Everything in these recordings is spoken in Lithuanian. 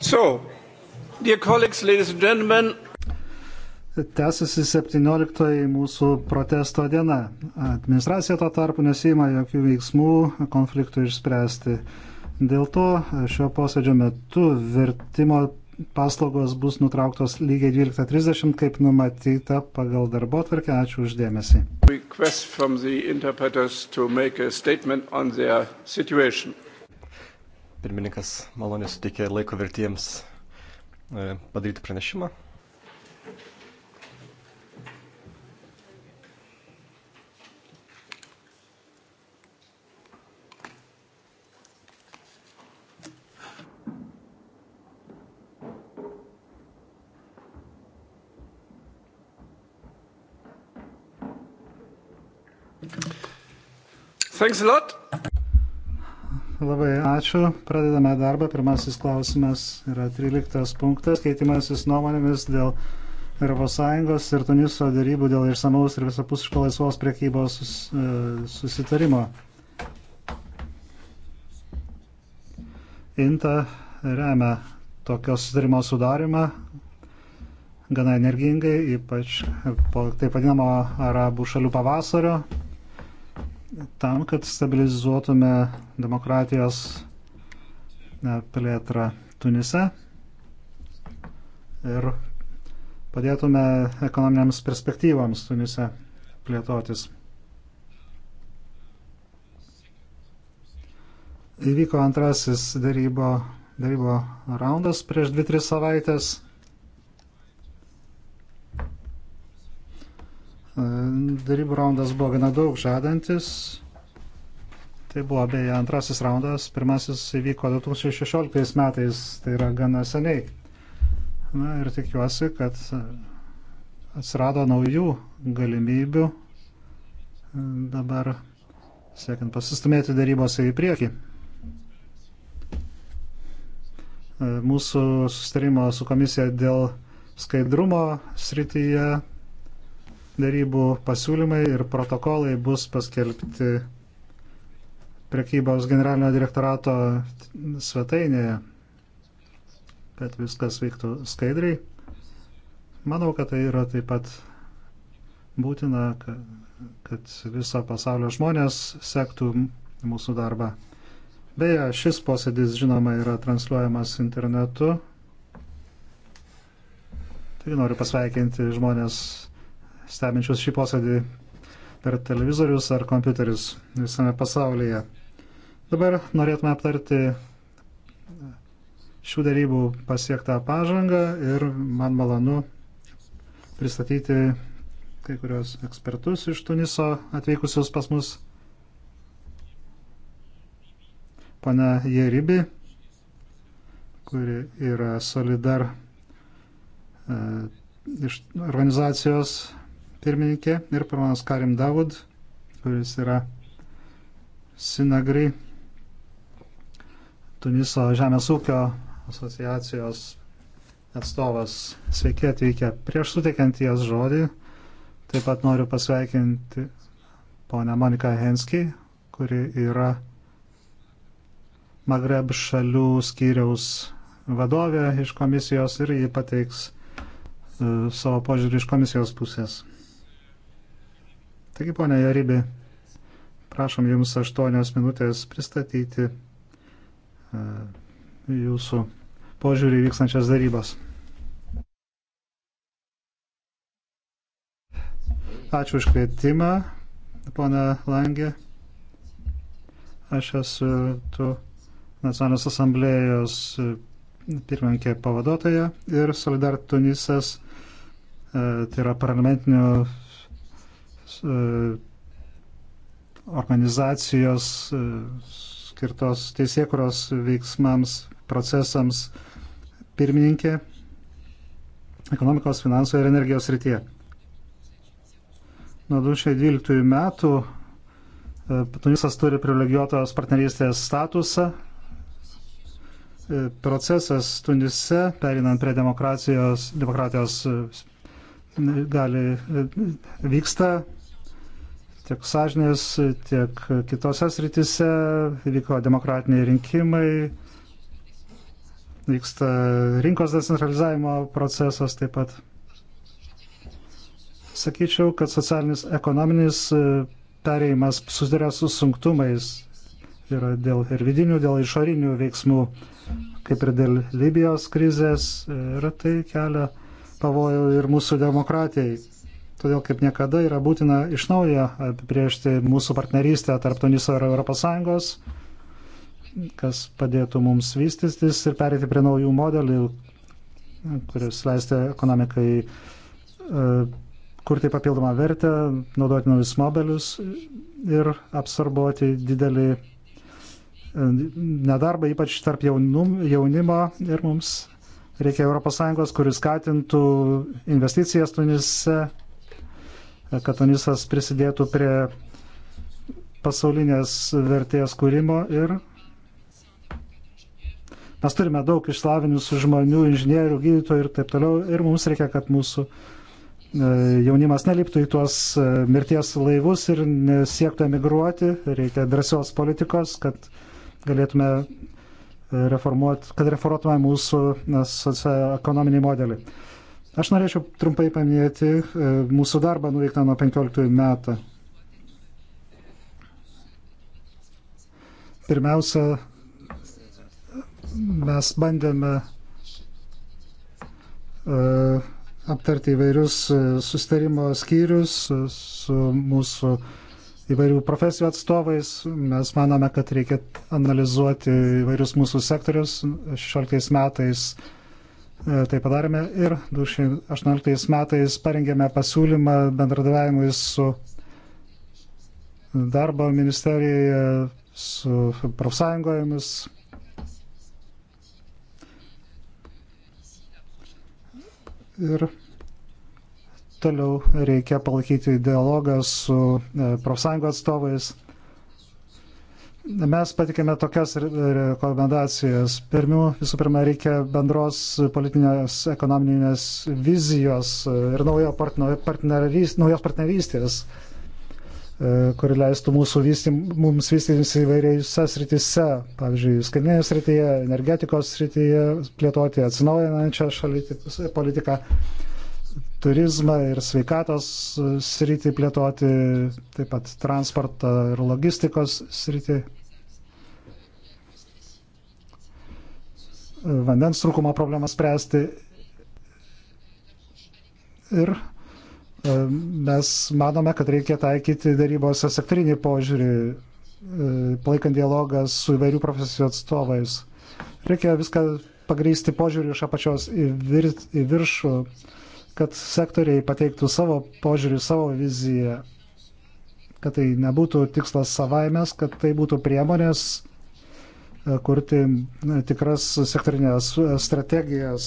So, dear colleagues, ladies and gentlemen. Tęsiasi 17 mūsų protesto diena. Administracija to tarpu nesima jokių veiksmų konfliktų išspręsti. Dėl to šio posėdžio metu vertimo paslaugos bus nutrauktos lygiai 12.30, kaip numatyta pagal darbo tvarkę. Ačiū uždėmesį. Pirmininkas malonės suteikė laiko vertėjams e, padaryti pranešimą. Thanks a lot. Labai ačiū. Pradedame darbą. Pirmasis klausimas yra 13 punktas. Keitimasis nuomonėmis dėl ES ir Tuniso darybų dėl išsamaus ir visapusiško laisvos priekybos sus, e, susitarimo. Inta remia tokio susitarimo sudarimą gana energingai, ypač po taip vadinamo arabų šalių pavasario tam, kad stabilizuotume demokratijos e, plėtrą Tunise ir padėtume ekonominiams perspektyvams Tunise plėtotis. Įvyko antrasis darybo, darybo raundas prieš 2-3 savaitės Darybų raundas buvo gana daug žadantis. Tai buvo beje antrasis raundas, pirmasis įvyko 2016 metais, tai yra gana seniai. Na ir tikiuosi, kad atsirado naujų galimybių e, dabar siekiant pasistumėti darybose į priekį. E, mūsų sustarimo su komisija dėl skaidrumo srityje darybų pasiūlymai ir protokolai bus paskelbti prekybos generalinio direktorato svetainėje, kad viskas vyktų skaidriai. Manau, kad tai yra taip pat būtina, kad viso pasaulio žmonės sektų mūsų darbą. Beje, šis posėdis, žinoma, yra transliuojamas internetu. Tai noriu pasveikinti žmonės stebinčius šį posėdį per televizorius ar kompiuterius visame pasaulyje. Dabar norėtume aptarti šių darybų pasiektą pažangą ir man malonu pristatyti kai kurios ekspertus iš Tuniso atvykusius pas mus. Pana Jeribi, kuri yra Solidar e, iš organizacijos pirmininkė ir panas Karim Davud, kuris yra Sinagri Tuniso žemės ūkio asociacijos atstovas. Sveiki atvykę. Prieš suteikiant jas žodį, taip pat noriu pasveikinti ponę Moniką Henskį, kuri yra Magreb šalių skyriaus vadovė iš komisijos ir ji pateiks e, savo požiūrį iš komisijos pusės. Taigi, ponia Jaribi, prašom Jums aštuonios minutės pristatyti e, Jūsų požiūrį vykstančias darybas. Ačiū už kvietimą, pona Langė. Aš esu tu Nacionalinės asamblėjos e, pirmininkė pavaduotoja ir Solidar Tunisas, e, tai yra parlamentinio E, organizacijos e, skirtos teisėkuros veiksmams, procesams pirmininkė ekonomikos, finansų ir energijos rytyje. Nuo 2012 metų e, Tunisas turi privilegijuotos partnerystės statusą. Procesas Tunise, perinant prie demokratijos, demokratijos gali vyksta tiek sąžinės, tiek kitose sritise vyko demokratiniai rinkimai, vyksta rinkos decentralizavimo procesas taip pat. Sakyčiau, kad socialinis ekonominis e, perėjimas susiduria su sunkumais yra dėl ir vidinių, dėl išorinių veiksmų, kaip ir dėl Libijos krizės ir e, tai kelia pavojų ir mūsų demokratijai. Todėl kaip niekada yra būtina iš naujo apibriežti mūsų partnerystę tarp Tuniso ir ES, kas padėtų mums vystytis ir perėti prie naujų modelių, kuris leistų ekonomikai e, kurti papildomą vertę, naudoti naujus modelius ir absorbuoti didelį e, nedarbą, ypač tarp jaunum, jaunimo ir mums reikia ES, kuris skatintų investicijas Tunise kad Tunisas prisidėtų prie pasaulinės vertės kūrimo ir mes turime daug išslavinusių žmonių, inžinierių, gydytojų ir taip toliau ir mums reikia, kad mūsų e, jaunimas neliptų į tuos e, mirties laivus ir siektų emigruoti, reikia drąsios politikos, kad galėtume e, reformuoti, kad reformuotume mūsų socioekonominį modelį. Aš norėčiau trumpai paminėti e, mūsų darbą nuveiktą nuo 15 metų. Pirmiausia, mes bandėme e, aptarti įvairius e, sustarimo skyrius su mūsų įvairių profesijų atstovais. Mes manome, kad reikia analizuoti įvairius mūsų sektorius. 16 metais E, tai padarėme ir 2018 metais parengėme pasiūlymą bendradavimui su darbo ministerija, su profsąjungomis. Ir toliau reikia palaikyti dialogą su e, profsąjungo atstovais. Mes patikėme tokias rekomendacijas. Pirmių, visų pirma, reikia bendros politinės, ekonominės vizijos e, ir naujo partnerys, naujos partnerystės, e, kuri leistų mūsų vystym, mums vystytis įvairiose srityse, pavyzdžiui, skaitinėje srityje, energetikos srityje, plėtoti atsinaujinančią šalį politiką turizmą ir sveikatos e, sritį plėtoti, taip pat transportą ir logistikos sritį. vandens trūkumo problemą spręsti. Ir e, mes manome, kad reikia taikyti darybose sektorinį požiūrį, e, palaikant dialogą su įvairių profesijų atstovais. Reikia viską pagrysti požiūrį iš apačios į, vir, į viršų, kad sektoriai pateiktų savo požiūrį, savo viziją, kad tai nebūtų tikslas savaimės, kad tai būtų priemonės E, kurti e, tikras sektorinės e, strategijas.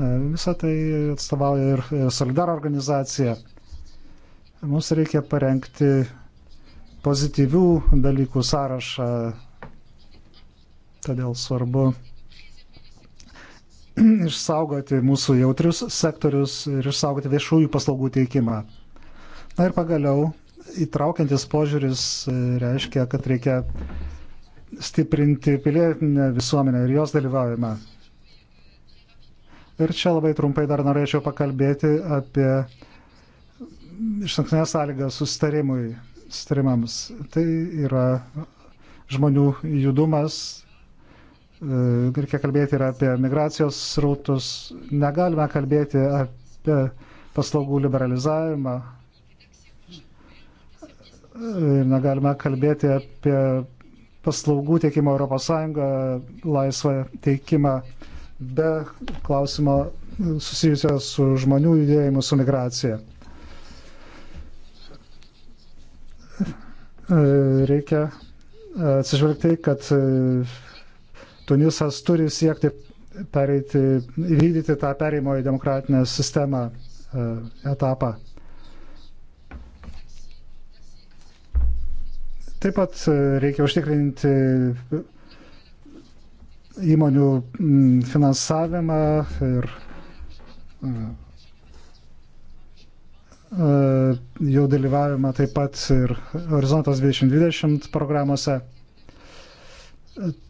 Visą tai atstovauja ir Solidar organizacija. Mums reikia parengti pozityvių dalykų sąrašą, todėl svarbu išsaugoti mūsų jautrius sektorius ir išsaugoti viešųjų paslaugų teikimą. Na ir pagaliau įtraukiantis požiūris e, reiškia, kad reikia stiprinti pilietinę visuomenę ir jos dalyvavimą. Ir čia labai trumpai dar norėčiau pakalbėti apie išankstinę sąlygą sustarimui, sustarimams. Tai yra žmonių judumas, e, reikia kalbėti ir apie migracijos srautus, negalime kalbėti apie paslaugų liberalizavimą, ir negalime kalbėti apie paslaugų teikimą ES, laisvą teikimą be klausimo susijusio su žmonių judėjimu, su migracija. Reikia atsižvelgti, kad Tunisas turi siekti pereiti, įvykdyti tą perėjimo į demokratinę sistemą e, etapą. Taip pat e, reikia užtikrinti e, įmonių finansavimą ir e, jau dalyvavimą taip pat ir Horizontas 2020 programuose.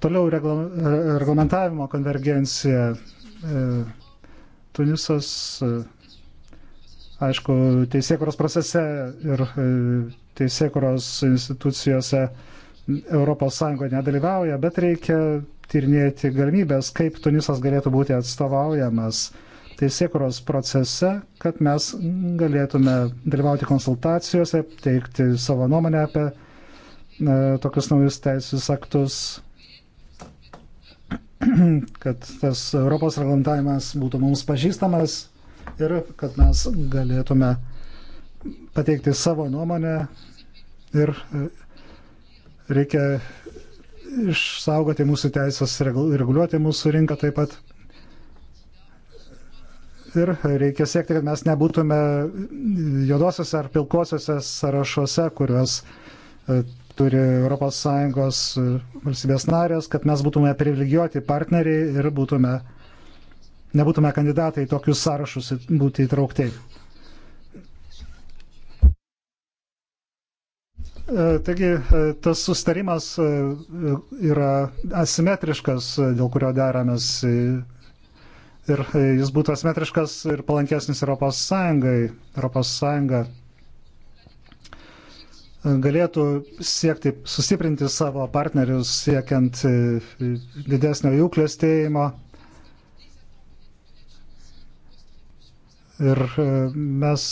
Toliau reglamentavimo konvergencija. Tunisas, aišku, teisėkuros procese ir teisėkuros institucijose ES nedalyvauja, bet reikia tyrinėti galimybės, kaip Tunisas galėtų būti atstovaujamas teisėkuros procese, kad mes galėtume dalyvauti konsultacijose, teikti savo nuomonę apie e, tokius naujus teisės aktus, kad tas Europos reglamentavimas būtų mums pažįstamas ir kad mes galėtume pateikti savo nuomonę ir e, reikia išsaugoti mūsų teisės, reguliuoti mūsų rinką taip pat. Ir reikia siekti, kad mes nebūtume juodosiuose ar pilkosiuose sąrašuose, kuriuos e, turi ES e, valstybės narės, kad mes būtume privilegijuoti partneriai ir būtume, nebūtume kandidatai į tokius sąrašus būti įtraukti. E, taigi e, tas sustarimas e, yra asimetriškas, dėl kurio deramės ir jis būtų asimetriškas ir palankesnis Europos Sąjungai. Europos Sąjunga galėtų siekti sustiprinti savo partnerius siekiant didesnio jų klėstėjimo. Ir mes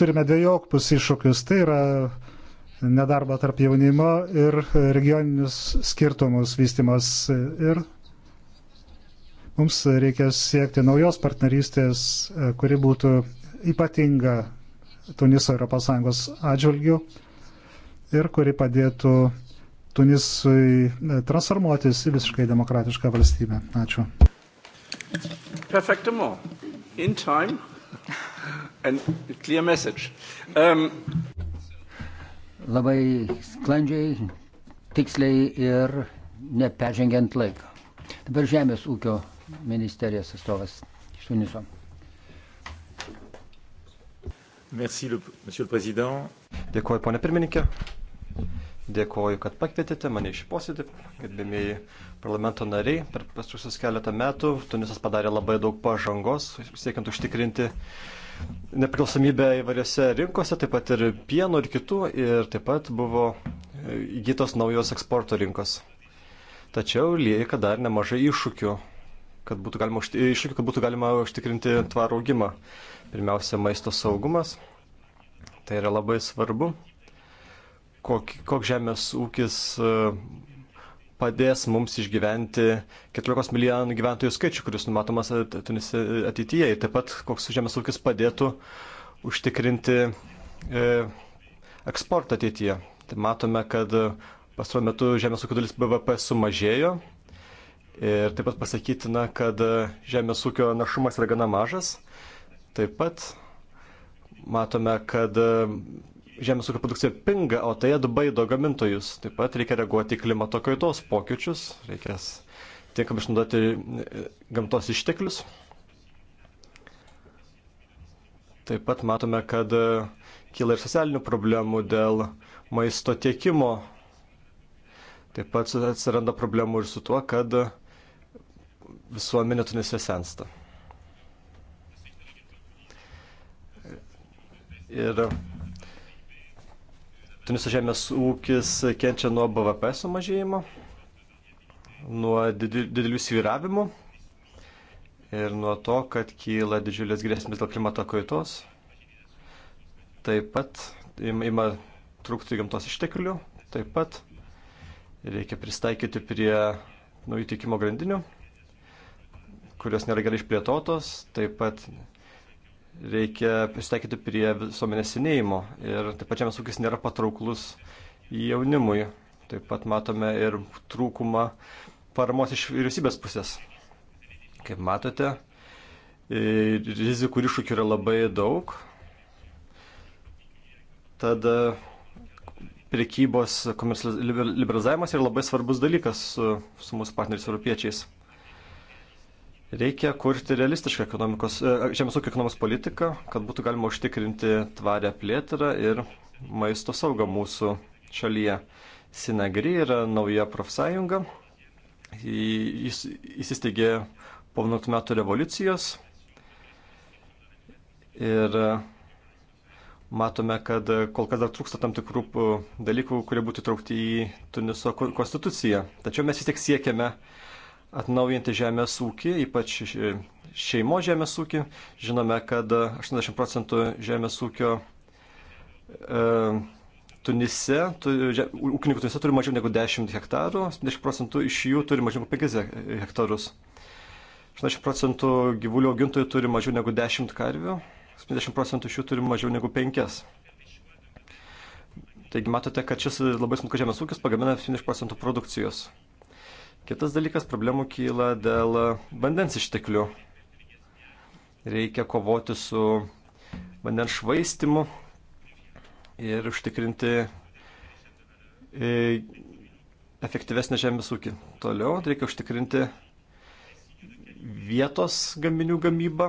turime dviejokpus iššūkius. Tai yra nedarbą tarp jaunimo ir regioninius skirtumus vystimas. Ir mums reikia siekti naujos partnerystės, kuri būtų ypatinga Tuniso ES atžvilgių ir kuri padėtų Tunisui transformuotis į visiškai demokratišką valstybę. Ačiū. Perfectamo. In time. And clear message. Um labai sklandžiai, tiksliai ir neperžengiant laiką. Dabar Žemės ūkio ministerijos atstovas iš Tuniso. Merci, le, monsieur le président. Dėkuoju, ponė pirmininkė. Dėkuoju, kad pakvietėte mane iš posėdį, gerbėmėjai parlamento nariai. Per pasusius keletą metų Tunisas padarė labai daug pažangos, siekiant užtikrinti uh, nepriklausomybę įvairiose rinkose, taip pat ir pieno ir kitų, ir taip pat buvo įgytos naujos eksporto rinkos. Tačiau lieka dar nemažai iššūkių, kad būtų galima, iššūkių, kad būtų galima užtikrinti tvarų augimą. Pirmiausia, maisto saugumas. Tai yra labai svarbu. Koks kok žemės ūkis padės mums išgyventi 14 milijonų gyventojų skaičių, kuris numatomas Tunise ateityje. Ir taip pat koks žemės ūkis padėtų užtikrinti e, eksportą ateityje. Tai matome, kad pastaruoju metu žemės ūkio dalis BVP sumažėjo. Ir taip pat pasakytina, kad žemės ūkio našumas yra gana mažas. Taip pat matome, kad žemės ūkio produkcija pinga, o tai atbaido gamintojus. Taip pat reikia reaguoti į klimato kaitos pokyčius, reikės tinkam išnaudoti e, gamtos išteklius. Taip pat matome, kad e, kyla ir socialinių problemų dėl maisto tiekimo. Taip pat atsiranda problemų ir su tuo, kad visuomenė Tunisė sensta. Ir Tuniso žemės ūkis kenčia nuo BVP sumažėjimo, nuo didelių sviravimų ir nuo to, kad kyla didžiulės grėsmės dėl klimato kaitos. Taip pat ima trūkti gamtos išteklių, taip pat reikia pristaikyti prie naujų tiekimo grandinių, kurios nėra gerai išplėtotos, taip pat reikia prisitaikyti prie visuomenės senėjimo ir taip pat žemės ūkis nėra patrauklus jaunimui. Taip pat matome ir trūkumą paramos iš vyriausybės pusės. Kaip matote, e, rizikų ir iššūkių yra labai daug. Tad prekybos liberalizavimas yra labai svarbus dalykas su, su mūsų partneriais europiečiais. Reikia kurti realistišką ekonomikos, e, žemės ūkio ekonomikos politiką, kad būtų galima užtikrinti tvarę plėtrą ir maisto saugą mūsų šalyje. Sinagri yra nauja profsąjunga. Jis įsisteigė po 19 metų revoliucijos. Ir e, matome, kad kol kas dar trūksta tam tikrų dalykų, kurie būtų traukti į Tuniso konstituciją. Tačiau mes vis tiek siekiame uh, atnaujinti žemės ūkį, ypač šeimo žemės ūkį. Žinome, kad 80 procentų žemės ūkio e, Tunise, tu, ūkininkų Tunise turi mažiau negu 10 hektarų, 70 procentų iš jų turi mažiau negu 5 hektarus. 80 procentų gyvulių augintojų turi mažiau negu 10 karvių, 70 procentų iš jų turi mažiau negu 5. Taigi matote, kad šis labai sunkus žemės ūkis pagamina 70 procentų produkcijos. Kitas dalykas - problemų kyla dėl vandens išteklių. Reikia kovoti su vandens švaistimu ir užtikrinti e, efektyvesnį žemės ūkį. Toliau reikia užtikrinti vietos gaminių gamybą,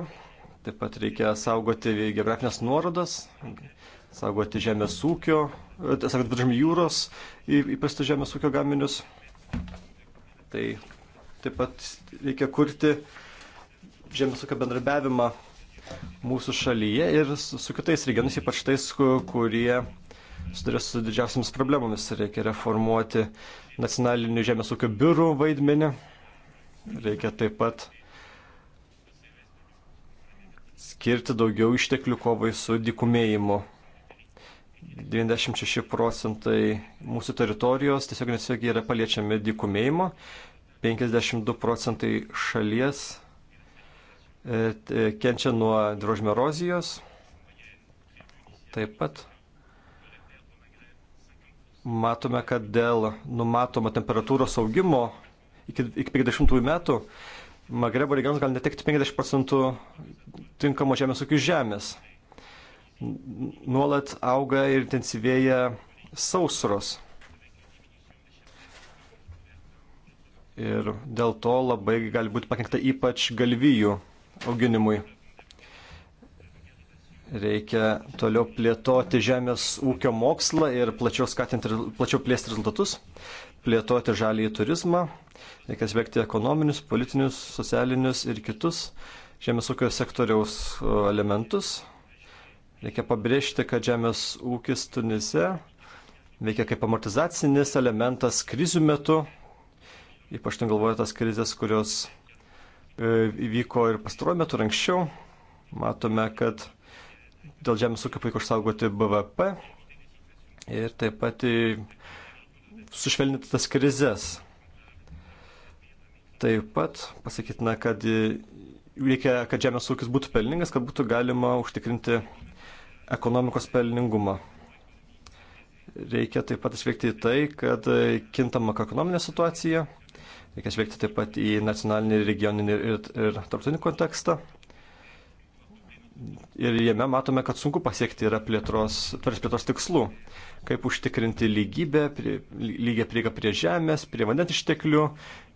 taip pat reikia saugoti geografinės nuorodas, saugoti žemės ūkio, e, saugoti viduržmį jūros įprastų žemės ūkio gaminius. Tai taip pat reikia kurti žemės ūkio bendrabiavimą mūsų šalyje ir su, su kitais regionais, ypač tais, kurie sudarė su didžiausiamis problemomis. Reikia reformuoti nacionalinių žemės ūkio biurų vaidmenį. Reikia taip pat skirti daugiau išteklių kovai su dikumėjimu 96 procentai mūsų teritorijos tiesiog nesiekiai yra paliečiami dikumėjimo, 52 procentai šalies e, kenčia nuo drožmio erozijos. Taip pat matome, kad dėl numatomo temperatūros augimo iki, iki 50 metų Magrebo regionas gali netekti 50 procentų tinkamo žemės ūkių žemės nuolat auga ir intensyvėja sausros. Ir dėl to labai gali būti pakengta ypač galvijų auginimui. Reikia toliau plėtoti žemės ūkio mokslą ir plačiau, skatinti, plačiau plėsti rezultatus, plėtoti žalį į turizmą, reikia svegti ekonominius, politinius, socialinius ir kitus žemės ūkio sektoriaus elementus, Reikia pabrėžti, kad žemės ūkis Tunise veikia kaip amortizacinis elementas krizių metu, ypač ten galvoja tas krizės, kurios e, įvyko ir pastaruoju metu ir anksčiau. Matome, kad dėl žemės ūkio pavyko išsaugoti BVP ir taip pat sušvelninti tas krizės. Taip pat pasakytina, kad e, reikia, kad žemės ūkis būtų pelningas, kad būtų galima užtikrinti ekonomikos pelningumą. Reikia taip pat išvykti į tai, kad kintama ekonominė situacija, reikia žvelgti taip pat į nacionalinį, regioninį ir, ir, ir tarptautinį kontekstą. Ir jame matome, kad sunku pasiekti yra plėtros, tvarios plėtros tikslų, kaip užtikrinti lygybę, prie, lygiai prieigą prie žemės, prie vandens išteklių,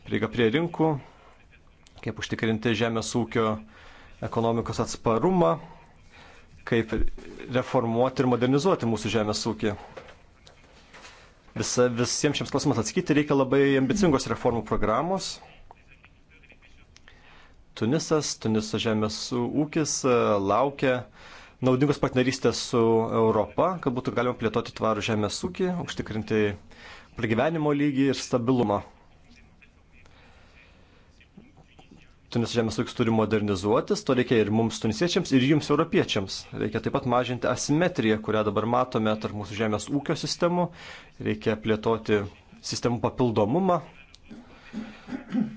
prieigą prie rinkų, kaip užtikrinti žemės ūkio ekonomikos atsparumą, kaip reformuoti ir modernizuoti mūsų žemės ūkį. Visa, visiems šiems klausimams atsakyti reikia labai ambicingos reformų programos. Tunisas, Tuniso žemės ūkis e, laukia naudingos partnerystės su Europa, kad būtų galima plėtoti tvarų žemės ūkį, užtikrinti pragyvenimo lygį ir stabilumą. Tuniso žemės ūkis turi modernizuotis, to reikia ir mums tunisiečiams, ir jums europiečiams. Reikia taip pat mažinti asimetriją, kurią dabar matome tarp mūsų žemės ūkio sistemų, reikia plėtoti sistemų papildomumą.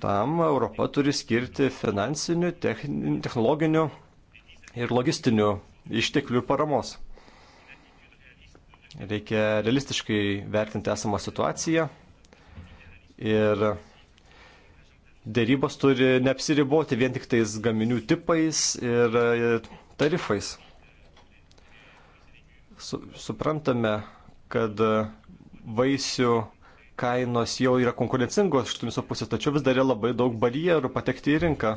Tam Europa turi skirti finansinių, technologinių ir logistinių išteklių paramos. Reikia realistiškai vertinti esamą situaciją ir dėrybos turi neapsiriboti vien tik tais gaminių tipais ir e, tarifais. Su, suprantame, kad vaisių kainos jau yra konkurencingos iš tumiso pusės, tačiau vis dar yra labai daug barjerų patekti į rinką.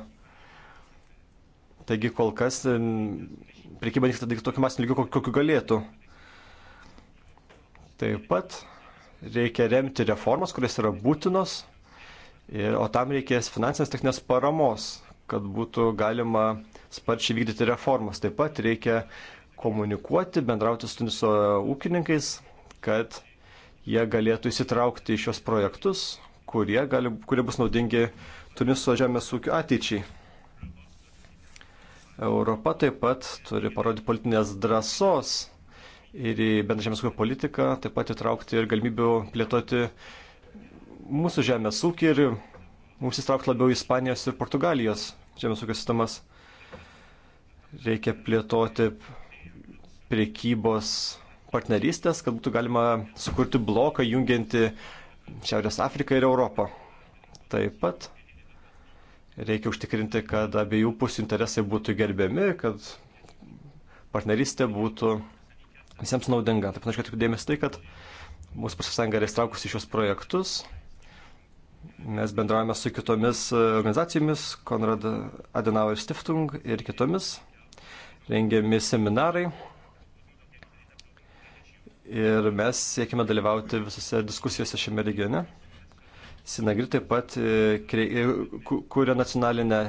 Taigi kol kas prekyba vyksta tik tokiu masiniu lygiu, kokiu galėtų. Taip pat reikia remti reformas, kurios yra būtinos Ir, o tam reikės finansinės techninės paramos, kad būtų galima sparčiai vykdyti reformas. Taip pat reikia komunikuoti, bendrauti su Tuniso ūkininkais, kad jie galėtų įsitraukti į šios projektus, kurie, gali, kurie bus naudingi Tuniso žemės ūkio ateičiai. Europa taip pat turi parodyti politinės drąsos ir į bendrą žemės ūkio politiką taip pat įtraukti ir galimybių plėtoti mūsų žemės ūkį ir mums įstraukti labiau Ispanijos ir Portugalijos žemės ūkio sistemas. Reikia plėtoti priekybos partnerystės, kad būtų galima sukurti bloką jungianti Šiaurės Afriką ir Europą. Taip pat reikia užtikrinti, kad abiejų pusių interesai būtų gerbiami, kad partnerystė būtų visiems naudinga. Taip pat aš atkreipiu dėmesį tai, kad mūsų profsąjunga yra įstraukusi šios projektus Mes bendraujame su kitomis e, organizacijomis, Konrad Adenauer Stiftung ir kitomis. Rengiami seminarai. Ir mes siekime dalyvauti visose diskusijose šiame regione. Sinagri taip pat e, kūrė e, nacionalinę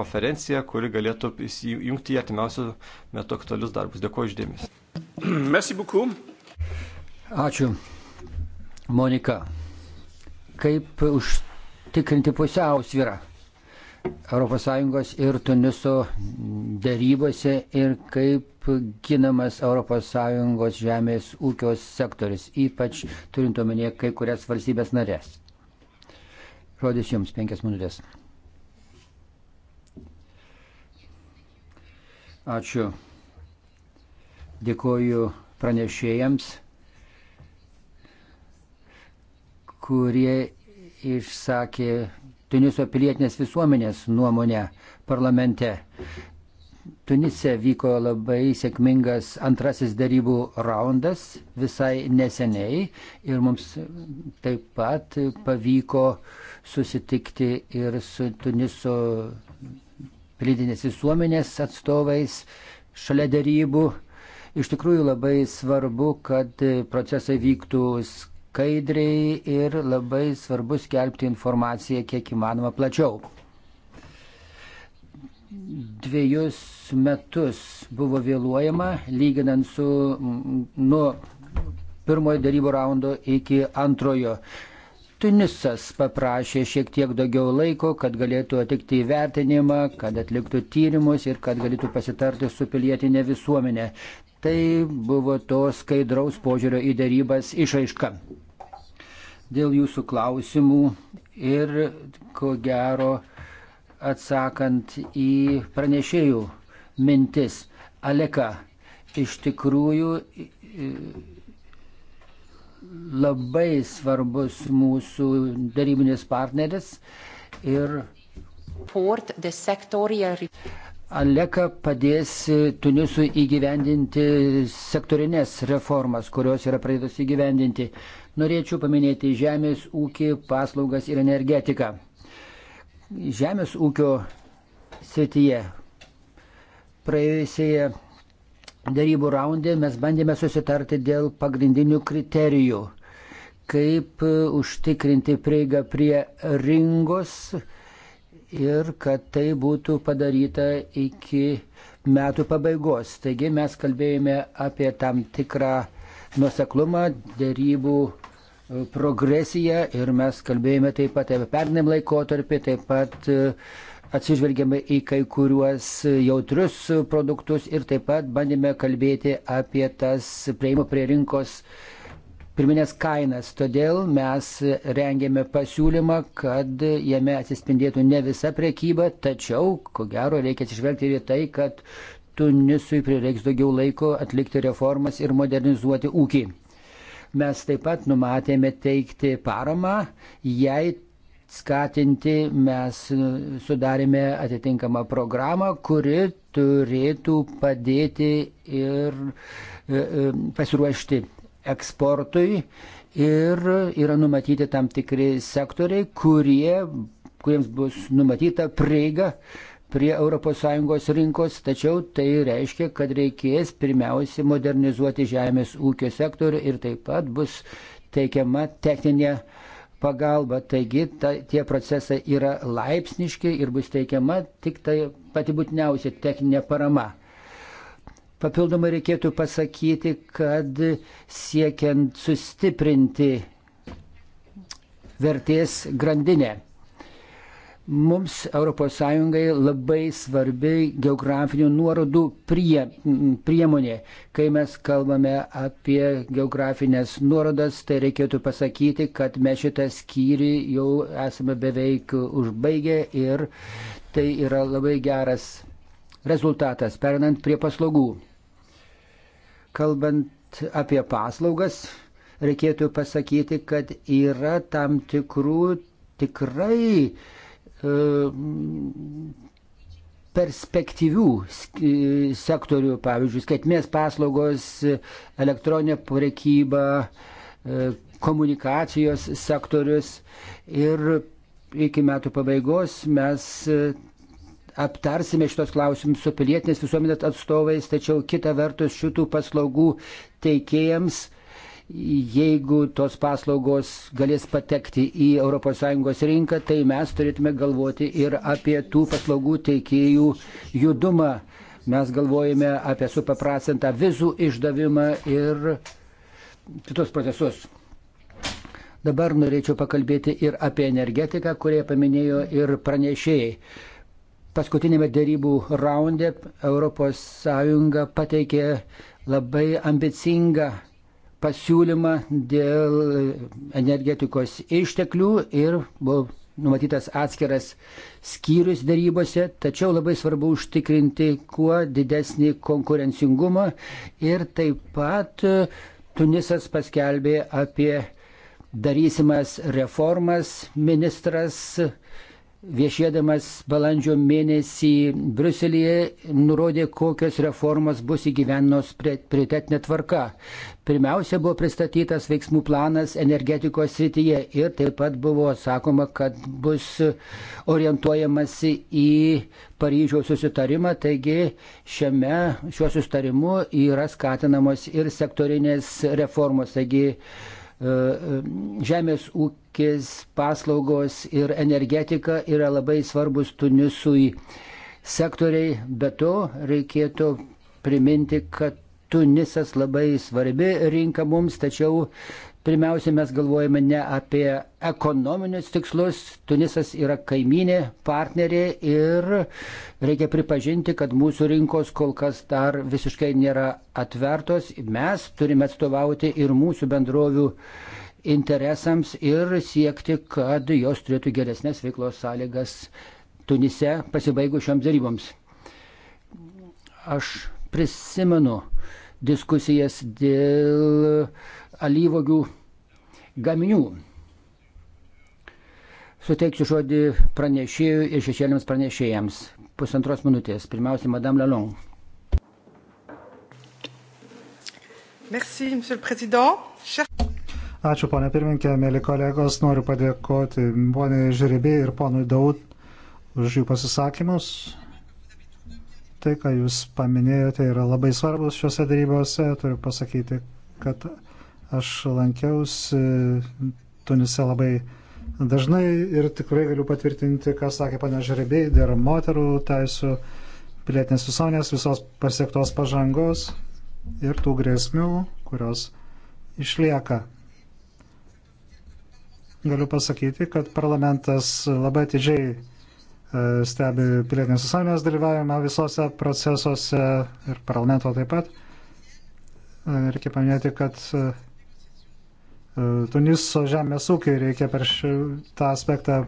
konferenciją, kuri galėtų įjungti į artimiausių metų aktualius darbus. Dėkuoju uždėmesi. Merci beaucoup. Ačiū. Monika kaip užtikrinti pusiausvyrą ES ir Tuniso dėrybose ir kaip ginamas ES žemės ūkio sektoris, ypač turint omenyje kai kurias valstybės narės. Rodys Jums penkias minutės. Ačiū. Dėkoju pranešėjams. kurie išsakė Tuniso pilietinės visuomenės nuomonę parlamente. Tunise vyko labai sėkmingas antrasis darybų raundas visai neseniai ir mums taip pat pavyko susitikti ir su Tuniso pilietinės visuomenės atstovais šalia darybų. Iš tikrųjų labai svarbu, kad procesai vyktų skaitmenai skaidriai ir labai svarbu skelbti informaciją kiek įmanoma plačiau. Dviejus metus buvo vėluojama, lyginant su mm, nuo pirmojo darybų raundo iki antrojo. Tunisas paprašė šiek tiek daugiau laiko, kad galėtų atlikti įvertinimą, kad atliktų tyrimus ir kad galėtų pasitarti su pilietinė visuomenė. Tai buvo to skaidraus požiūrio į darybas išaiška dėl jūsų klausimų ir ko gero atsakant į pranešėjų mintis. Aleka, iš tikrųjų labai svarbus mūsų darybinis partneris ir Aleka padės Tunisui įgyvendinti sektorinės reformas, kurios yra pradėtos įgyvendinti. Norėčiau paminėti žemės ūkį, paslaugas ir energetiką. Žemės ūkio srityje praėjusioje darybų raundė mes bandėme susitarti dėl pagrindinių kriterijų, kaip užtikrinti prieigą prie rinkos ir kad tai būtų padaryta iki metų pabaigos. Taigi mes kalbėjome apie tam tikrą nuseklumą, dėrybų e, progresiją ir mes kalbėjome taip pat apie pernėm laikotarpį, taip pat e, atsižvelgėme į kai kuriuos jautrius produktus ir taip pat bandėme kalbėti apie tas prieimo prie rinkos pirminės kainas. Todėl mes rengėme pasiūlymą, kad jame atsispindėtų ne visa priekyba, tačiau, ko gero, reikia atsižvelgti ir į tai, kad Tunisui prireiks daugiau laiko atlikti reformas ir modernizuoti ūkį. Mes taip pat numatėme teikti paramą, jei skatinti mes sudarėme atitinkamą programą, kuri turėtų padėti ir e, e, pasiruošti eksportui ir yra numatyti tam tikri sektoriai, kurie, kuriems bus numatyta prieiga prie ES rinkos, tačiau tai reiškia, kad reikės pirmiausia modernizuoti žemės ūkio sektorių ir taip pat bus teikiama techninė pagalba. Taigi ta, tie procesai yra laipsniški ir bus teikiama tik tai pati būtiniausia techninė parama. Papildomai reikėtų pasakyti, kad siekiant sustiprinti vertės grandinę Mums ES labai svarbi geografinių nuorodų prie, priemonė. Kai mes kalbame apie geografinės nuorodas, tai reikėtų pasakyti, kad mes šitą skyrių jau esame beveik užbaigę ir tai yra labai geras rezultatas, perinant prie paslaugų. Kalbant apie paslaugas, reikėtų pasakyti, kad yra tam tikrų tikrai E, perspektyvių e, sektorių, pavyzdžiui, skaitmės paslaugos, elektroninė prekyba, e, komunikacijos sektorius ir iki metų pabaigos mes aptarsime šitos klausimus su pilietinės visuomenės atstovais, tačiau kita vertus šitų paslaugų teikėjams jeigu tos paslaugos galės patekti į ES rinką, tai mes turėtume galvoti ir apie tų paslaugų teikėjų judumą. Mes galvojame apie supaprastintą vizų išdavimą ir kitus procesus. Dabar norėčiau pakalbėti ir apie energetiką, kurie paminėjo ir pranešėjai. Paskutinėme dėrybų raunde ES pateikė labai ambicingą pasiūlymą dėl energetikos išteklių ir buvo numatytas atskiras skyrius darybose, tačiau labai svarbu užtikrinti kuo didesnį konkurencingumą ir taip pat e, Tunisas paskelbė apie darysimas reformas, ministras viešėdamas balandžio mėnesį Bruselėje nurodė, kokios reformos bus įgyvenos prioritetinė tvarka. Pirmiausia buvo pristatytas veiksmų planas energetikos srityje ir taip pat buvo sakoma, kad bus orientuojamasi į Paryžiaus susitarimą, taigi šiame, šiuo susitarimu yra skatinamos ir sektorinės reformos. Taigi, e, e, Žemės ūkio poveikis, paslaugos ir energetika yra labai svarbus Tunisui sektoriai. Be to reikėtų priminti, kad Tunisas labai svarbi rinka mums, tačiau pirmiausia mes galvojame ne apie ekonominius tikslus. Tunisas yra kaiminė, partnerė ir reikia pripažinti, kad mūsų rinkos kol kas dar visiškai nėra atvertos. Mes turime atstovauti ir mūsų bendrovių interesams ir siekti, kad jos turėtų geresnės veiklos sąlygas Tunise pasibaigus šioms daryboms. Aš prisimenu diskusijas dėl alyvogių gaminių. Suteiksiu žodį pranešėjų ir šešėliams pranešėjams. Pusantros minutės. Pirmiausia, Madame Lalong. Merci, Monsieur le Président. Cher... Ačiū, ponė pirminkė, mėly kolegos, noriu padėkoti poniai Žiribė ir ponui Daud už jų pasisakymus. Tai, ką jūs paminėjote, yra labai svarbus šiuose darybose. Turiu pasakyti, kad aš lankiausi Tunise labai dažnai ir tikrai galiu patvirtinti, ką sakė ponia Žiribė, dėl moterų teisų, pilietinės visuomenės, visos pasiektos pažangos ir tų grėsmių, kurios išlieka galiu pasakyti, kad parlamentas labai atidžiai e, stebi pilietinės visuomenės dalyvavimą visose procesuose ir parlamento taip pat. E, reikia paminėti, kad e, Tuniso žemės ūkiai reikia per šitą aspektą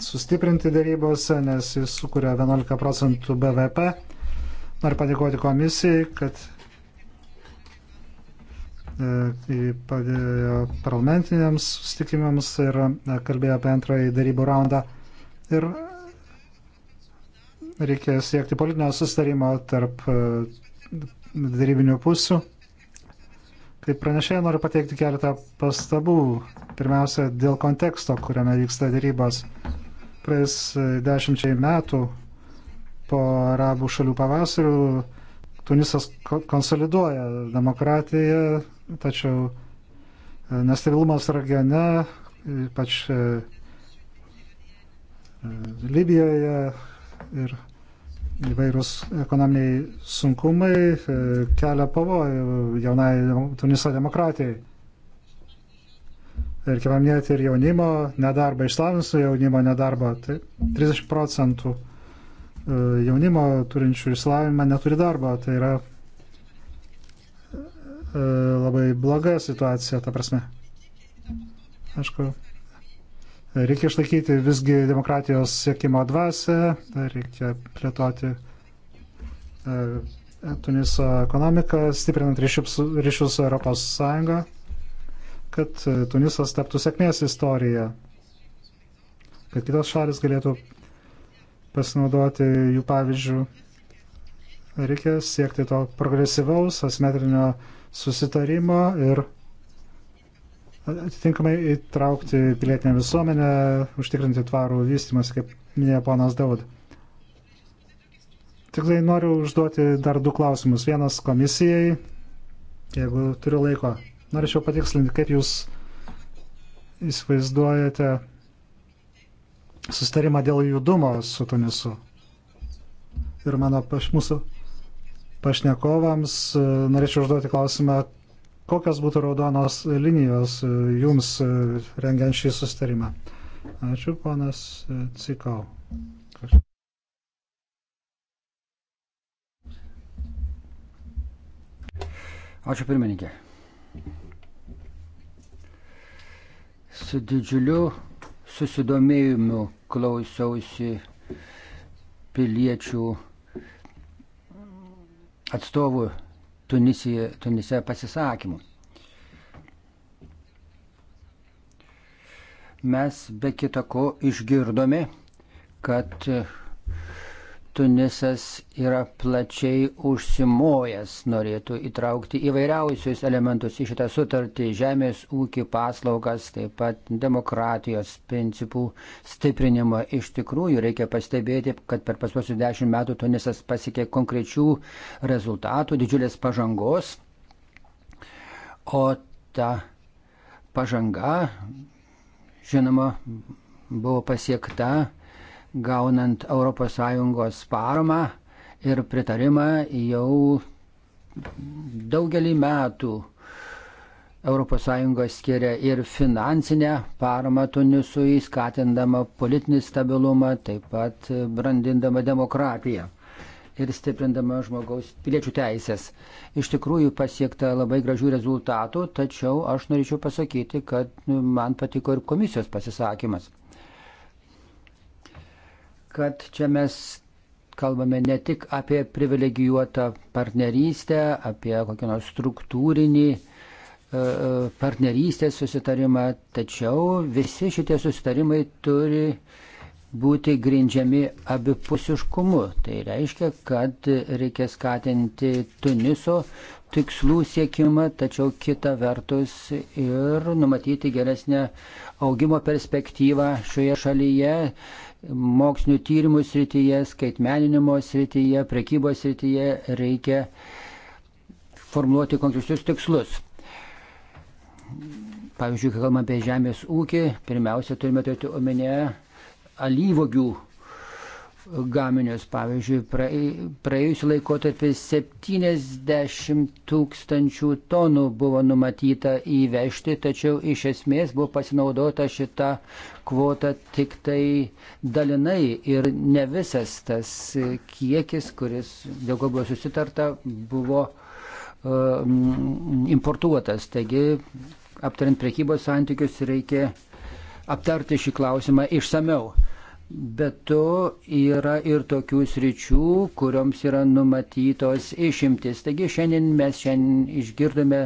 sustiprinti darybose, nes jis sukuria 11 procentų BVP. Noriu padėkoti komisijai, kad E, tai padėjo parlamentiniams sustikimams ir e, kalbėjo apie antrąjį darybų raundą. Ir reikia siekti politinio sustarimo tarp e, darybinių pusių. Kaip pranešėjai noriu pateikti keletą pastabų. Pirmiausia, dėl konteksto, kuriame vyksta darybos. Praėjus dešimčiai metų po arabų šalių pavasarių Tunisas konsoliduoja demokratiją, tačiau e, nestabilumas regione, ypač e, e, Libijoje ir įvairūs ekonominiai sunkumai kelia pavojų jaunai Tuniso demokratijai. Reikia paminėti ir jaunimo nedarbą, išslavinusių jaunimo nedarbą, tai 30 procentų E, jaunimo turinčių išsilavimą neturi darbo. Tai yra e, labai bloga situacija, ta prasme. Aišku, reikia išlaikyti visgi demokratijos siekimo dvasę, reikia plėtoti e, Tuniso ekonomiką, stiprinant ryšius, ryšius su Europos Sąjunga, kad Tunisas taptų sėkmės istorija, kad kitos šalis galėtų pasinaudoti jų pavyzdžių. Reikia siekti to progresyvaus asmetrinio susitarimo ir atitinkamai įtraukti pilietinę visuomenę, užtikrinti tvarų vystimas, kaip minėjo ponas Daud. Tik tai noriu užduoti dar du klausimus. Vienas komisijai, jeigu turiu laiko. Norėčiau patikslinti, kaip jūs įsivaizduojate sustarimą dėl judumo su Tunisu. Ir mano paš, mūsų pašnekovams e, norėčiau užduoti klausimą, kokios būtų raudonos linijos e, jums e, rengiant šį sustarimą. Ačiū, ponas Cikau. Ačiū pirmininkė. Su didžiuliu susidomėjimu klausiausi piliečių atstovų Tunisija, Tunise pasisakymų. Mes be kitako išgirdome, kad Tunisas yra plačiai užsimojęs, norėtų įtraukti įvairiausius elementus į šitą sutartį - žemės ūkį, paslaugas, taip pat demokratijos principų stiprinimą. Iš tikrųjų, reikia pastebėti, kad per pasvosius dešimt metų Tunisas pasiekė konkrečių rezultatų, didžiulės pažangos. O ta pažanga, žinoma, buvo pasiekta gaunant ES paramą ir pritarimą jau daugelį metų. ES skiria ir finansinę paramą Tunisui, skatindama politinį stabilumą, taip pat brandindama demokratiją ir stiprindama žmogaus piliečių teisės. Iš tikrųjų pasiekta labai gražių rezultatų, tačiau aš norėčiau pasakyti, kad man patiko ir komisijos pasisakymas kad čia mes kalbame ne tik apie privilegijuotą partnerystę, apie kokį nors struktūrinį e, e, partnerystės susitarimą, tačiau visi šitie susitarimai turi būti grindžiami abipusiškumu. Tai reiškia, kad reikia skatinti Tuniso tikslų siekimą, tačiau kita vertus ir numatyti geresnę augimo perspektyvą šioje šalyje, mokslinių tyrimų srityje, skaitmeninimo srityje, prekybos srityje reikia formuluoti konkrečius tikslus. Pavyzdžiui, kai kalbame apie žemės ūkį, pirmiausia turime turėti omenyje alyvogių gaminius. Pavyzdžiui, praėjusiu laikotarpį 70 tūkstančių tonų buvo numatyta įvežti, tačiau iš esmės buvo pasinaudota šita kvota tik tai dalinai ir ne visas tas kiekis, kuris dėl ko buvo susitarta, buvo um, importuotas. Taigi, aptariant prekybos santykius, reikia aptarti šį klausimą išsameu. Bet to yra ir tokių sričių, kurioms yra numatytos išimtis. Taigi šiandien mes šiandien išgirdome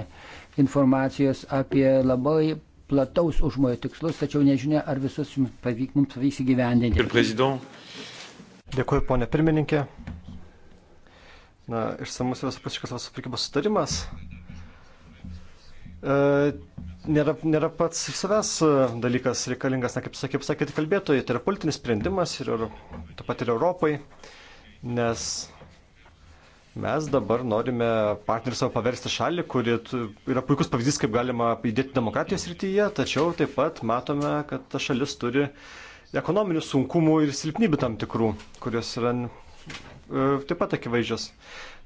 informacijos apie labai plataus užmojo tikslus, tačiau nežinia, ar visus pavyk, mums pavyks įgyvendinti. Dėkuoju, ponė pirmininkė. Na, išsamus visapusiškas vasaros prekybos sutarimas E, nėra, nėra pats savęs e, dalykas reikalingas, na, kaip, kaip sakėte kalbėtojai, tai yra politinis sprendimas ir, ir taip pat ir Europai, nes mes dabar norime partnerį savo paversti šalį, kuri yra puikus pavyzdys, kaip galima įdėti demokratijos rytyje, tačiau taip pat matome, kad ta šalis turi ekonominių sunkumų ir silpnybių tam tikrų, kurios yra e, taip pat akivaizdžios.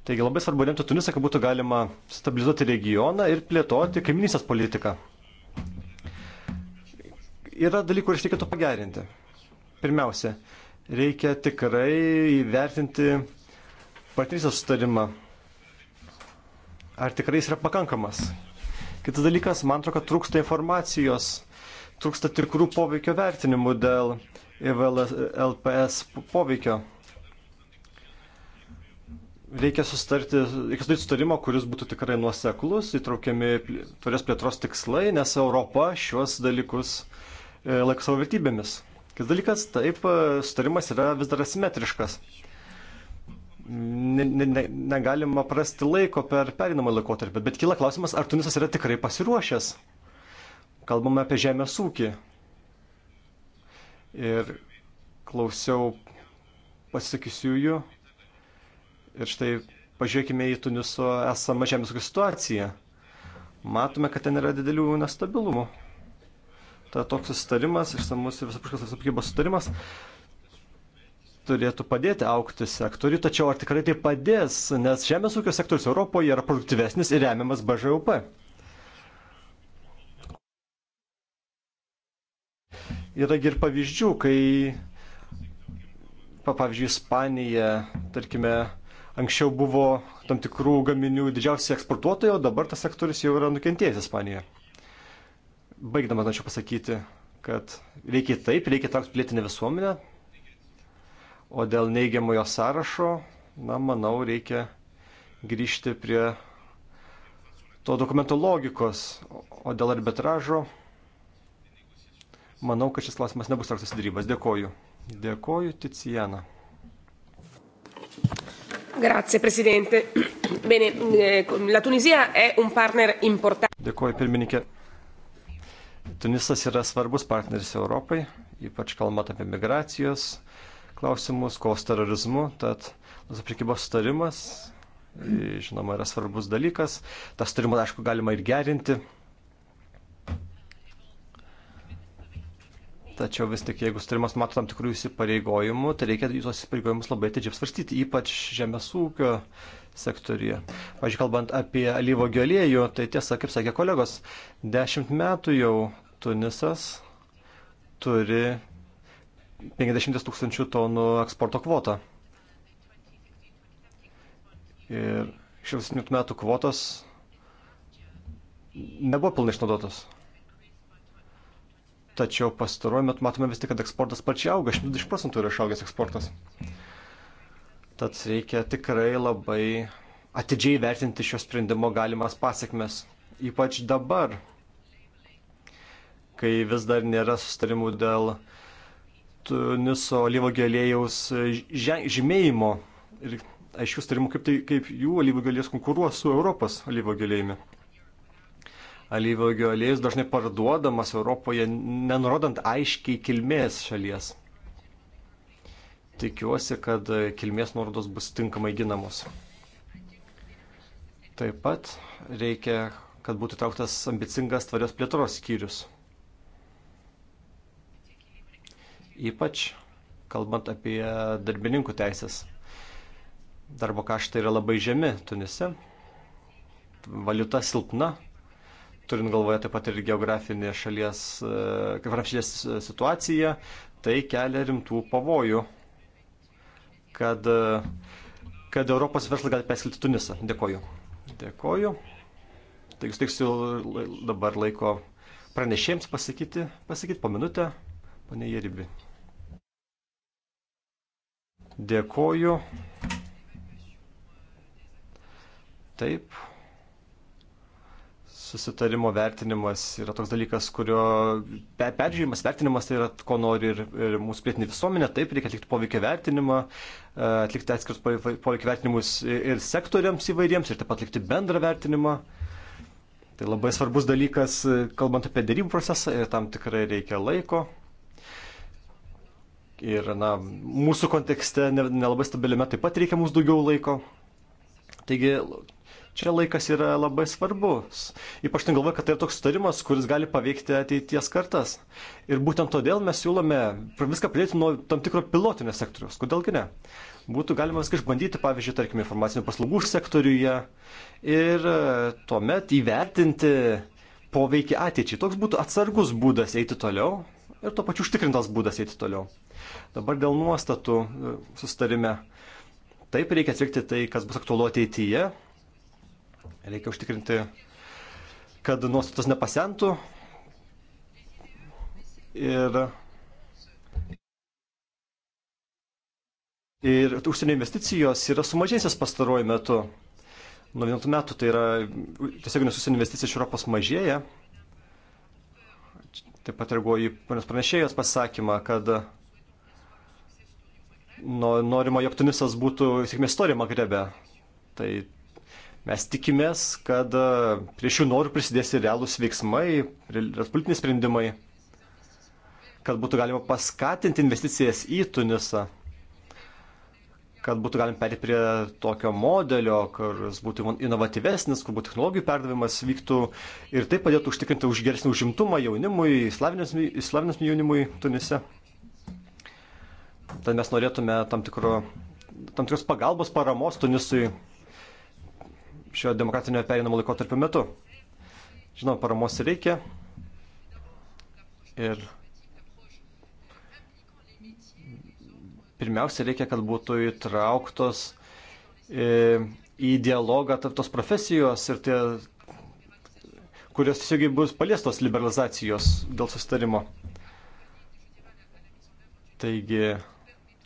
Taigi labai svarbu remti Tunisą, kad būtų galima stabilizuoti regioną ir plėtoti kaiminysės politiką. Yra dalykų, kur iš reikėtų pagerinti. Pirmiausia, reikia tikrai įvertinti partnerystės sutarimą. Ar tikrai jis yra pakankamas? Kitas dalykas, man atrodo, kad trūksta informacijos, trūksta tikrų poveikio vertinimų dėl IVLPS e poveikio reikia susitarti, reikia sudaryti sutarimą, kuris būtų tikrai nuoseklus, įtraukiami tvarios plėtros tikslai, nes Europa šiuos dalykus e, laiko savo vertybėmis. Kitas dalykas, taip, e, sutarimas yra vis dar asimetriškas. Ne, ne, ne, negalima prasti laiko per perinamą laikotarpį, bet kyla klausimas, ar Tunisas yra tikrai pasiruošęs. Kalbame apie žemės ūkį. Ir klausiau pasisakysiųjų Ir štai pažiūrėkime į Tuniso esamą žemės ūkio situaciją. Matome, kad ten yra didelių nestabilumų. Ta toks susitarimas, išsamus ir visapuškas apkybos susitarimas, turėtų padėti aukti sektoriui, tačiau ar tikrai tai padės, nes žemės ūkio sektorius Europoje yra produktyvesnis ir remiamas BŽUP. Yra ir pavyzdžių, kai, pavyzdžiui, Ispanija, tarkime, anksčiau buvo tam tikrų gaminių didžiausiai eksportuotojai, o dabar tas sektorius jau yra nukentėjęs Ispanijoje. Baigdama norėčiau pasakyti, kad reikia taip, reikia traukti pilietinę visuomenę, o dėl neigiamojo sąrašo, na, manau, reikia grįžti prie to dokumento logikos, o dėl arbitražo, manau, kad šis klausimas nebus traktas darybas. Dėkoju. Dėkoju, Ticijana. Grazie, prezidente. Bene, mm, eh, la Tunisia è un partner importante. Dėkuoju, pirmininkė. Tunisas yra svarbus partneris Europai, ypač kalbant apie migracijos klausimus, kovos terorizmu, tad tas prekybos sutarimas, e, žinoma, yra svarbus dalykas. Tas sutarimas, aišku, galima ir gerinti. Tačiau vis tik, jeigu sutarimas mato tam tikrų įsipareigojimų, tai reikia tuos įsipareigojimus labai atidžiai svarstyti, ypač žemės ūkio sektoriuje. Pavyzdžiui, kalbant apie alyvogių aliejų, tai tiesa, kaip sakė kolegos, dešimt metų jau Tunisas turi 50 tūkstančių tonų eksporto kvotą. Ir šios metų kvotos nebuvo pilnai išnaudotos tačiau pastaruoju metu matome vis tik, kad eksportas sparčiai auga, 120 procentų yra išaugęs eksportas. Tad reikia tikrai labai atidžiai vertinti šio sprendimo galimas pasiekmes, ypač dabar, kai vis dar nėra sustarimų dėl Tuniso alyvogio aliejaus žymėjimo ir aiškių sustarimų, kaip, tai, kaip jų alyvogio aliejus konkuruos su Europos alyvogio aliejimi alyvogių aliejus dažnai parduodamas Europoje, nenurodant aiškiai kilmės šalies. Tikiuosi, kad kilmės nuorodos bus tinkamai ginamos. Taip pat reikia, kad būtų trauktas ambicingas tvarios plėtros skyrius. Ypač kalbant apie darbininkų teisės. Darbo kaštai yra labai žemi Tunise, valiuta silpna, turint galvoje taip pat ir geografinė šalies, e, šalies e, situacija, tai kelia rimtų pavojų, kad, e, kad Europos verslai gali perskilti Tunisą. Dėkoju. Dėkoju. Taigi, suteiksiu dabar laiko pranešėjams pasakyti, pasakyti po minutę, ponė Jeribi. Dėkoju. Taip susitarimo vertinimas yra toks dalykas, kurio peržiūrimas, vertinimas tai yra, ko nori ir, ir mūsų pilietinė visuomenė, taip reikia atlikti poveikio vertinimą, e, atlikti atskirus poveikio vertinimus ir sektoriams įvairiems, ir taip pat atlikti bendrą vertinimą. Tai labai svarbus dalykas, e, kalbant apie dėrybų procesą ir tam tikrai reikia laiko. Ir na, mūsų kontekste nelabai stabiliame taip pat reikia mums daugiau laiko. Taigi čia laikas yra labai svarbus. Ypač ten galvoju, kad tai yra toks sutarimas, kuris gali paveikti ateities kartas. Ir būtent todėl mes siūlome viską pradėti nuo tam tikro pilotinio sektoriaus. Kodėlgi ne? Būtų galima viską išbandyti, pavyzdžiui, tarkim, informacinių paslaugų sektoriuje ir e, tuomet įvertinti poveikį ateičiai. Toks būtų atsargus būdas eiti toliau ir tuo pačiu užtikrintas būdas eiti toliau. Dabar dėl nuostatų e, sustarime. Taip reikia atlikti tai, kas bus aktualu ateityje, Reikia užtikrinti, kad nuostatos nepasentų. Ir, ir užsienio investicijos yra sumažėjusios pastaruoju metu. Nuo 11 metų tai yra tiesiog užsienio investicija iš Europos mažėja. Taip pat reaguoju į ponios pranešėjos pasakymą, kad norima, jog Tunisas būtų sėkmės istorija Magrebe. Tai Mes tikimės, kad e, prie šių norų prisidės ir realūs veiksmai, realūs politiniai sprendimai, kad būtų galima paskatinti investicijas į Tunisą, kad būtų galima perėti prie tokio modelio, kuris būtų inovatyvesnis, kur būtų technologijų perdavimas vyktų ir tai padėtų užtikrinti už geresnį užimtumą jaunimui, įslavinęs jaunimui Tunise. Tad mes norėtume tam, tikro, tam tikros pagalbos, paramos Tunisui šio demokratinio perinamo laikotarpio metu. Žinoma, paramos reikia ir pirmiausia reikia, kad būtų įtrauktos e, į dialogą tarp tos profesijos ir tie, kurios tiesiogiai bus paliestos liberalizacijos dėl susitarimo. Taigi,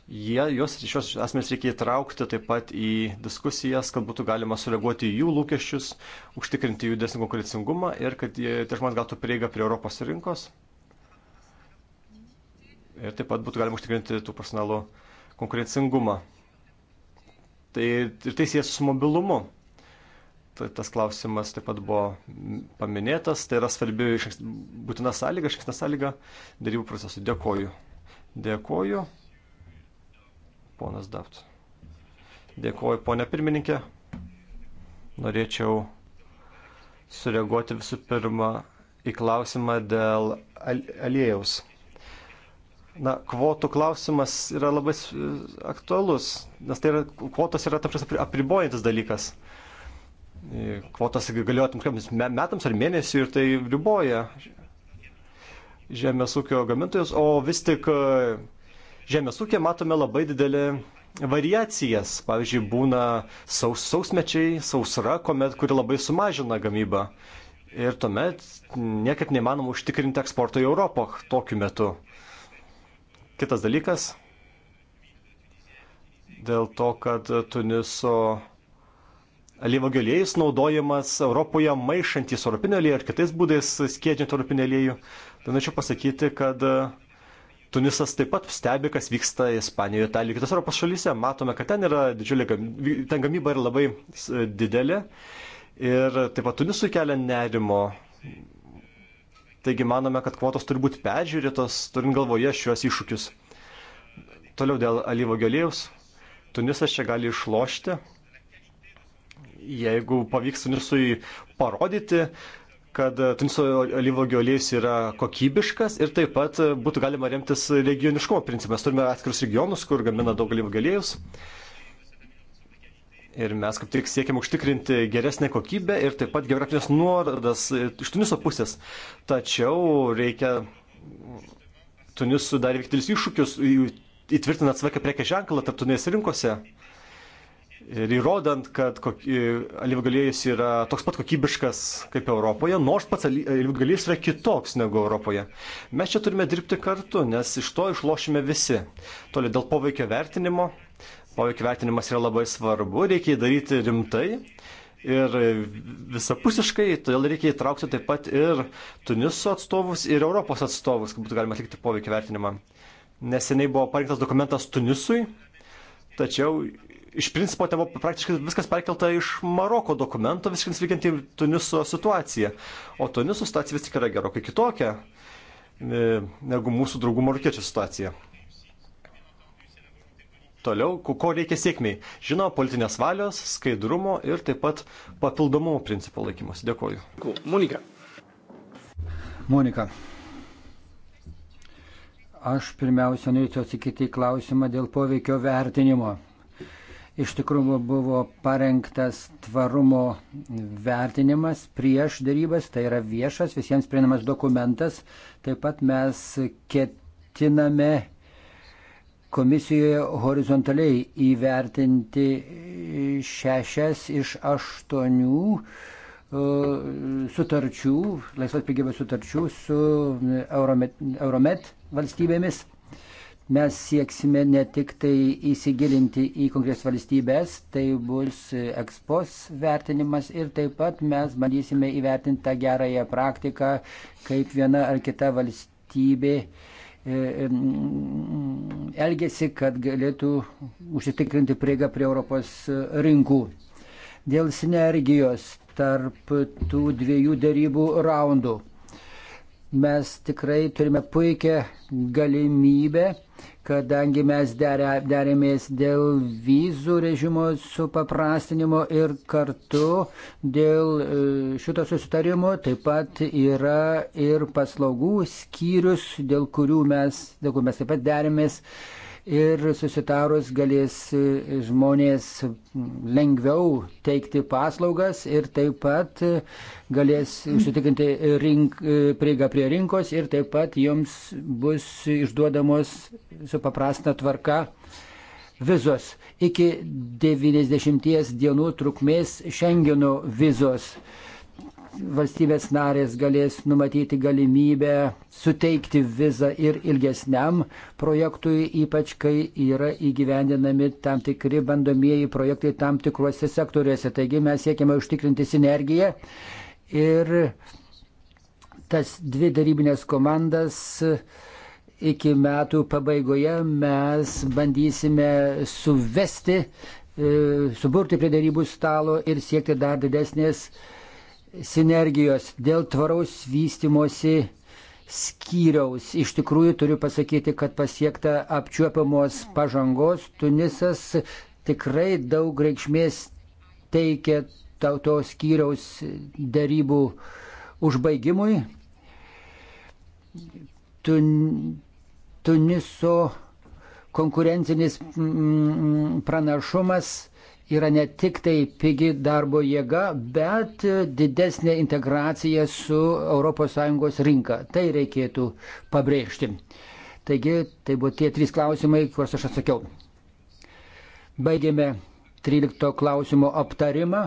Jie, juos, šios asmenys reikia įtraukti taip pat į diskusijas, kad būtų galima sureaguoti į jų lūkesčius, užtikrinti jų desnį konkurencingumą ir kad jie, tie žmonės gautų prieigą prie Europos rinkos. Ir taip pat būtų galima užtikrinti tų personalų konkurencingumą. Tai ir tai siejasi su mobilumu tas klausimas taip pat buvo paminėtas, tai yra svarbi būtina sąlyga, šiksta sąlyga darybų procesui. Dėkoju. Dėkoju. Ponas Daft. Dėkuoju, ponė pirmininkė. Norėčiau sureaguoti visų pirma į klausimą dėl aliejaus. Na, kvotų klausimas yra labai aktualus, nes tai yra, kvotos yra tam tikras apribojantis dalykas. E, Kvotas galioja tam tikrams metams ar mėnesiui ir tai riboja žemės ūkio gamintojus, o vis tik žemės ūkė matome labai didelį variacijas. Pavyzdžiui, būna saus, sausmečiai, sausra, kuomet, kuri labai sumažina gamybą. Ir tuomet niekaip neįmanoma užtikrinti eksporto į Europą tokiu metu. Kitas dalykas. Dėl to, kad Tuniso alyvogio aliejus naudojamas Europoje maišant į europinį aliejų ar kitais būdais skiedžiant europinį aliejų, tai norėčiau pasakyti, kad uh, Tunisas taip pat stebi, kas vyksta Ispanijoje, Italijoje, kitose Europos šalyse. Matome, kad ten yra didžiulė, ten gamyba yra labai e, didelė. Ir taip pat Tunisui kelia nerimo. Taigi manome, kad kvotos turi būti peržiūrėtos, turint galvoje šiuos iššūkius. Toliau dėl alyvo gėlėjus. Tunisas čia gali išlošti, jeigu pavyks Tunisui parodyti, kad e, Tuniso alyvogio aliejus yra kokybiškas ir taip pat e, būtų galima remtis regioniškumo principais. Turime atskirus regionus, kur gamina daug alyvogio aliejus. Ir mes kaip tik siekiam užtikrinti geresnę kokybę ir taip pat geografinės nuorodas e, iš Tuniso pusės. Tačiau reikia Tunisų dar veiktilis iššūkius įtvirtinant svakę prekės ženklą tarptautinėse rinkose ir įrodant, kad alyvgalėjus yra toks pat kokybiškas kaip Europoje, nors pats alyvgalėjus yra kitoks negu Europoje. Mes čia turime dirbti kartu, nes iš to išlošime visi. Toliau dėl poveikio vertinimo. Poveikio vertinimas yra labai svarbu, reikia jį daryti rimtai. Ir visapusiškai, todėl reikia įtraukti taip pat ir Tuniso atstovus, ir Europos atstovus, kad būtų galima atlikti poveikio vertinimą. Neseniai buvo parinktas dokumentas Tunisui, tačiau iš principo ten buvo praktiškai viskas perkelta iš Maroko dokumento, viskas veikiant į Tuniso situaciją. O Tuniso situacija vis tik yra gerokai kitokia e, negu mūsų draugų marokiečių situacija. Toliau, ko reikia sėkmiai? Žinoma, politinės valios, skaidrumo ir taip pat papildomumo principo laikymas. Dėkoju. Monika. Monika. Aš pirmiausia norėčiau atsakyti į klausimą dėl poveikio vertinimo iš tikrųjų buvo parengtas tvarumo vertinimas prieš darybas, tai yra viešas, visiems prieinamas dokumentas. Taip pat mes ketiname komisijoje horizontaliai įvertinti šešias iš aštuonių e, sutarčių, laisvos prigybės sutarčių su Euromet, Euromet valstybėmis mes sieksime ne tik tai įsigilinti į konkrės valstybės, tai bus ekspos vertinimas ir taip pat mes bandysime įvertinti tą gerąją praktiką, kaip viena ar kita valstybė e, mm, elgesi, kad galėtų užsitikrinti prieigą prie Europos rinkų. Dėl sinergijos tarp tų dviejų darybų raundų mes tikrai turime puikią galimybę, kadangi mes derėmės dėl vizų režimo supaprastinimo ir kartu dėl e, šito susitarimo taip pat yra ir paslaugų skyrius, dėl kurių mes, dėl kurių mes taip pat derėmės. Uh, ir susitarus galės žmonės lengviau teikti paslaugas ir taip pat galės užsitikrinti rink, prieigą prie rinkos ir taip pat joms bus išduodamos su paprasta tvarka vizos iki 90 dienų trukmės Schengeno vizos valstybės narės galės numatyti galimybę suteikti vizą ir ilgesniam projektui, ypač kai yra įgyvendinami tam tikri bandomieji projektai tam tikruose sektoriuose. Taigi mes siekiame užtikrinti sinergiją ir tas dvi darybinės komandas iki metų pabaigoje mes bandysime suvesti, e, suburti prie darybų stalo ir siekti dar didesnės uh, sinergijos, dėl tvaraus vystimosi skyriaus. Iš tikrųjų turiu pasakyti, kad pasiekta apčiuopiamos pažangos. Tunisas tikrai daug reikšmės teikia tauto skyriaus darybų užbaigimui. Tun, Tuniso konkurencinis mm, mm, pranašumas yra ne tik tai pigi darbo jėga, bet didesnė integracija su ES rinka. Tai reikėtų pabrėžti. Taigi, tai buvo tie trys klausimai, kuriuos aš atsakiau. Baigėme 13 klausimo aptarimą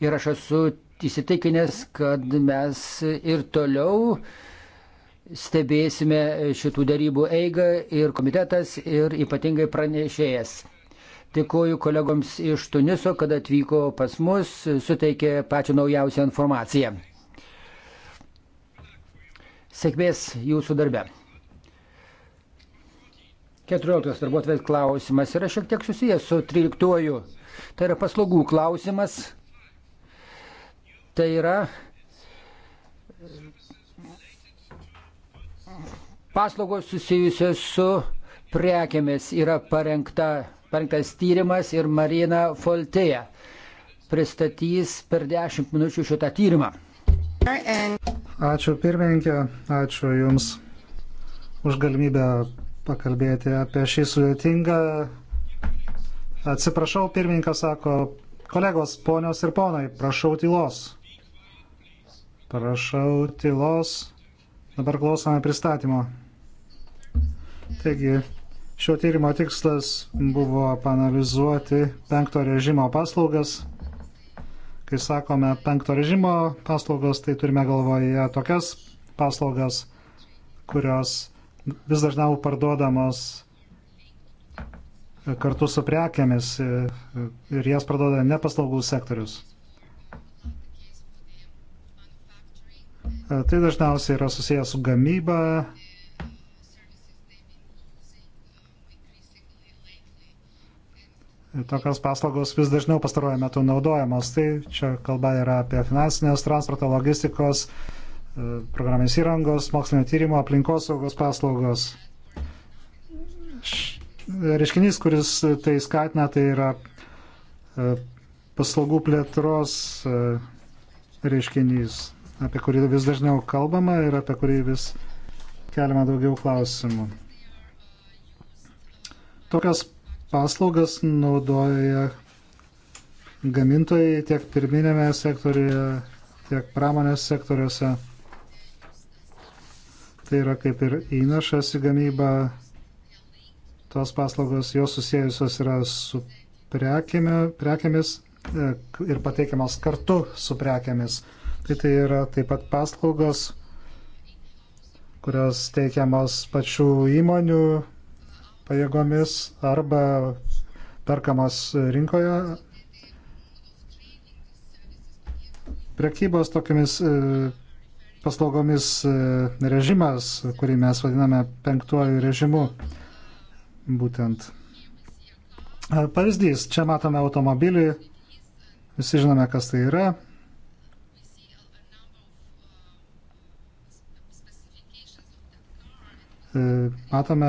ir aš esu įsitikinęs, kad mes ir toliau stebėsime šitų darybų eigą ir komitetas, ir ypatingai pranešėjas. Dėkuoju kolegoms iš Tuniso, kad atvyko pas mus, suteikė pačią naujausią informaciją. Sėkmės jūsų darbe. 14 darbuotojas klausimas yra šiek tiek susijęs su 13. Tai yra paslaugų klausimas. Tai yra paslaugos susijusios su prekiamis yra parengta parengtas tyrimas ir Marina Foltėja pristatys per 10 minučių šitą tyrimą. Ačiū pirmininkė, ačiū Jums už galimybę pakalbėti apie šį sudėtingą. Atsiprašau, pirmininkas sako, kolegos, ponios ir ponai, prašau tylos. Prašau tylos. Dabar klausome pristatymo. Taigi, Šio tyrimo tikslas buvo panalizuoti penkto režimo paslaugas. Kai sakome penkto režimo paslaugos, tai turime galvoje tokias paslaugas, kurios vis dažniau parduodamos kartu su prekiamis ir jas parduoda ne paslaugų sektorius. Tai dažniausiai yra susijęs su gamyba, tokios paslaugos vis dažniau pastaruoju metu naudojamos. Tai čia kalba yra apie finansinės, transporto, logistikos, e, programinės įrangos, mokslinio tyrimo, aplinkosaugos paslaugos. Reiškinys, kuris tai skatina, tai yra e, paslaugų plėtros e, reiškinys, apie kurį vis dažniau kalbama ir apie kurį vis keliama daugiau klausimų. Tokios paslaugas naudoja gamintojai tiek pirminėme sektoriuje, tiek pramonės sektoriuose. Tai yra kaip ir įnašas į gamybą. Tos paslaugos, jos susijusios yra su prekėme, prekėmis e, ir pateikiamas kartu su prekėmis. Tai tai yra taip pat paslaugos, kurios teikiamos pačių įmonių pajėgomis arba perkamos rinkoje. Prekybos tokiamis e, paslaugomis e, režimas, kurį mes vadiname penktuoju režimu, būtent. E, pavyzdys, čia matome automobilį, visi žinome, kas tai yra. Matome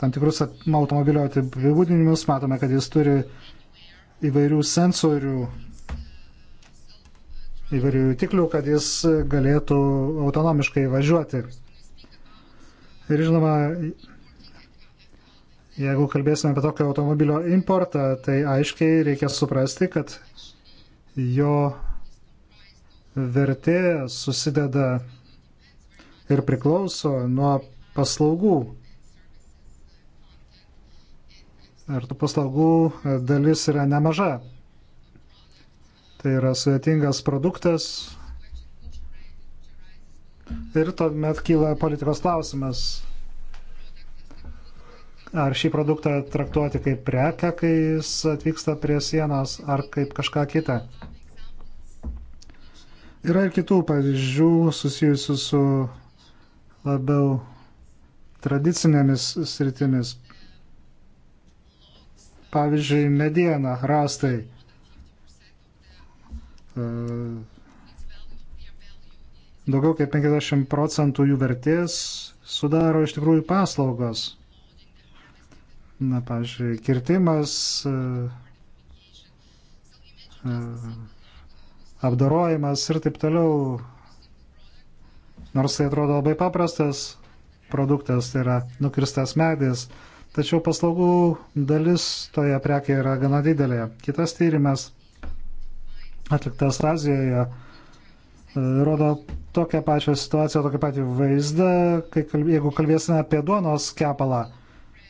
tam tikrus automobilio apibūdinimus, matome, kad jis turi įvairių sensorių, įvairių tiklių, kad jis galėtų autonomiškai važiuoti. Ir žinoma, jeigu kalbėsime apie tokio automobilio importą, tai aiškiai reikia suprasti, kad jo vertė susideda ir priklauso nuo paslaugų ir tų paslaugų e, dalis yra nemaža. Tai yra sudėtingas produktas. Ir tuomet kyla politikos klausimas, ar šį produktą traktuoti kaip prekę, kai jis atvyksta prie sienos, ar kaip kažką kitą. Yra ir kitų pavyzdžių susijusių su labiau tradicinėmis sritimis, Pavyzdžiui, mediena, rastai. E, daugiau kaip 50 procentų jų vertės sudaro iš tikrųjų paslaugos. Na, pavyzdžiui, kirtimas, e, e, apdarojimas ir taip toliau. Nors tai atrodo labai paprastas produktas, tai yra nukirstas medis, Tačiau paslaugų dalis toje prekėje yra gana didelė. Kitas tyrimas atliktas Azijoje e, rodo tokią pačią situaciją, tokią patį vaizdą, kai, jeigu kalbėsime apie duonos kepalą.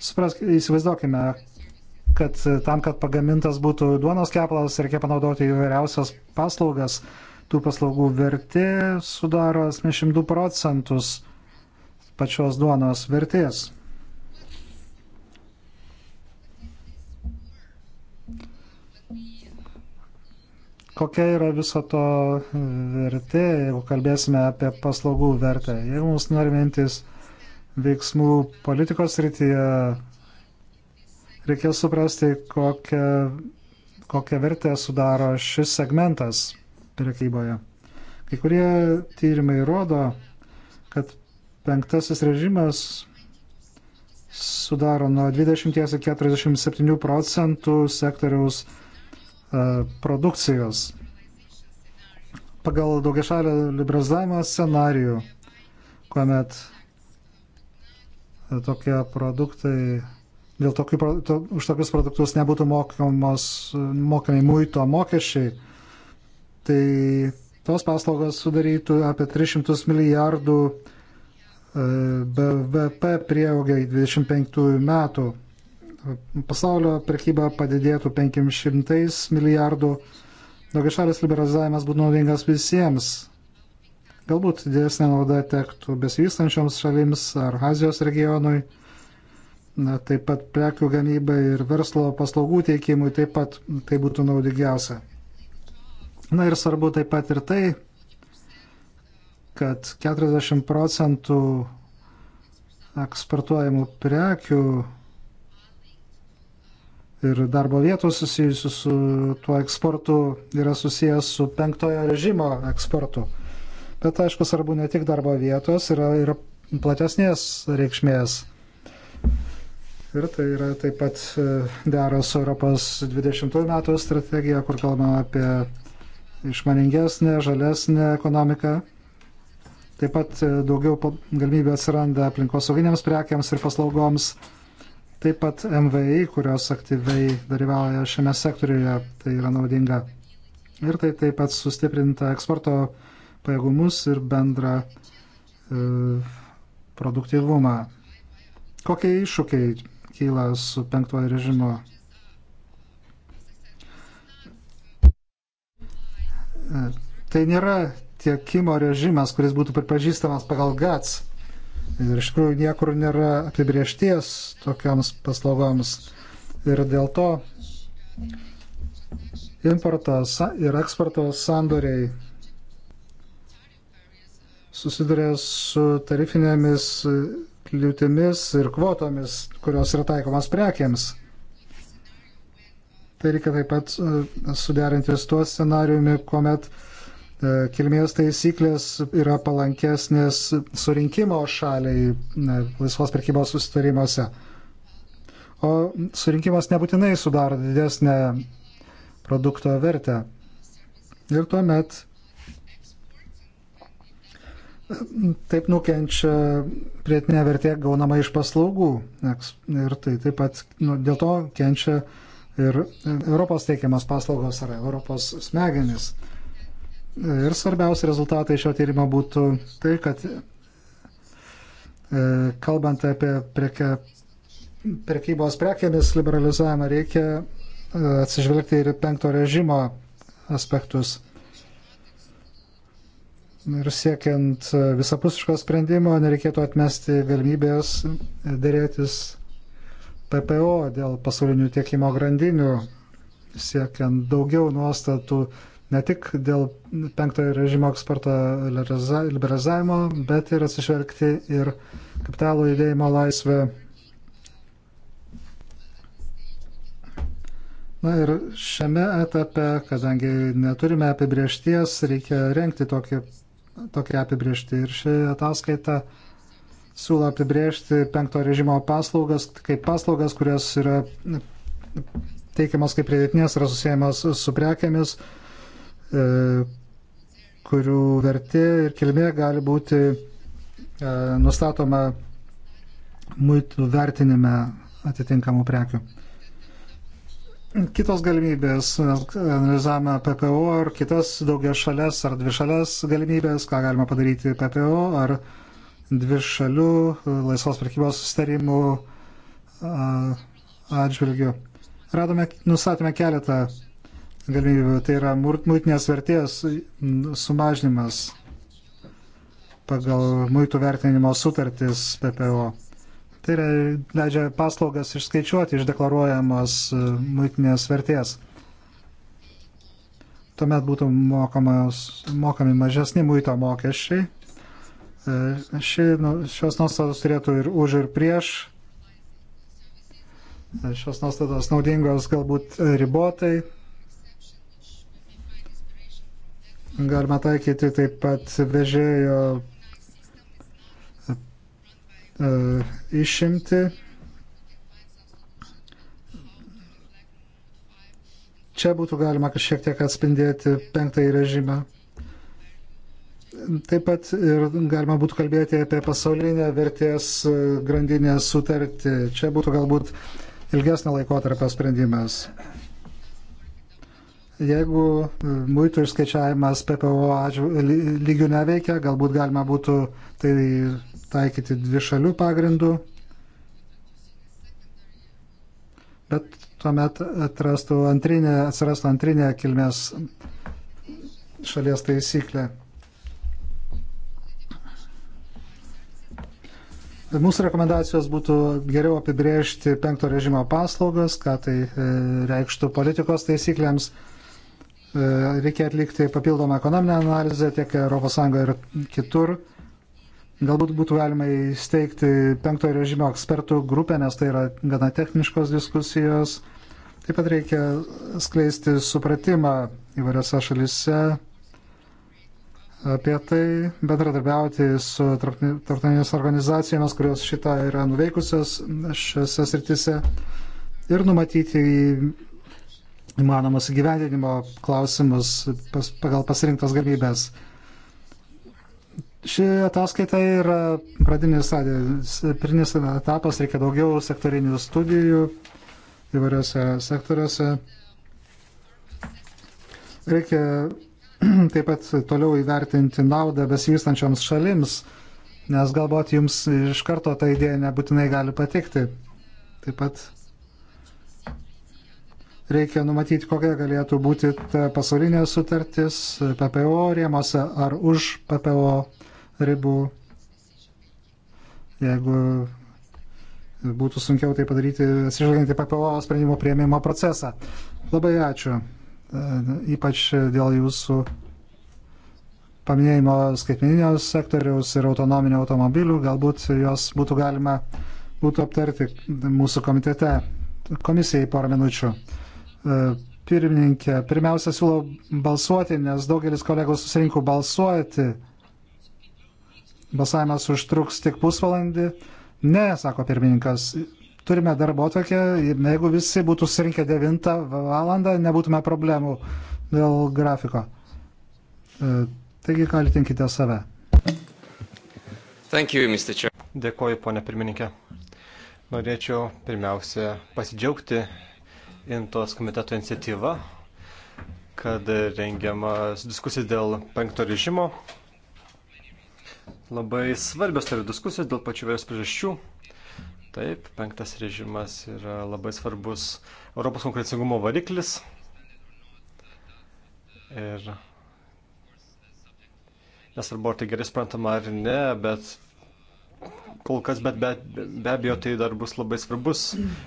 Suprask, įsivaizduokime, kad tam, kad pagamintas būtų duonos kepalas, reikia panaudoti įvairiausias paslaugas. Tų paslaugų vertė sudaro 82 procentus pačios duonos vertės. Kokia yra viso to hmm, vertė, jeigu kalbėsime apie paslaugų vertę? Jeigu mums norime imtis veiksmų politikos rytyje, reikia suprasti, kokią, kokią vertę sudaro šis segmentas prekyboje. Kai kurie tyrimai rodo, kad penktasis režimas sudaro nuo 20 iki 47 procentų sektoriaus E, produkcijos. Pagal daugiašalio liberalizavimo scenarijų, kuomet e, tokie produktai, dėl tokių, to, už tokius produktus nebūtų mokamos, e, mokami muito mokesčiai, tai tos paslaugos sudarytų apie 300 milijardų BVP prieaugą į 25 metų pasaulio prekyba padidėtų 500 milijardų. Daugiašalis liberalizavimas būtų naudingas visiems. Galbūt didesnė nauda tektų besivystančioms šalims ar Azijos regionui. Na, taip pat prekių gamybai ir verslo paslaugų teikimui taip pat tai būtų naudingiausia. Na ir svarbu taip pat ir tai, kad 40 procentų eksportuojamų prekių ir darbo vietų susijusių su tuo eksportu yra susijęs su penktojo režimo eksportu. Bet aišku, svarbu ne tik darbo vietos, yra ir platesnės reikšmės. Ir tai yra taip pat e, dera su Europos 20 metų strategija, kur kalbama apie išmaningesnę, žalesnę ekonomiką. Taip pat e, daugiau galimybė atsiranda aplinkosauginiams prekiams ir paslaugoms Taip pat MVI, kurios aktyviai dalyvauja šiame sektoriuje, tai yra naudinga. Ir tai taip pat sustiprinta eksporto pajėgumus ir bendrą e, produktivumą. Kokie iššūkiai kyla su penktuoju režimu? E, tai nėra tiekimo režimas, kuris būtų pripažįstamas pagal GATS Ir iš tikrųjų niekur nėra apibriešties tokiams paslaugoms. Ir dėl to importo ir eksporto sandoriai susiduria su tarifinėmis kliūtimis ir kvotomis, kurios yra taikomas prekiams. Tai reikia taip pat e, suderinti su tuo scenariumi, kuomet uh, E, kilmės taisyklės yra palankesnės surinkimo šaliai e, laisvos prekybos sustarimuose. O surinkimas nebūtinai sudaro didesnę produkto vertę. Ir tuomet taip nukenčia prietinė vertė gaunama iš paslaugų. Ir tai taip pat nu, dėl to kenčia ir Europos teikiamas paslaugos ar Europos smegenis. Ir svarbiausi rezultatai šio tyrimo būtų tai, kad e, kalbant apie preke, prekybos prekėmis liberalizavimą, reikia e, atsižvelgti ir penkto režimo aspektus. Ir siekiant e, visapusiško sprendimo, nereikėtų atmesti galimybės dėrėtis PPO dėl pasaulinių tiekimo grandinių, siekiant daugiau nuostatų ne tik dėl penktojo režimo eksporto liberalizavimo, bet ir atsižvelgti ir kapitalo judėjimo laisvę. Na ir šiame etape, kadangi neturime apibriešties, reikia renkti tokį, tokį apibriešti. Ir ši ataskaita siūlo apibriežti penkto režimo paslaugas kaip paslaugas, kurios yra teikiamas kaip pridėtinės, yra susijęmas su prekiamis, E, kurių vertė ir kilmė gali būti e, nustatoma muitų vertinime atitinkamų prekių. Kitos galimybės, analizavome PPO ar kitas daugia šalias ar dvi šalias galimybės, ką galima padaryti PPO ar dvi šalių e, laisvos prekybos sustarimų atžvilgių. Radome, nustatėme keletą galimybių, tai yra muitinės vertės sumažinimas pagal muitų vertinimo sutartis PPO. Tai yra, leidžia paslaugas išskaičiuoti iš deklaruojamos e, muitinės vertės. Tuomet būtų mokamas, mokami mažesni muito mokesčiai. E, ši, nu, šios nuostatos turėtų ir už ir prieš. E, šios nuostatos naudingos galbūt ribotai, Galima taikyti taip pat vežėjo e, išimti. Čia būtų galima šiek tiek atspindėti penktąjį režimą. Taip pat ir galima būtų kalbėti apie pasaulinę vertės e, grandinę sutartį. Čia būtų galbūt ilgesnio laikotarpio sprendimas. Jeigu e, muitų išskaičiavimas PPO lygių neveikia, galbūt galima būtų tai taikyti dvi šalių pagrindų, bet tuomet atrastų antrinė, atsirastų antrinė kilmės šalies taisyklė. Mūsų rekomendacijos būtų geriau apibrėžti penkto režimo paslaugas, ką tai e, reikštų politikos taisyklėms E, reikia atlikti papildomą ekonominę analizę tiek ES ir kitur. Galbūt būtų galima įsteigti penktojo režimo ekspertų grupę, nes tai yra gana techniškos diskusijos. Taip pat reikia skleisti supratimą įvairiose šalise apie tai, bendradarbiauti su tarptautinėmis organizacijomis, kurios šitą yra nuveikusios šiose sritise ir numatyti įmanomus gyvendinimo klausimus pas, pagal pasirinktas galimybės. Ši ataskaita yra pradinis, pradinis etapas, reikia daugiau sektorinių studijų įvairiose sektoriuose. Reikia taip pat toliau įvertinti naudą besivystančioms šalims, nes galbūt jums iš karto ta idėja nebūtinai gali patikti. Taip pat Reikia numatyti, kokia galėtų būti pasaulinė sutartis PPO rėmose ar už PPO ribų. Jeigu būtų sunkiau tai padaryti, atsižvelgiant į PPO sprendimo prieimimo procesą. Labai ačiū, e, ypač dėl jūsų paminėjimo skaitmeninio sektoriaus ir autonominio automobilių, galbūt jos būtų galima būtų aptarti mūsų komitete. Komisijai porą minučių. E, pirmininkė. Pirmiausia, siūlau balsuoti, nes daugelis kolegų susirinko balsuoti. Balsavimas užtruks tik pusvalandį. Ne, sako pirmininkas, turime darbo tokią, jeigu visi būtų surinkę 9 valandą, nebūtume problemų dėl grafiko. E, taigi kaltinkite save. Thank you, Mr. Chair. Dėkoju, ponė pirmininkė. Norėčiau pirmiausia pasidžiaugti Intos komiteto iniciatyva, kad rengiamas diskusijas dėl penkto režimo. Labai svarbios tai yra diskusijos dėl pačių vėliausių priežasčių. Taip, penktas režimas yra labai svarbus Europos konkurencingumo variklis. Ir nesvarbu, ar tai gerai suprantama ar ne, bet kol kas, bet be, be abejo tai dar bus labai svarbus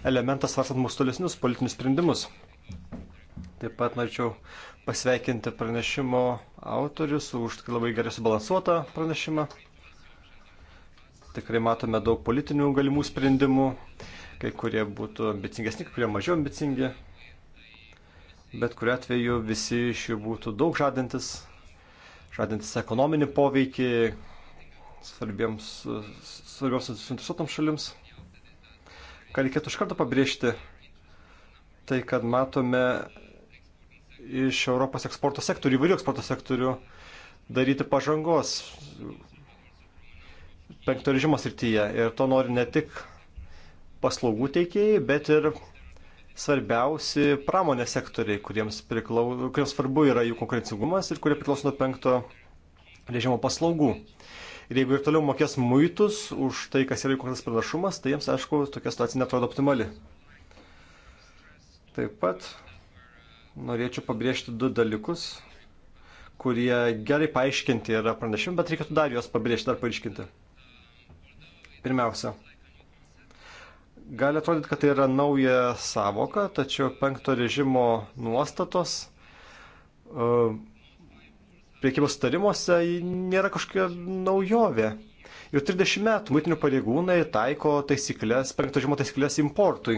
elementas svarstant mūsų tolesnius politinius sprendimus. Taip pat norėčiau pasveikinti pranešimo autorius už tikrai labai gerai subalansuotą pranešimą. Tikrai matome daug politinių galimų sprendimų, kai kurie būtų ambicingesni, kai kurie mažiau ambicingi. Bet kuriu atveju visi iš jų būtų daug žadantis, žadantis ekonominį poveikį, svarbiems, svarbioms suinteresuotams šalims. Ką reikėtų iš karto pabrėžti, tai kad matome iš Europos eksporto sektorių, įvairių eksporto sektorių, daryti pažangos penkto režimo srityje. Ir to nori ne tik paslaugų teikėjai, bet ir svarbiausi pramonės sektoriai, kuriems, priklau, kuriems svarbu yra jų konkurencingumas ir kurie priklauso nuo penkto režimo paslaugų. Ir jeigu ir toliau mokės muitus už tai, kas yra jų kokias pranašumas, tai jiems, aišku, tokia situacija netrodo optimali. Taip pat norėčiau pabrėžti du dalykus, kurie gerai paaiškinti yra pranešimai, bet reikėtų dar juos pabrėžti, dar paaiškinti. Pirmiausia, gali atrodyti, kad tai yra nauja savoka, tačiau penkto režimo nuostatos uh, priekybos tarimuose nėra kažkokia naujovė. Jau 30 metų muitinių pareigūnai taiko taisyklės, penkto žymo taisyklės importui.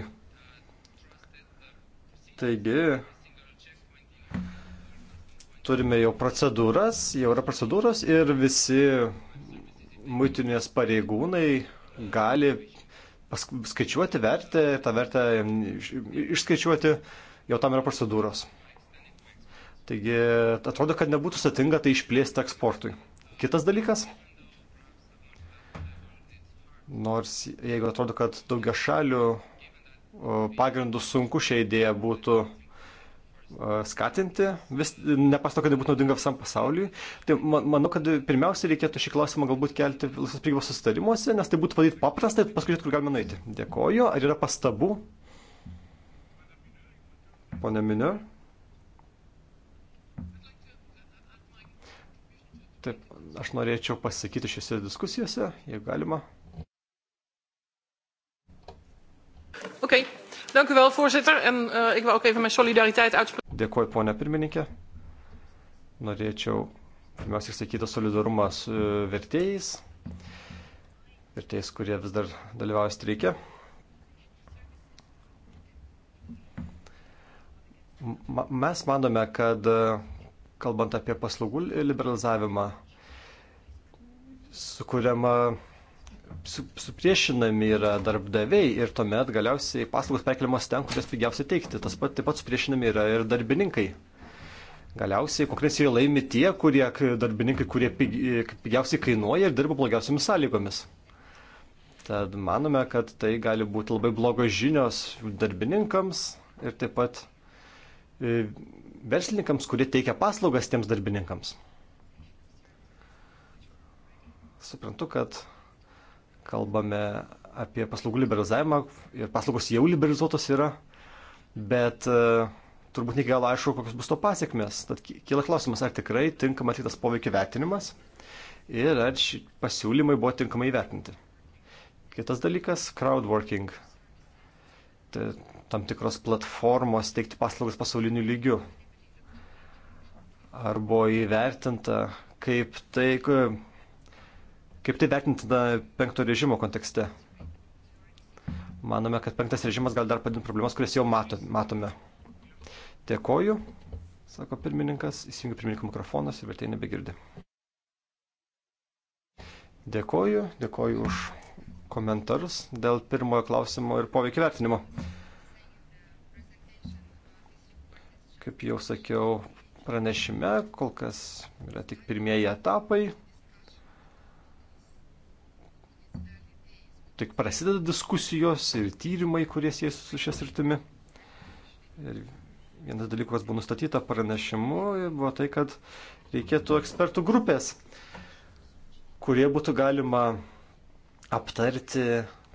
Taigi, turime jau procedūras, jau yra procedūros ir visi muitinės pareigūnai gali skaičiuoti vertę ir tą vertę išskaičiuoti, jau tam yra procedūros. Taigi atrodo, kad nebūtų satinga tai išplėsti eksportui. Kitas dalykas. Nors jeigu atrodo, kad daugia šalių pagrindų sunku šią idėją būtų skatinti, vis nepasto, kad tai būtų naudinga visam pasauliui. Tai man, manau, kad pirmiausia reikėtų šį klausimą galbūt kelti laisvos prieigos sustarimuose, nes tai būtų padaryti paprasta ir paskui žiūrėti, kur galime nueiti. Dėkoju. Ar yra pastabų? Pone Miniu. Aš norėčiau pasakyti šiose diskusijose, jei galima. Okay. Dank u wel, voorzitter. En uh, ik wil ook even mijn solidariteit uitspreken. Dėkuoju, ponia pirmininkė. Norėčiau pirmiausia išsakyti solidarumą su vertėjais. Vertėjais, kurie vis dar dalyvauja streikė. Mes manome, kad kalbant apie paslaugų liberalizavimą, sukuriama, su, supriešinami yra darbdaviai ir tuomet galiausiai paslaugos perkeliamos ten, kur jas pigiausiai teikti. Tas pat taip pat supriešinami yra ir darbininkai. Galiausiai konkurencijoje laimi tie, kurie darbininkai, kurie pigiausiai kainuoja ir dirba blogiausiamis sąlygomis. Tad manome, kad tai gali būti labai blogos žinios darbininkams ir taip pat e, verslininkams, kurie teikia paslaugas tiems darbininkams. Suprantu, kad kalbame apie paslaugų liberalizavimą ir paslaugos jau liberalizuotos yra, bet e, turbūt ne iki galo aišku, kokios bus to pasiekmes. Tad kyla klausimas, ar tikrai tinkamai atliktas poveikio vertinimas ir ar šį pasiūlymai buvo tinkamai įvertinti. Kitas dalykas - crowdworking. Tai tam tikros platformos teikti paslaugas pasauliniu lygiu. Ar buvo įvertinta, kaip tai Kaip tai vertinti tada penkto režimo kontekste? Manome, kad penktas režimas gali dar padinti problemas, kurias jau mato, matome. Dėkoju, sako pirmininkas, įsijungia pirmininko mikrofonas ir vertėjai nebegirdi. Dėkoju, dėkoju už komentarus dėl pirmojo klausimo ir poveikio vertinimo. Kaip jau sakiau, pranešime kol kas yra tik pirmieji etapai tik prasideda diskusijos ir tyrimai, kurie siejasi su šias rytimi. Ir vienas dalykas buvo nustatyta pranešimu, buvo tai, kad reikėtų ekspertų grupės, kurie būtų galima aptarti,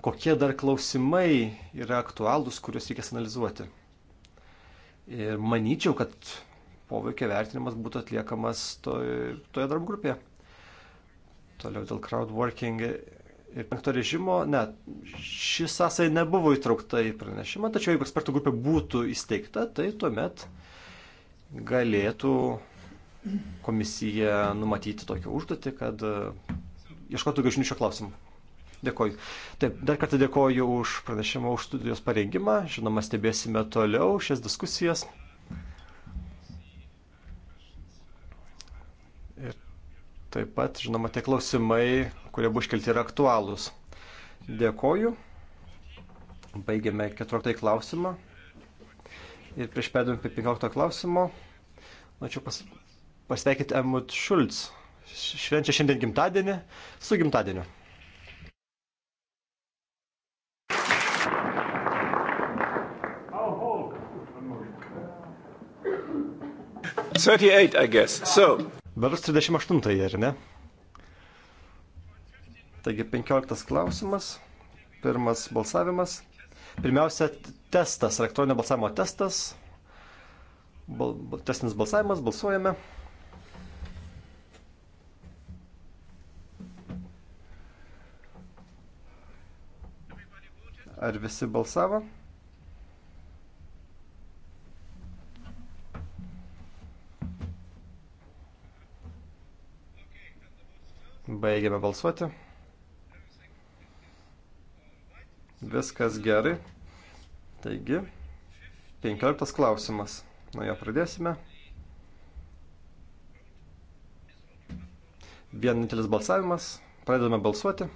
kokie dar klausimai yra aktualūs, kuriuos reikės analizuoti. Ir manyčiau, kad poveikio vertinimas būtų atliekamas toje, toje darbų grupėje. Toliau dėl crowdworking ir penkto režimo, ne, ši sąsaja nebuvo įtraukta į pranešimą, tačiau jeigu ekspertų grupė būtų įsteigta, tai tuomet galėtų komisija numatyti tokią užduotį, kad e, ieškotų gažinių šio klausimu. Dėkoju. Taip, dar kartą dėkoju už pranešimą, už studijos parengimą. Žinoma, stebėsime toliau šias diskusijas. Taip pat, žinoma, tie klausimai, kurie buvo iškelti, yra aktualūs. Dėkoju. Baigiame 14 klausimą. Ir prieš perėdami prie 15 klausimo, norėčiau pas, pasveikinti Emut Šulc. Švenčia šiandien gimtadienį su gimtadieniu. Thirty-eight, I guess. So, Vers 38, ar ne? Taigi 15 klausimas, pirmas balsavimas. Pirmiausia, testas, elektroninio balsavimo testas. Bal, testinis balsavimas, balsuojame. Ar visi balsavo? Baigiame balsuoti. Viskas gerai. Taigi, 15 klausimas. Nuo jo pradėsime. Vienintelis balsavimas. Pradedame balsuoti.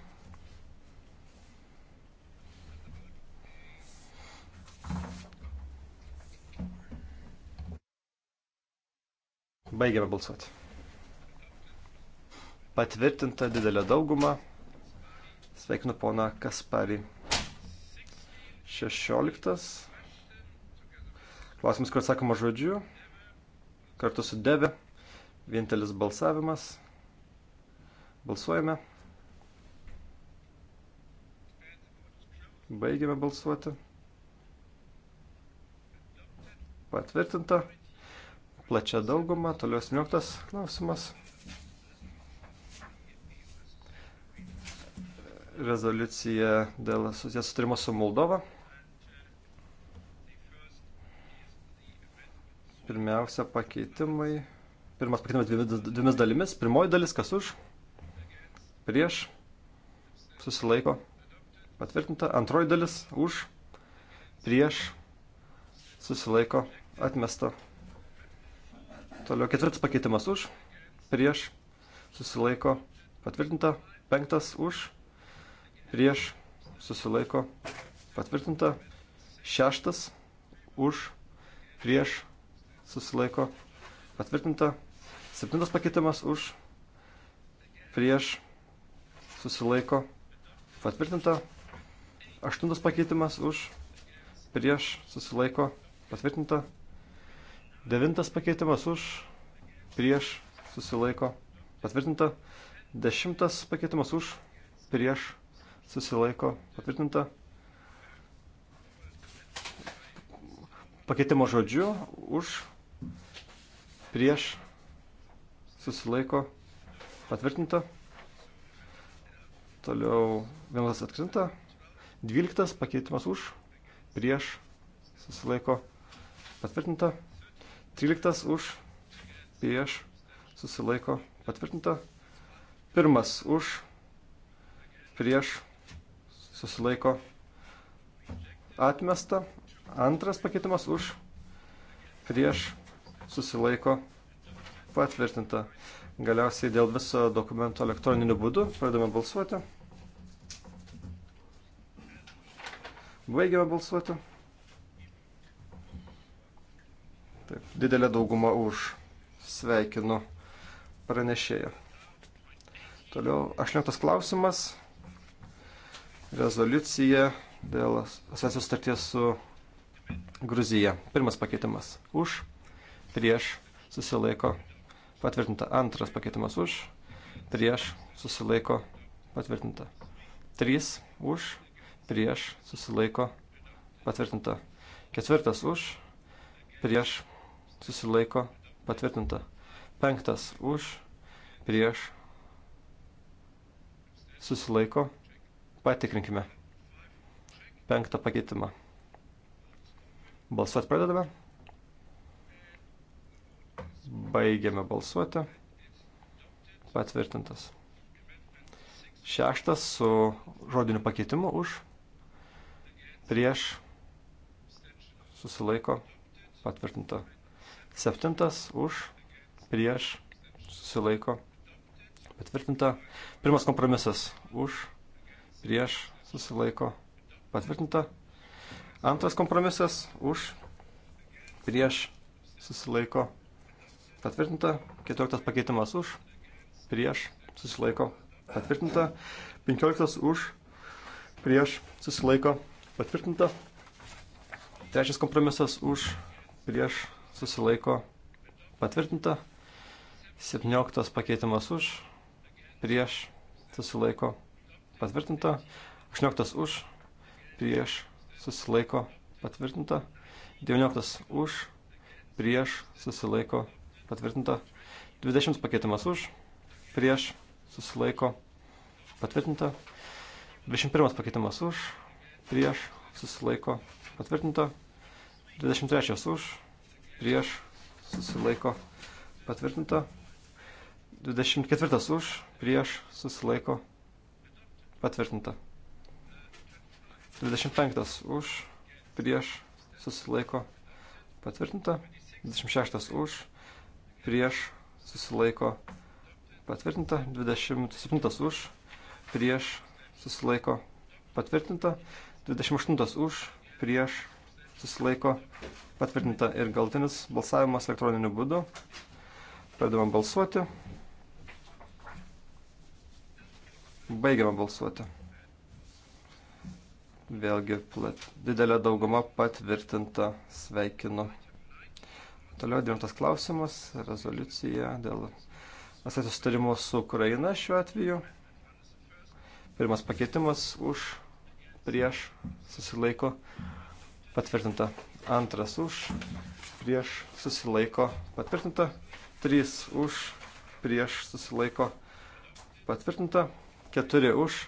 Baigiame balsuoti patvirtinta didelė dauguma. Sveikinu pona Kasparį. 16. Klausimas, kur atsakoma žodžiu. Kartu su Deve. Vienintelis balsavimas. Balsuojame. Baigiame balsuoti. Patvirtinta. Plačia dauguma. Toliau 17 klausimas. rezoliuciją dėl susijęs sutarimo su Moldova. Pirmiausia, pakeitimai. Pirmas pakeitimas dvimis, dvimis dalimis. Pirmoji dalis, kas už, prieš, susilaiko, patvirtinta. Antroji dalis, už, prieš, susilaiko, atmesta. Toliau ketvirtas pakeitimas už, prieš, susilaiko, patvirtinta. Penktas už, prieš, susilaiko, patvirtinta. Šeštas, už, prieš, susilaiko, patvirtinta. Septintas pakeitimas už, prieš, susilaiko, patvirtinta. Aštuntas pakeitimas už, prieš, susilaiko, patvirtinta. Devintas pakeitimas už, prieš, susilaiko, patvirtinta. Dešimtas pakeitimas už, prieš, susilaiko patvirtinta. Pakeitimo žodžiu už prieš susilaiko patvirtinta. Toliau 11 atkrinta. 12 pakeitimas už prieš susilaiko patvirtinta. 13 už prieš susilaiko patvirtinta. Pirmas už prieš susilaiko atmesta. Antras pakeitimas už, prieš susilaiko patvirtinta. Galiausiai dėl viso dokumento elektroniniu būdu pradame balsuoti. Baigiame balsuoti. Taip, didelė dauguma už. Sveikinu pranešėją. Toliau 18 klausimas rezoliuciją dėl asociacijos sutarties su Gruzija. Pirmas pakeitimas už, prieš, susilaiko, patvirtinta. Antras pakeitimas už, prieš, susilaiko, patvirtinta. Trys už, prieš, susilaiko, patvirtinta. Ketvirtas už, prieš, susilaiko, patvirtinta. Penktas už, prieš, susilaiko, patvirtinta Patikrinkime. Penktą pakeitimą. Balsuoti pradedame. Baigiame balsuoti. Patvirtintas. Šeštas su žodiniu pakeitimu už. Prieš. Susilaiko. Patvirtinta. Septintas už. Prieš. Susilaiko. Patvirtinta. Pirmas kompromisas už prieš, susilaiko, patvirtinta. Antras kompromisas už, prieš, susilaiko, patvirtinta. Keturioliktas pakeitimas už, prieš, susilaiko, patvirtinta. Penkioliktas už, prieš, susilaiko, patvirtinta. Trečias kompromisas už, prieš, susilaiko, patvirtinta. Septynioliktas pakeitimas už, prieš, susilaiko, patvirtinta patvirtinta, 18 už, prieš, susilaiko, patvirtinta, 19 už, prieš, susilaiko, patvirtinta, 20 pakeitimas už, prieš, susilaiko, patvirtinta, 21 pakeitimas už, prieš, susilaiko, patvirtinta, 23 už, prieš, susilaiko, patvirtinta, 24 už, prieš, susilaiko, patvirtinta. Patvirtinta. 25 už, prieš, susilaiko, patvirtinta. 26 už, prieš, susilaiko, patvirtinta. 27 už, prieš, susilaiko, patvirtinta. 28 už, prieš, susilaiko, patvirtinta. Ir galtinis balsavimas elektroniniu būdu. Pradedame balsuoti. Baigiame balsuoti. Vėlgi plat, didelė dauguma patvirtinta sveikinu. Toliau dėmtas klausimas, rezoliucija dėl asatės sustarimo su Ukraina šiuo atveju. Pirmas pakeitimas už, prieš, susilaiko, patvirtinta. Antras už, prieš, susilaiko, patvirtinta. Trys už, prieš, susilaiko, patvirtinta. 4 už,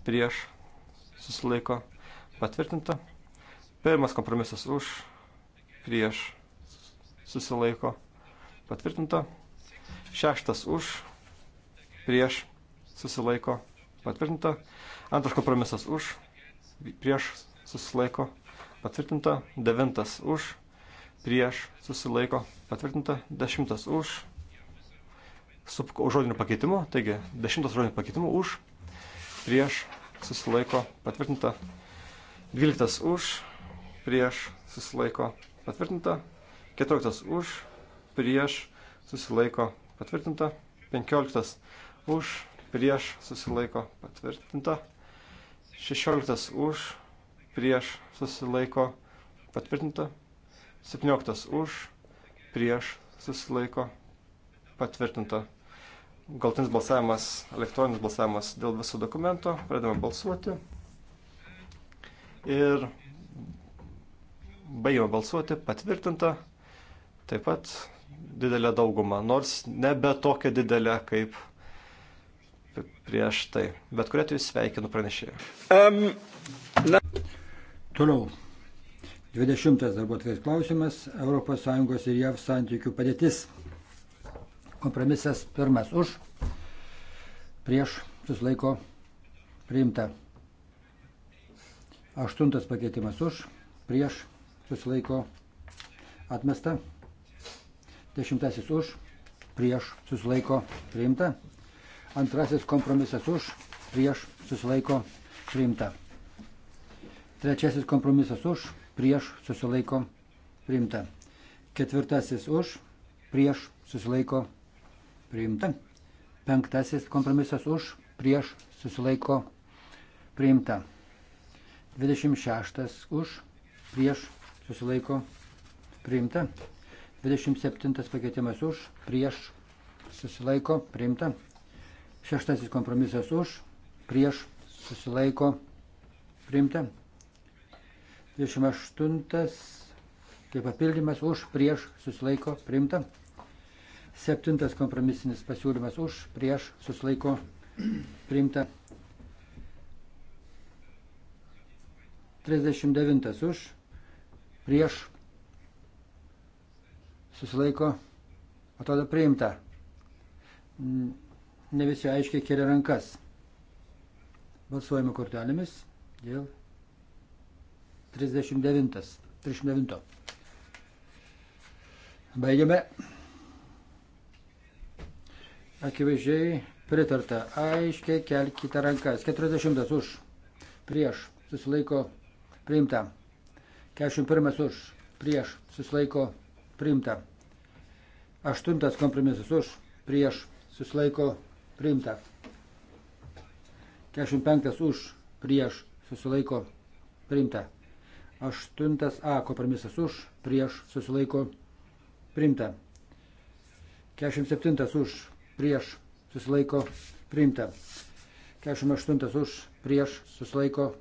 prieš, susilaiko, patvirtinta. Pirmas kompromisas už, prieš, susilaiko, patvirtinta. Šeštas už, prieš, susilaiko, patvirtinta. Antras kompromisas už, prieš, susilaiko, patvirtinta. Devintas už, prieš, susilaiko, patvirtinta. Dešimtas už, su žodiniu pakeitimu, taigi dešimtas žodiniu pakeitimu už, prieš susilaiko patvirtinta, dvyliktas už, prieš susilaiko patvirtinta, keturioliktas už, prieš susilaiko patvirtinta, penkioliktas už, prieš susilaiko patvirtinta, šešioliktas už, prieš susilaiko patvirtinta, septynioliktas už, prieš susilaiko patvirtinta Patvirtinta. Galtinis balsavimas, elektroninis balsavimas dėl viso dokumento. Pradedame balsuoti. Ir baigėme balsuoti. Patvirtinta. Taip pat didelė dauguma, nors nebe tokia didelė kaip prieš tai. Bet kuriuo atveju sveikinu pranešėjų. Um, na... Toliau. 20 darbo klausimas - ES ir JAV santykių padėtis. Kompromisas pirmas už, prieš susilaiko priimta. Aštuntas pakeitimas už, prieš susilaiko atmesta. Dešimtasis už, prieš susilaiko priimta. Antrasis kompromisas už, prieš susilaiko priimta. Trečiasis kompromisas už, prieš susilaiko priimta. Ketvirtasis už, prieš susilaiko priimta priimta. Penktasis kompromisas už, prieš, susilaiko priimta. 26 už, prieš, susilaiko priimta. 27 pakeitimas už, prieš, susilaiko priimta. Šeštasis kompromisas už, prieš, susilaiko priimta. 28 kaip papildymas už, prieš, susilaiko priimta. Septintas kompromisinis pasiūlymas už, prieš, susilaiko, priimta. 39 už, prieš, susilaiko, atrodo priimta. Ne visi aiškiai kelia rankas. Balsuojame kortelėmis dėl 39. 39. Baigiame. Akivaizdžiai pritarta. Aiškiai kelkite rankas. 40 už. Prieš. Susilaiko. Priimta. 41 už. Prieš. Susilaiko. Priimta. 8 kompromisas už. Prieš. Susilaiko. Priimta. 45 už. Prieš. Susilaiko. Priimta. 8 A kompromisas už. Prieš. Susilaiko. Priimta. 47 už prieš susilaiko priimta. 48 už prieš susilaiko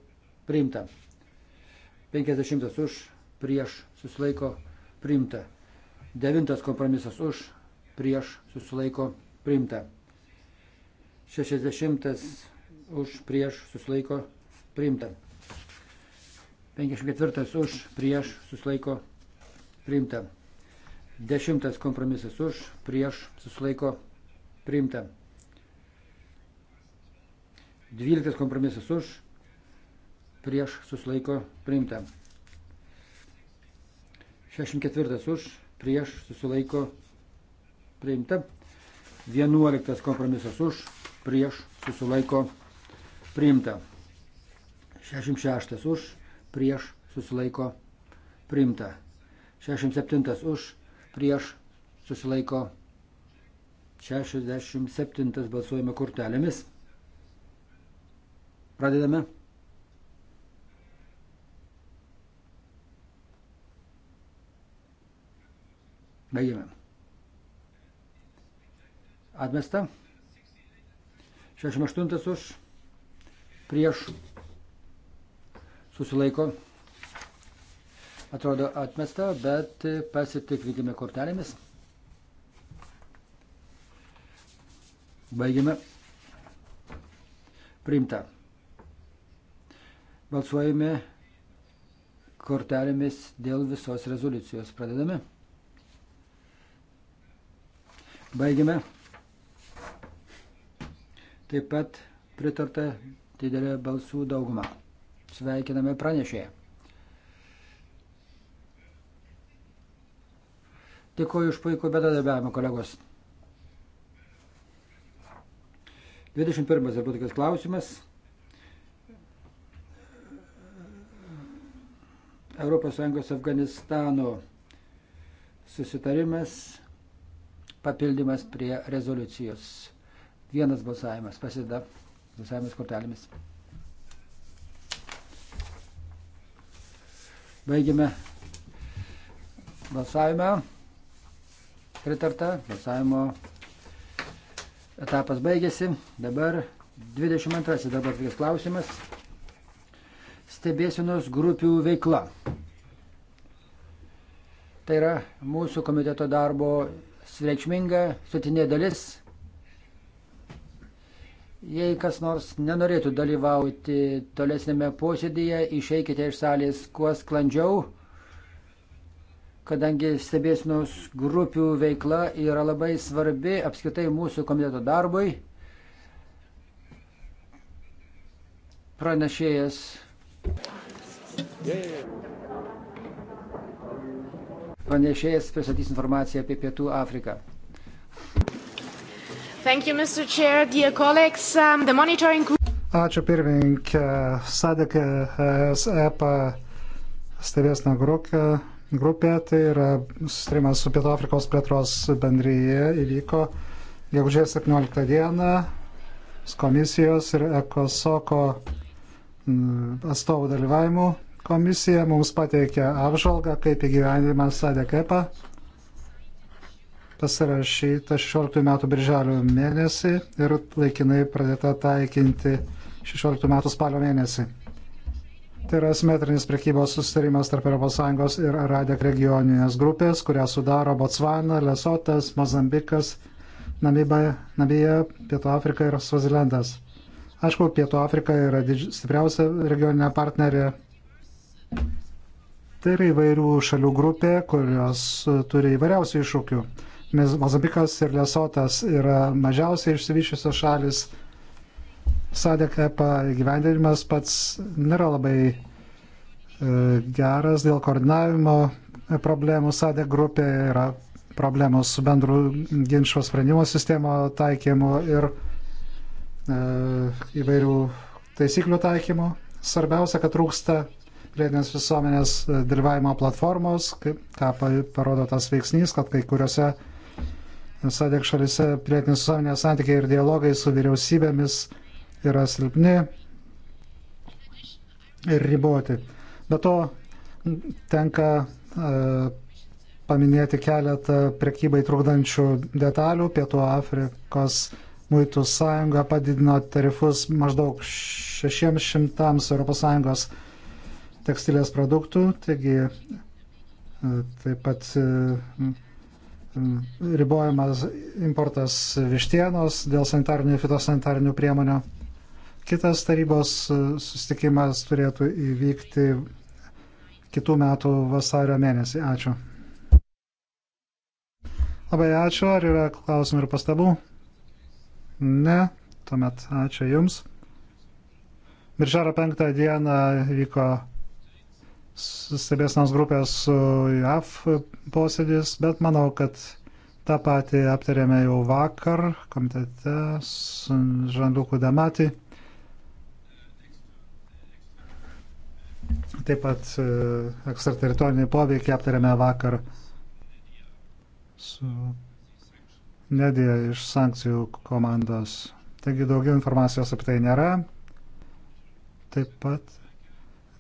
priimta. 50 už prieš susilaiko priimta. 9 kompromisas už prieš susilaiko priimta. 60 už prieš susilaiko priimta. 54 už prieš susilaiko priimta. 10 kompromisas už prieš susilaiko priimta priimta. 12 kompromisas už, prieš susilaiko priimta. 64 už, prieš susilaiko priimta. 11 kompromisas už, prieš susilaiko priimta. 66 už, prieš susilaiko priimta. 67 už, prieš susilaiko priimta 67 balsuojame kortelėmis. Pradedame. Baigiame. Atmesta. 68 už. Prieš. Susilaiko. Atrodo atmesta, bet pasitikrinkime kortelėmis. Baigiame. Priimta. Balsuojame kortelėmis dėl visos rezoliucijos. Pradedame. Baigiame. Taip pat pritarta didelė balsų dauguma. Sveikiname pranešėją. Dėkuoju už puikų bedradarbiavimą, kolegos. 21 darbo tokias klausimas. ES Afganistano susitarimas, papildymas prie rezoliucijos. Vienas balsavimas pasideda balsavimas kortelėmis. Baigiame balsavimą. Pritarta balsavimo etapas baigėsi. Dabar 22 dabar tris klausimas. Stebėsinos grupių veikla. Tai yra mūsų komiteto darbo sveikšminga sutinė dalis. Jei kas nors nenorėtų dalyvauti tolesnėme posėdėje, išeikite iš salės kuo sklandžiau kadangi stebėsinos grupių veikla yra labai svarbi apskritai mūsų komiteto darbui. Pranešėjas. Pranešėjas pristatys informaciją apie Pietų Afriką. Thank you, Mr. Chair, dear colleagues. Um, the monitoring group. Ačiū pirmininkė Sadekė EPA stebėsna grupė grupė, tai yra sustarimas su Pietų Afrikos plėtros bendryje įvyko gegužės 17 dieną komisijos ir ECOSOCO atstovų dalyvavimu. Komisija mums pateikė apžvalgą, kaip įgyvendinimas ADKEPA pasirašyta 16 metų birželio mėnesį ir laikinai pradėta taikinti 16 metų spalio mėnesį. Tai yra asimetrinis prekybos susitarimas tarp ES ir Radek regioninės grupės, kurią sudaro Botsvana, Lesotas, Mozambikas, Namibija, Namibija Pietų Afrika ir Svazilendas. Aišku, Pietų Afrika yra stipriausia regioninė partnerė. Tai yra įvairių šalių grupė, kurios turi įvairiausių iššūkių. Mozambikas ir Lesotas yra mažiausiai išsivyšusios šalis Sadek EPA gyvendinimas pats nėra labai e, geras dėl koordinavimo problemų. Sadek grupė yra problemos su bendru ginčio sprendimo sistemo taikymu ir e, įvairių taisyklių taikymu. Svarbiausia, kad trūksta pilietinės visuomenės e, dalyvavimo platformos, kaip, ką parodo tas veiksnys, kad kai kuriuose Sadek šalise pilietinės visuomenės santykiai ir dialogai su vyriausybėmis yra silpni ir riboti. Be to, tenka e, paminėti keletą prekybai trukdančių detalių. Pietų Afrikos muitų sąjunga padidino tarifus maždaug 600 ES tekstilės produktų, taigi e, taip pat e, ribojamas importas vištienos dėl sanitarinių ir fitosanitarinių priemonių. Kitas tarybos e, susitikimas turėtų įvykti kitų metų vasario mėnesį. Ačiū. Labai ačiū. Ar yra klausimų ir pastabų? Ne. Tuomet ačiū Jums. Birželio penktą dieną vyko stebėsnos grupės su JAV posėdis, bet manau, kad tą patį aptarėme jau vakar komitete su Žanduku Damati. Taip pat e, ekstrateritorinį poveikį aptarėme vakar su Nedija iš sankcijų komandos. Taigi daugiau informacijos apie tai nėra. Taip pat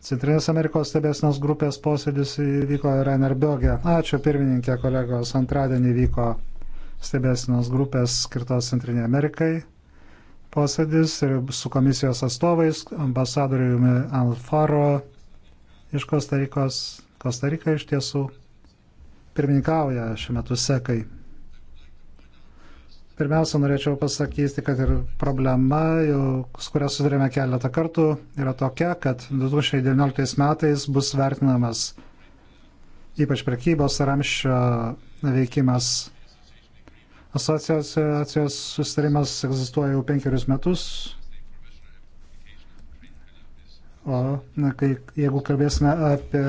Centrinės Amerikos stebėsinos grupės posėdis įvyko Renerbioge. Ačiū pirmininkė kolegos. Antradienį vyko stebėsinos grupės skirtos Centrinė Amerikai posėdis ir su komisijos atstovais, ambasadoriumi Alfaro iš Kostarikos. Kostarika iš tiesų pirmininkauja šiuo metu sekai. Pirmiausia, norėčiau pasakyti, kad ir problema, jau, su kuria sudarėme keletą kartų, yra tokia, kad 2019 metais bus vertinamas ypač prekybos ramščio veikimas. Asociacijos susitarimas egzistuoja jau penkerius metus, O na, kai, jeigu kalbėsime apie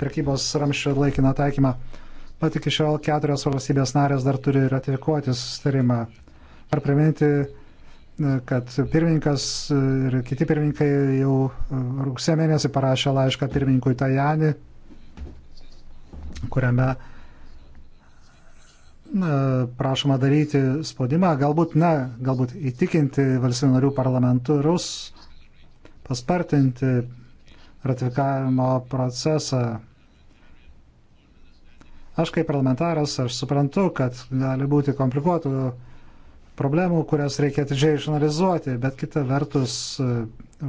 prekybos ramščio laikiną taikymą, na tik iš šiol keturios valstybės narės dar turi ratifikuoti sustarimą. Ar priminti, e, kad pirmininkas ir kiti pirmininkai jau rugsėjo mėnesį parašė laišką pirmininkui Tajani, kuriame prašoma daryti spaudimą, galbūt ne, galbūt įtikinti valstybių narių parlamentarus paspartinti ratifikavimo procesą. Aš kaip parlamentaras, aš suprantu, kad gali būti komplikuotų problemų, kurias reikia atidžiai išanalizuoti, bet kita vertus, e,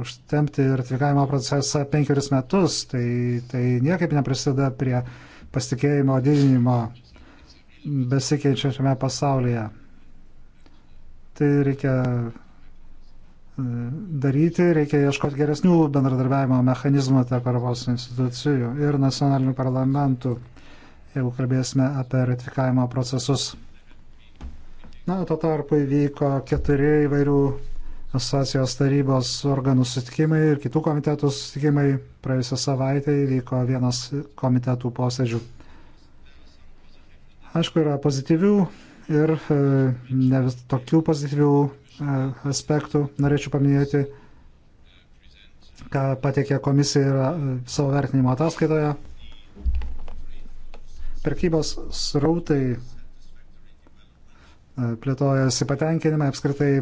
užtemti ratifikavimo procesą penkerius metus, tai, tai niekaip neprisideda prie pasitikėjimo didinimo besikeičiančiame pasaulyje. Tai reikia Mm, daryti, reikia ieškoti geresnių bendradarbiavimo mechanizmų tarp Europos institucijų ir nacionalinių parlamentų, jeigu kalbėsime apie ratifikavimo procesus. Na, tuo tarpu įvyko keturi įvairių asociacijos tarybos organų sutikimai ir kitų komitetų sutikimai. Praėjusią savaitę įvyko vienas komitetų posėdžių. Aišku, yra pozityvių ir e, ne vis tokių pozityvių aspektų norėčiau paminėti, ką pateikė komisija savo vertinimo ataskaitoje. Perkybos srautai plėtojasi patenkinimai apskritai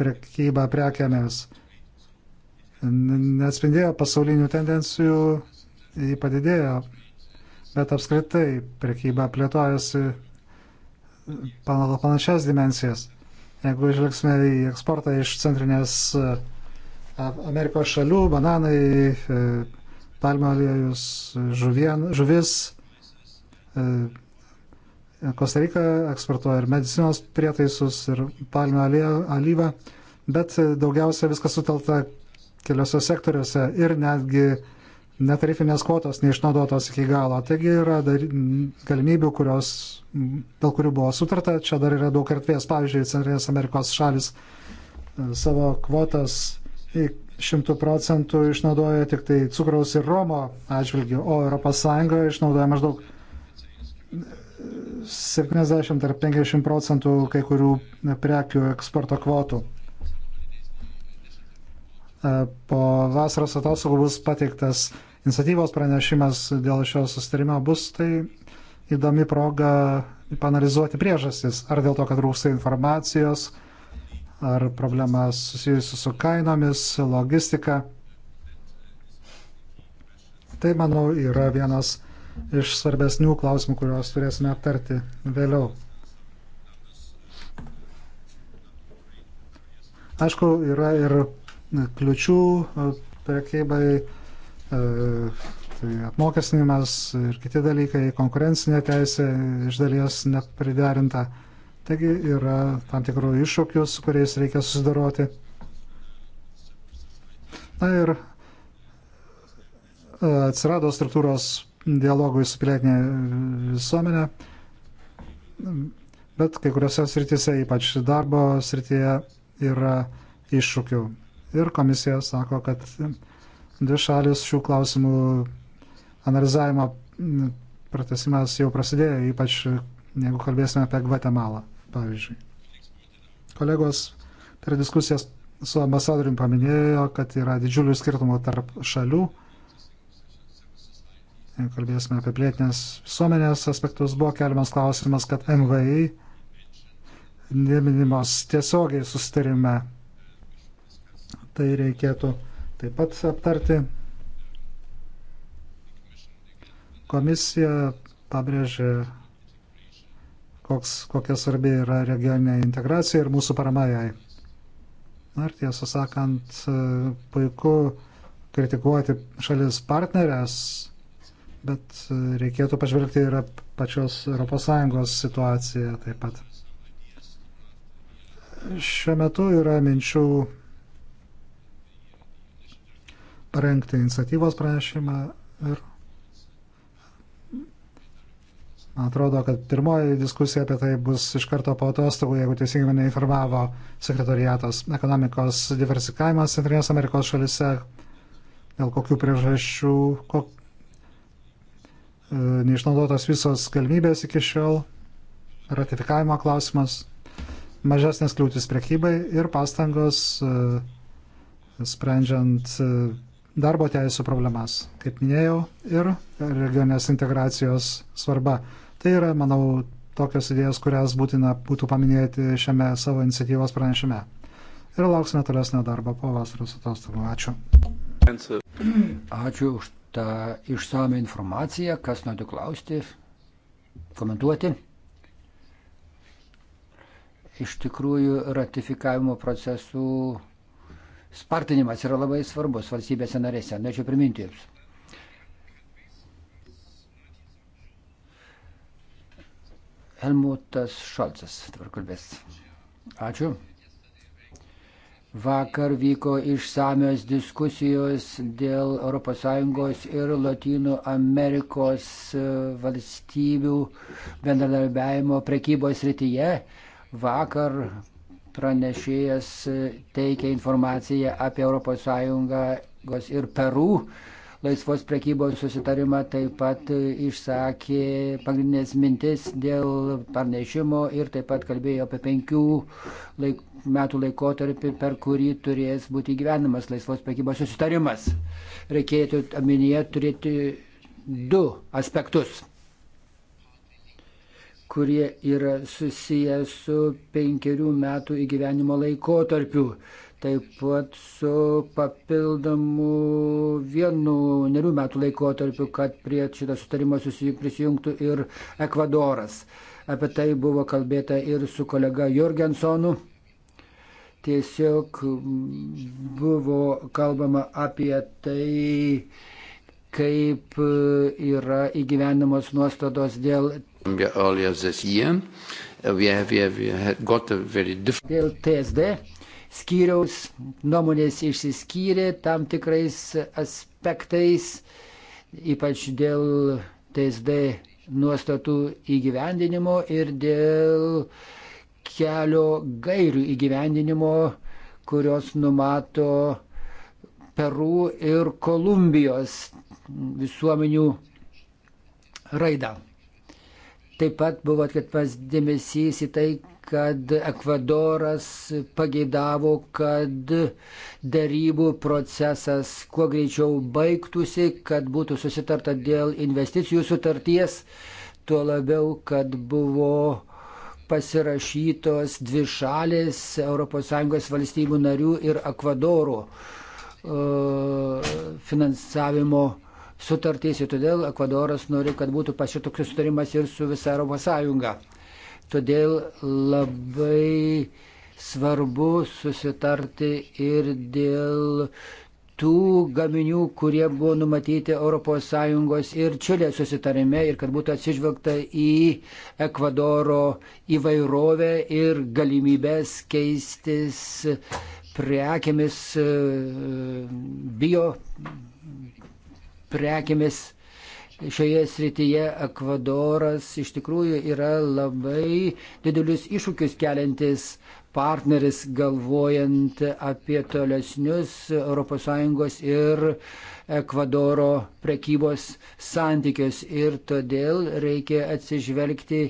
prekyba prekiamės. Neatspindėjo pasaulinių tendencijų, jį padidėjo, bet apskritai prekyba plėtojasi panašias dimensijas. Jeigu žvelgsime į eksportą iš centrinės e, Amerikos šalių, bananai, e, palmių aliejus, žuvien, žuvis, e, Kostarika eksportuoja ir medicinos prietaisus, ir palmių alyvą, bet daugiausia viskas sutelta keliose sektoriuose ir netgi netarifinės kvotos neišnaudotos iki galo. Taigi yra dar, galimybių, kurios, dėl kurių buvo sutarta. Čia dar yra daug erdvės. Pavyzdžiui, Centrinės Amerikos šalis e, savo kvotas šimtų procentų išnaudoja tik tai cukraus ir romo atžvilgių, o ES išnaudoja maždaug 70 e, ar 50 procentų kai kurių prekių eksporto kvotų e, po vasaros atostogų bus pateiktas iniciatyvos pranešimas dėl šio sustarimo bus, tai įdomi proga panalizuoti priežastis. Ar dėl to, kad rūksta informacijos, ar problemas susijusius su kainomis, logistika. Tai, manau, yra vienas iš svarbesnių klausimų, kuriuos turėsime aptarti vėliau. Aišku, yra ir kliučių e, prekybai E, tai apmokestinimas ir kiti dalykai, konkurencinė teisė iš dalies net priderinta. Taigi yra tam tikrų iššūkių, su kuriais reikia susidoroti. Na ir e, atsirado struktūros dialogui su pilietinė visuomenė, bet kai kuriuose srityse, ypač darbo srityje, yra iššūkių. Ir komisija sako, kad Dvi šalis šių klausimų analizavimo pratesimas jau prasidėjo, ypač jeigu kalbėsime apie Gvatemalą, pavyzdžiui. Kolegos per diskusijas su ambasadoriumi paminėjo, kad yra didžiulių skirtumų tarp šalių. Kalbėsime apie plėtinės visuomenės aspektus. Buvo keliamas klausimas, kad MVI neminimos tiesiogiai sustarime. Tai reikėtų taip pat aptarti. Komisija pabrėžė, koks, kokia svarbi yra regioninė integracija ir mūsų parama jai. Na ir tiesą sakant, puiku kritikuoti šalis partnerės, bet reikėtų pažvelgti ir pačios ES situaciją taip pat. Šiuo metu yra minčių parengti iniciatyvos prašymą ir man atrodo, kad pirmoji diskusija apie tai bus iš karto po atostogų, jeigu teisingai mane informavo sekretariatas ekonomikos diversifikavimas Centrinės Amerikos šalise, dėl kokių priežasčių, kok... E, neišnaudotos visos galimybės iki šiol, ratifikavimo klausimas, mažesnės kliūtis prekybai ir pastangos e, sprendžiant e, darbo teisų problemas, kaip minėjau, ir regionės integracijos svarba. Tai yra, manau, tokios idėjos, kurias būtina būtų paminėti šiame savo iniciatyvos pranešime. Ir lauksime tolesnio darbo po vasaros atostogų. Ačiū. Ačiū už tą išsame informaciją, kas noriu klausti, komentuoti. Iš tikrųjų, ratifikavimo procesų spartinimas yra labai svarbus valstybėse narėse. Norėčiau priminti jums. Helmutas Šolcas, dabar kalbės. Ačiū. Vakar vyko išsamios diskusijos dėl ES ir Latino Amerikos e, valstybių bendradarbiavimo prekybos rytyje. Vakar pranešėjas teikia informaciją apie ES ir Peru laisvos prekybos susitarimą, taip pat išsakė pagrindinės mintis dėl pranešimo ir taip pat kalbėjo apie penkių laik, metų laikotarpį, per kurį turės būti gyvenimas laisvos prekybos susitarimas. Reikėtų aminyje turėti du aspektus kurie yra susiję su penkerių metų įgyvenimo laikotarpiu, taip pat su papildomu vienu nerių metų laikotarpiu, kad prie šito sutarimo prisijungtų ir Ekvadoras. Apie tai buvo kalbėta ir su kolega Jorgensonu. Tiesiog buvo kalbama apie tai, kaip yra įgyvenamos nuostatos dėl Uh, dėl TSD skyriaus nuomonės išsiskyrė tam tikrais aspektais, ypač dėl TSD nuostatų įgyvendinimo ir dėl kelio gairių įgyvendinimo, kurios numato Peru ir Kolumbijos visuomenių raidą. Taip pat buvo atkreiptas dėmesys į tai, kad Ekvadoras pageidavo, kad darybų procesas kuo greičiau baigtųsi, kad būtų susitarta dėl investicijų sutarties, tuo labiau, kad buvo pasirašytos dvi šalis ES valstybių narių ir Ekvadoro e, finansavimo uh, sutartys ir todėl Ekvadoras nori, kad būtų pasitoks sutarimas ir su visa Europos Sąjunga. Todėl labai svarbu susitarti ir dėl tų gaminių, kurie buvo numatyti ES ir Čilės susitarime ir kad būtų atsižvelgta į Ekvadoro įvairovę ir galimybės keistis prekiamis e, bio prekėmis. Šioje srityje Ekvadoras iš tikrųjų yra labai didelius iššūkius keliantis partneris, galvojant apie tolesnius ES ir Ekvadoro prekybos santykius. Ir todėl reikia atsižvelgti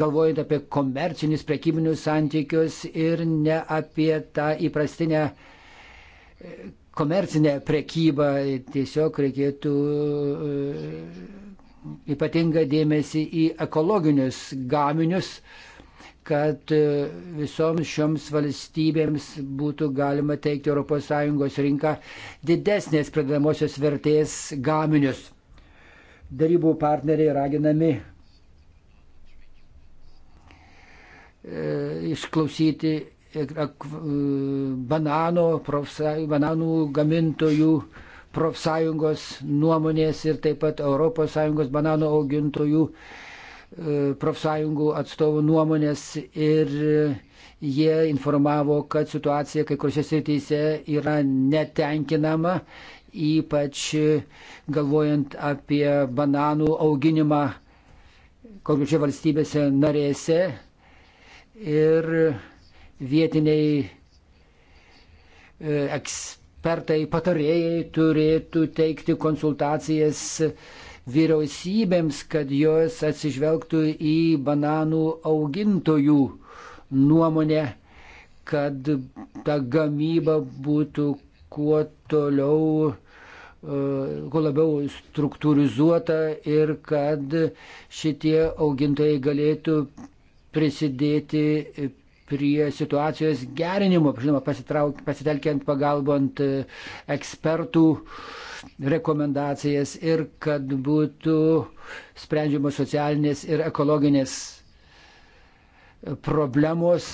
galvojant apie komercinius prekybinius santykius ir ne apie tą įprastinę komercinę prekybą, tiesiog reikėtų e, ypatingą dėmesį į ekologinius gaminius, kad e, visoms šioms valstybėms būtų galima teikti ES rinką didesnės pridedamosios vertės gaminius. Darybų partneriai raginami e, išklausyti E, banano, bananų gamintojų profsąjungos nuomonės ir taip pat ES banano augintojų e, profsąjungų atstovų nuomonės ir jie informavo, kad situacija kai kuriuose srityse yra netenkinama, ypač galvojant apie bananų auginimą konkrečiai valstybėse narėse. Ir vietiniai e, ekspertai, patarėjai turėtų teikti konsultacijas vyriausybėms, kad jos atsižvelgtų į bananų augintojų nuomonę, kad ta gamyba būtų kuo toliau, e, kuo labiau struktūrizuota ir kad šitie augintojai galėtų prisidėti prie situacijos gerinimo, žinoma, pasitelkiant pagalbant e, ekspertų rekomendacijas ir kad būtų sprendžiamos socialinės ir ekologinės problemos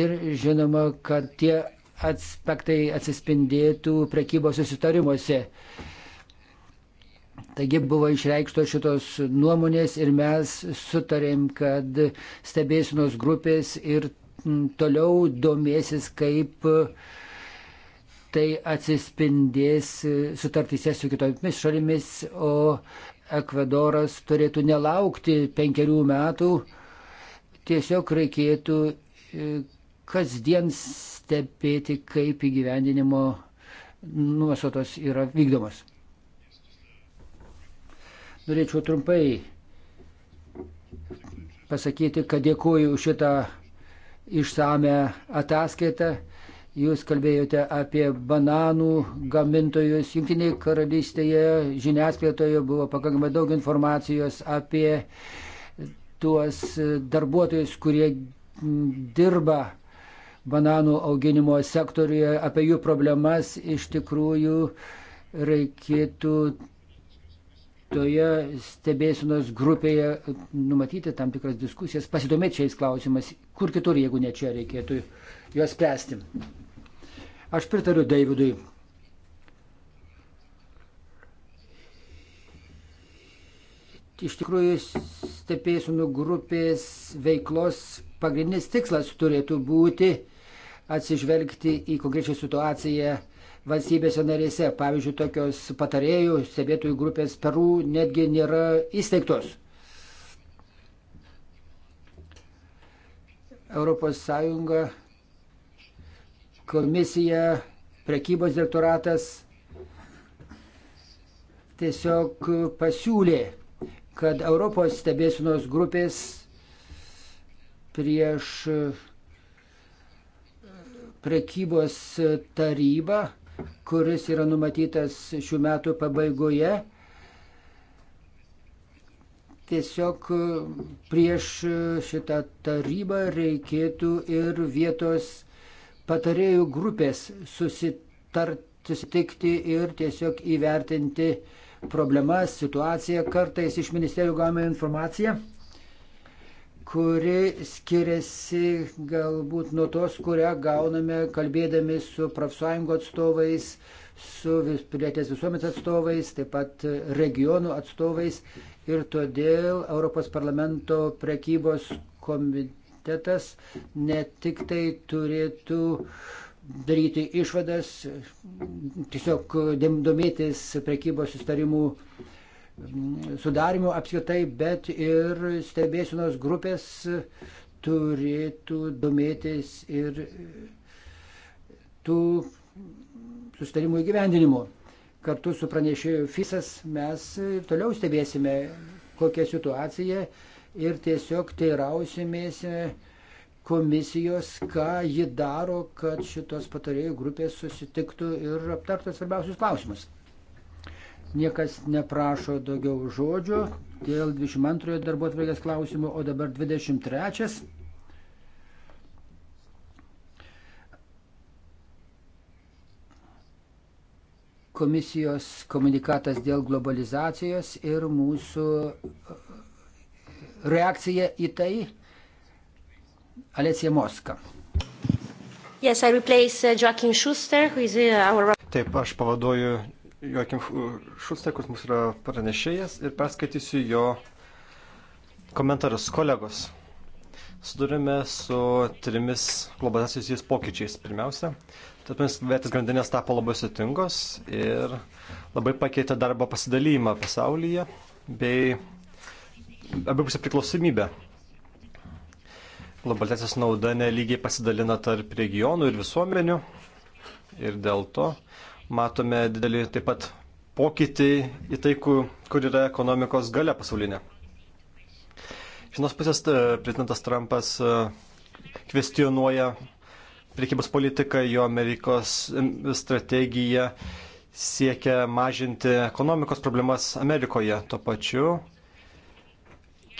ir žinoma, kad tie aspektai atsispindėtų prekybos susitarimuose. Taigi buvo išreikštos šitos nuomonės ir mes sutarėm, kad stebėsinos grupės ir toliau domėsis, kaip tai atsispindės e, sutartyse su kitomis šalimis, o Ekvadoras turėtų nelaukti penkerių metų, tiesiog reikėtų e, kasdien stebėti, kaip įgyvendinimo nuostatos yra vykdomos. Norėčiau trumpai pasakyti, kad dėkuoju už šitą išsame ataskaitą. Jūs kalbėjote apie bananų gamintojus. Junktinėje karalystėje žiniasklaidoje buvo pakankamai daug informacijos apie tuos darbuotojus, kurie dirba bananų auginimo sektoriuje, apie jų problemas. Iš tikrųjų reikėtų toje stebėsinos grupėje numatyti tam tikras diskusijas, pasidomėti šiais klausimais, kur kitur, jeigu ne čia reikėtų juos spręsti. Aš pritariu Davidui. Iš tikrųjų, stebėsinų grupės veiklos pagrindinis tikslas turėtų būti atsižvelgti į konkrečią situaciją valstybėse narėse. Pavyzdžiui, tokios patarėjų stebėtojų grupės Peru netgi nėra įsteigtos. ES komisija, prekybos direktoratas tiesiog pasiūlė, kad Europos stebėsinos grupės prieš prekybos tarybą kuris yra numatytas šių metų pabaigoje, tiesiog prieš šitą tarybą reikėtų ir vietos patarėjų grupės susitart, susitikti ir tiesiog įvertinti problemas, situaciją. Kartais iš ministerijų gavome informaciją kuri skiriasi galbūt nuo tos, kurią gauname kalbėdami su profsąjungo atstovais, su pilietės visuomet atstovais, taip pat regionų atstovais. Ir todėl Europos parlamento prekybos komitetas ne tik tai turėtų daryti išvadas, tiesiog domėtis prekybos sustarimų uh, sudarimo apskritai, bet ir stebėsinos grupės turėtų domėtis ir tų sustarimų įgyvendinimu. Kartu su pranešėju FISAS mes toliau stebėsime, kokia situacija ir tiesiog teirausimės komisijos, ką ji daro, kad šitos patarėjų grupės susitiktų ir aptartų svarbiausius klausimus. Niekas neprašo daugiau žodžio dėl 22 darbo atvarkės klausimų, o dabar 23. Komisijos komunikatas dėl globalizacijos ir mūsų e, reakcija į tai Alesija Moska. Yes, I replace uh, Joachim Schuster, who is uh, our... Taip, aš pavaduoju Joakim Šulstekus mūsų yra pranešėjas ir perskaitysiu jo komentarus. Kolegos, sudurime su trimis globalizacijos pokyčiais. Pirmiausia, tarptautinės vertės grandinės tapo labai sutingos ir labai pakeitė darbo pasidalymą pasaulyje bei abipusę priklausomybę. Globalizacijos nauda nelygiai pasidalina tarp regionų ir visuomenių ir dėl to matome didelį taip pat pokytį į tai, kur, kur yra ekonomikos gale pasaulinė. Iš vienos pusės prezidentas Trumpas e, kvestionuoja priekybos politiką, jo Amerikos strategija siekia mažinti ekonomikos problemas Amerikoje. Tuo pačiu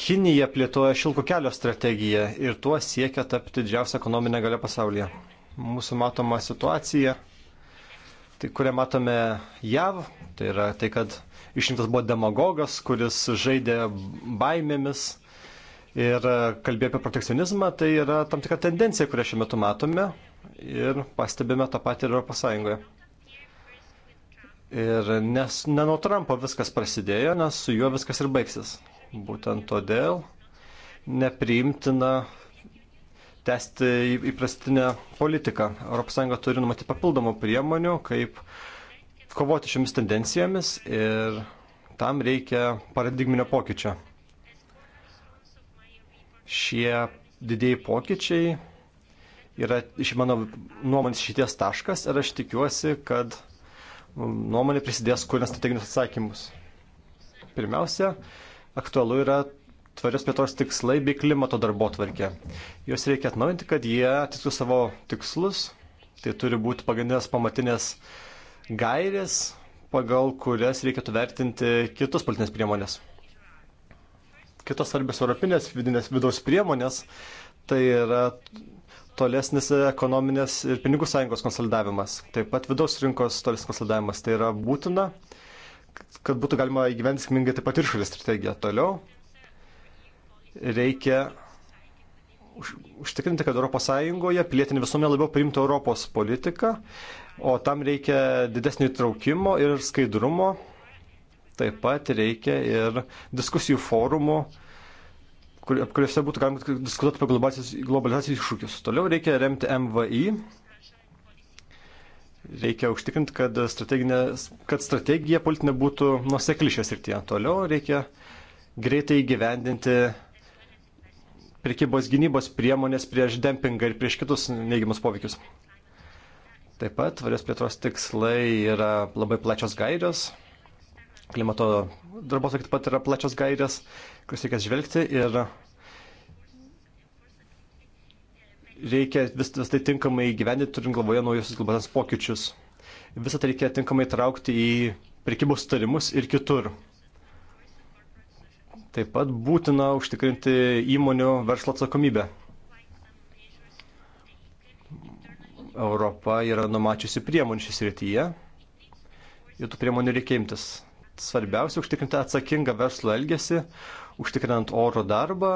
Kinija plėtoja šilko kelio strategiją ir tuo siekia tapti didžiausią ekonominę galę pasaulyje. Mūsų matoma situacija tai, kurią matome JAV, tai yra tai, kad išrinktas buvo demagogas, kuris žaidė baimėmis ir kalbėjo apie protekcionizmą, tai yra tam tikra tendencija, kurią šiuo metu matome ir pastebime tą patį ir Europos Sąjungoje. Ir nes ne nuo Trumpo viskas prasidėjo, nes su juo viskas ir baigsis. Būtent todėl nepriimtina tęsti įprastinę politiką. ES turi numatyti papildomų priemonių, kaip kovoti šiomis tendencijomis ir tam reikia paradigminio pokyčio. Šie didėjai pokyčiai yra iš mano nuomonės šities taškas ir aš tikiuosi, kad nuomonė prisidės kuriant strateginius atsakymus. Pirmiausia, aktualu yra tvarios plėtos tikslai bei klimato darbo tvarkė. Juos reikia atnaujinti, kad jie atitiktų savo tikslus. Tai turi būti pagrindinės pamatinės gairės, pagal kurias reikėtų vertinti kitus politinės priemonės. Kitos svarbios europinės vidinės vidaus priemonės tai yra tolesnis ekonominės ir pinigų sąjungos konsolidavimas. Taip pat vidaus rinkos tolesnis konsolidavimas tai yra būtina, kad būtų galima įgyventi sėkmingai taip pat ir šalies strategiją. Toliau reikia užtikrinti, kad ES pilietinė visuomenė labiau priimtų Europos politiką, o tam reikia didesnio įtraukimo ir skaidrumo. Taip pat reikia ir diskusijų forumų, kur, kuriuose būtų galima diskutuoti apie globalizacijos iššūkius. Toliau reikia remti MVI. Reikia užtikrinti, kad, kad strategija politinė būtų nusekli šios ir tie. Toliau reikia greitai gyvendinti prekybos gynybos priemonės prieš dempingą ir prieš kitus neigiamus poveikius. Taip pat tvarios plėtros tikslai yra labai plačios gairios. Klimato darbos taip pat yra plačios gairios, kurias reikia žvelgti ir reikia vis, vis tai tinkamai gyventi, turint galvoje naujusius globalinius pokyčius. Visą tai reikia tinkamai traukti į prekybos sutarimus ir kitur. Taip pat būtina užtikrinti įmonių verslo atsakomybę. Europa yra numačiusi priemonių šis rytyje ir tų priemonių reikia imtis. Svarbiausia užtikrinti atsakingą verslo elgesį, užtikrinant oro darbą,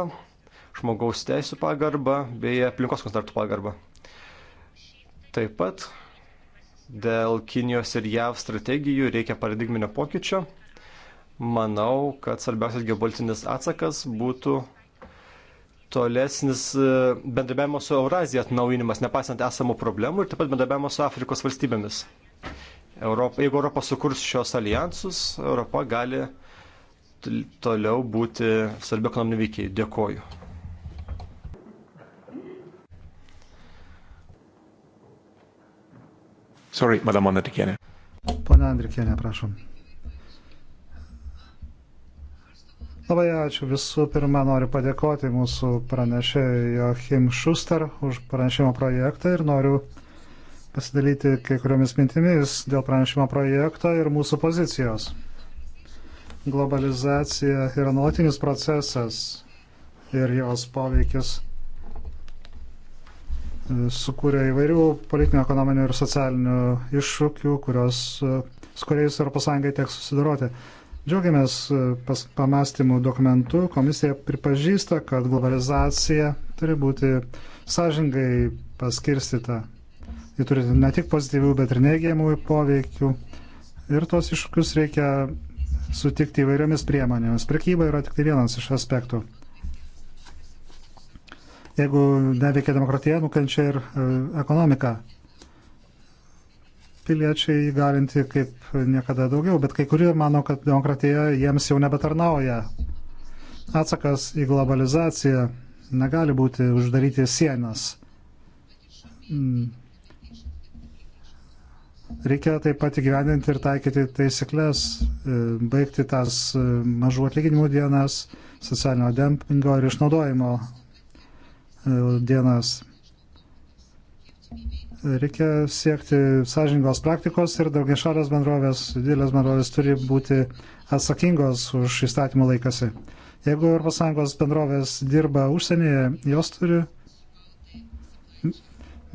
žmogaus teisų pagarbą bei aplinkos standartų pagarbą. Taip pat dėl Kinijos ir JAV strategijų reikia paradigminio pokyčio manau, kad svarbiausias geopolitinis atsakas būtų tolesnis e, bendrabiavimo su Eurazija atnaujinimas, nepaisant esamų problemų ir taip pat bendrabiavimo su Afrikos valstybėmis. Europa, jeigu Europa sukurs šios alijansus, Europa gali toliau būti svarbi ekonominiai veikiai. Dėkoju. Sorry, madam Andrikienė. Pana Andrikienė, prašom. Labai ačiū visų pirma, noriu padėkoti mūsų pranešėjai Joachim Schuster už pranešimo projektą ir noriu pasidalyti kai kuriomis mintimis dėl pranešimo projekto ir mūsų pozicijos. Globalizacija yra nuolatinis procesas ir jos poveikis e, sukūrė įvairių politinių, ekonominių ir socialinių iššūkių, kurios, su kuriais ES teks susidoroti. Džiaugiamės e, pas, pamastymų dokumentu. Komisija pripažįsta, kad globalizacija turi būti sąžingai paskirstita. Ji turi ne tik pozityvių, bet ir neigiamų poveikių. Ir tos iššūkius reikia sutikti įvairiomis priemonėmis. Prekyba yra tik tai vienas iš aspektų. Jeigu neveikia demokratija, nukenčia ir e, ekonomika piliečiai įgalinti kaip niekada daugiau, bet kai kurie mano, kad demokratija jiems jau nebetarnauja. Atsakas į globalizaciją negali būti uždaryti sienas. Mm. Reikia taip pat įgyvendinti ir taikyti taisyklės, e, baigti tas e, mažų atlyginimų dienas, socialinio dempingo ir išnaudojimo e, dienas. Reikia siekti sąžingos praktikos ir daugiašalės bendrovės, didelės bendrovės turi būti atsakingos už įstatymų laikasi. Jeigu ES bendrovės dirba užsienyje, jos turi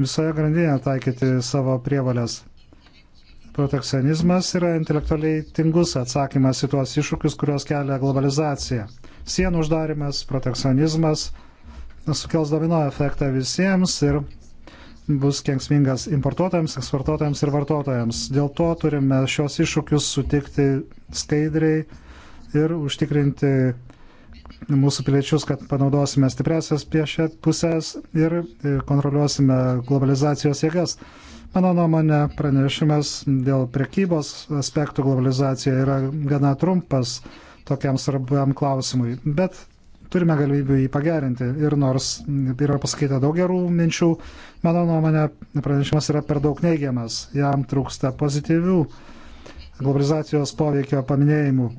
visoje grandinėje taikyti savo prievalės. Protekcionizmas yra intelektualiai tingus atsakymas į tuos iššūkius, kuriuos kelia globalizacija. Sienų uždarimas, protekcionizmas sukels domino efektą visiems ir bus kenksmingas importuotojams, eksportuotojams ir vartotojams. Dėl to turime šios iššūkius sutikti skaidriai ir užtikrinti mūsų piliečius, kad panaudosime stipresias priešę pusės ir e, kontroliuosime globalizacijos jėgas. Mano nuomonė, pranešimas dėl prekybos aspektų globalizacija yra gana trumpas tokiam svarbiam klausimui, bet turime galimybių jį pagerinti. Ir nors yra pasakyta daug gerų minčių, mano nuomonė, pranešimas yra per daug neigiamas. Jam trūksta pozityvių globalizacijos poveikio paminėjimų.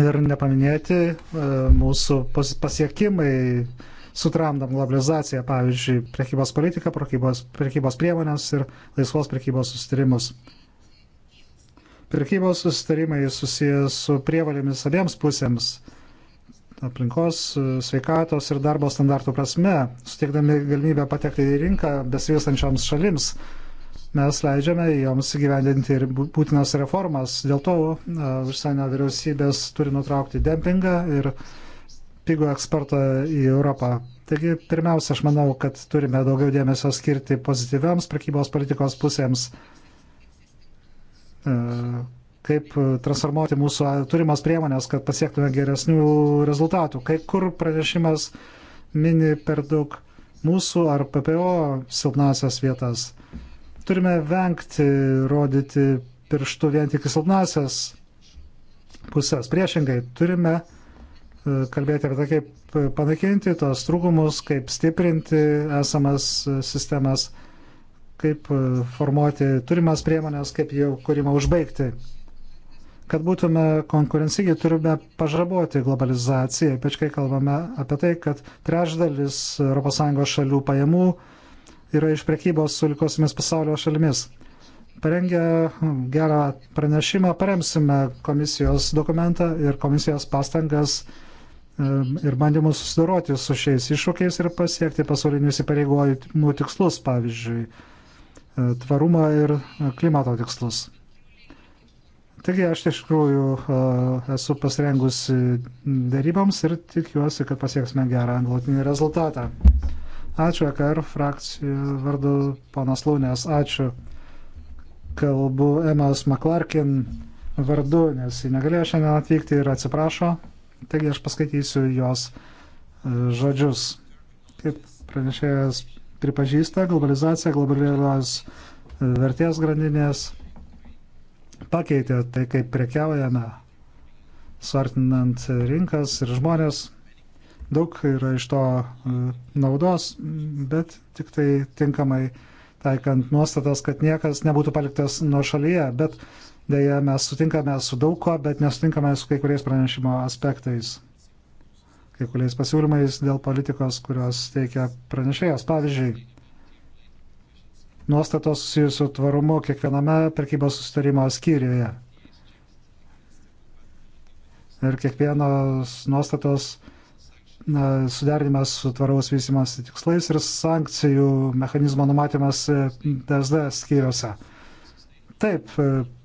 Ir nepaminėti e, mūsų pasiekimai sutramdam globalizaciją, pavyzdžiui, prekybos politiką, prekybos, prekybos priemonės ir laisvos prekybos sustarimus. Prekybos sustarimai susijęs su prievalėmis abiems pusėms aplinkos, sveikatos ir darbo standartų prasme, suteikdami galimybę patekti į rinką besivystančioms šalims, mes leidžiame joms įgyvendinti ir būtinas reformas. Dėl to užsienio vyriausybės turi nutraukti dempingą ir pigų eksportą į Europą. Taigi, pirmiausia, aš manau, kad turime daugiau dėmesio skirti pozityviams prekybos politikos pusėms kaip e, transformuoti mūsų turimas priemonės, kad pasiektume geresnių rezultatų. Kai kur pranešimas mini per daug mūsų ar PPO silpnasias vietas. Turime vengti rodyti pirštų vien tik į silpnasias pusės. Priešingai, turime e, kalbėti apie tai, kaip e, panaikinti tos trūkumus, kaip stiprinti esamas sistemas, kaip formuoti turimas priemonės, kaip jau kūrimą užbaigti. Kad būtume konkurencingi, turime pažaboti globalizaciją, ypač kai kalbame apie tai, kad trečdalis ES šalių pajamų yra iš prekybos su likosimis pasaulio šalimis. Parengę gerą pranešimą, paremsime komisijos dokumentą ir komisijos pastangas ir bandymus susidoroti su šiais iššūkiais ir pasiekti pasaulinius įpareigojimų tikslus, pavyzdžiui, e, tvarumo ir klimato tikslus. Taigi aš iš tikrųjų esu pasirengus daryboms ir tikiuosi, kad pasieksime gerą galutinį rezultatą. Ačiū, EKR frakcijų vardu ponas Lūnės, ačiū. Kalbu Emas McClarkin vardu, nes ji negalėjo šiandien atvykti ir atsiprašo. Taigi aš paskaitysiu jos žodžius. Kaip pranešėjas pripažįsta, globalizacija, globalios vertės grandinės pakeitė tai, kaip prekiaujame, suartinant rinkas ir žmonės. Daug yra iš to e, naudos, bet tik tai tinkamai taikant nuostatas, kad niekas nebūtų paliktas nuo šalyje. Bet dėja, mes sutinkame su daug ko, bet nesutinkame su kai kuriais pranešimo aspektais, kai kuriais pasiūlymais dėl politikos, kurios teikia pranešėjas. Pavyzdžiui, nuostatos susijusių tvarumu kiekviename prekybos sustarimo skyriuje. Ir kiekvienos nuostatos suderinimas su tvaraus vystimas tikslais ir sankcijų mechanizmo numatymas DSD skyriuose. Taip,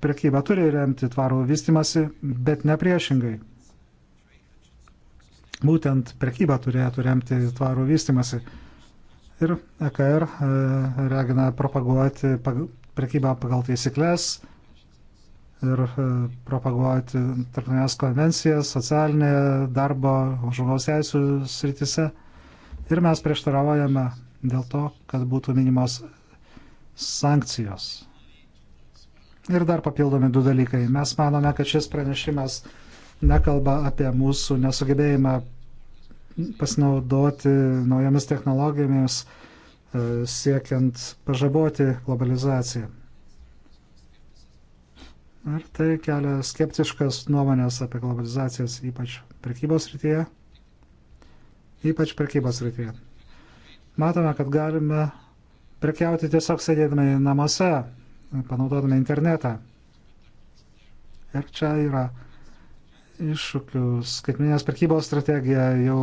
prekyba turi remti tvarų vystimasi, bet ne priešingai. Būtent prekyba turėtų remti tvarų vystimasi. Ir EKR e, ragina propaguoti prekybą pagal taisyklės ir e, propaguoti tarptautinės konvencijas socialinė darbo žmogaus teisų sritise. Ir mes prieštaraujame dėl to, kad būtų minimos sankcijos. Ir dar papildomi du dalykai. Mes manome, kad šis pranešimas nekalba apie mūsų nesugebėjimą pasinaudoti naujomis technologijomis, e, siekiant pažaboti globalizaciją. Ir tai kelia skeptiškas nuomonės apie globalizacijas, ypač prekybos rytyje. Ypač prekybos rytyje. Matome, kad galime prekiauti tiesiog sėdėdami namuose, panaudodami internetą. Ir čia yra iššūkių. Skaitminės prekybos strategija jau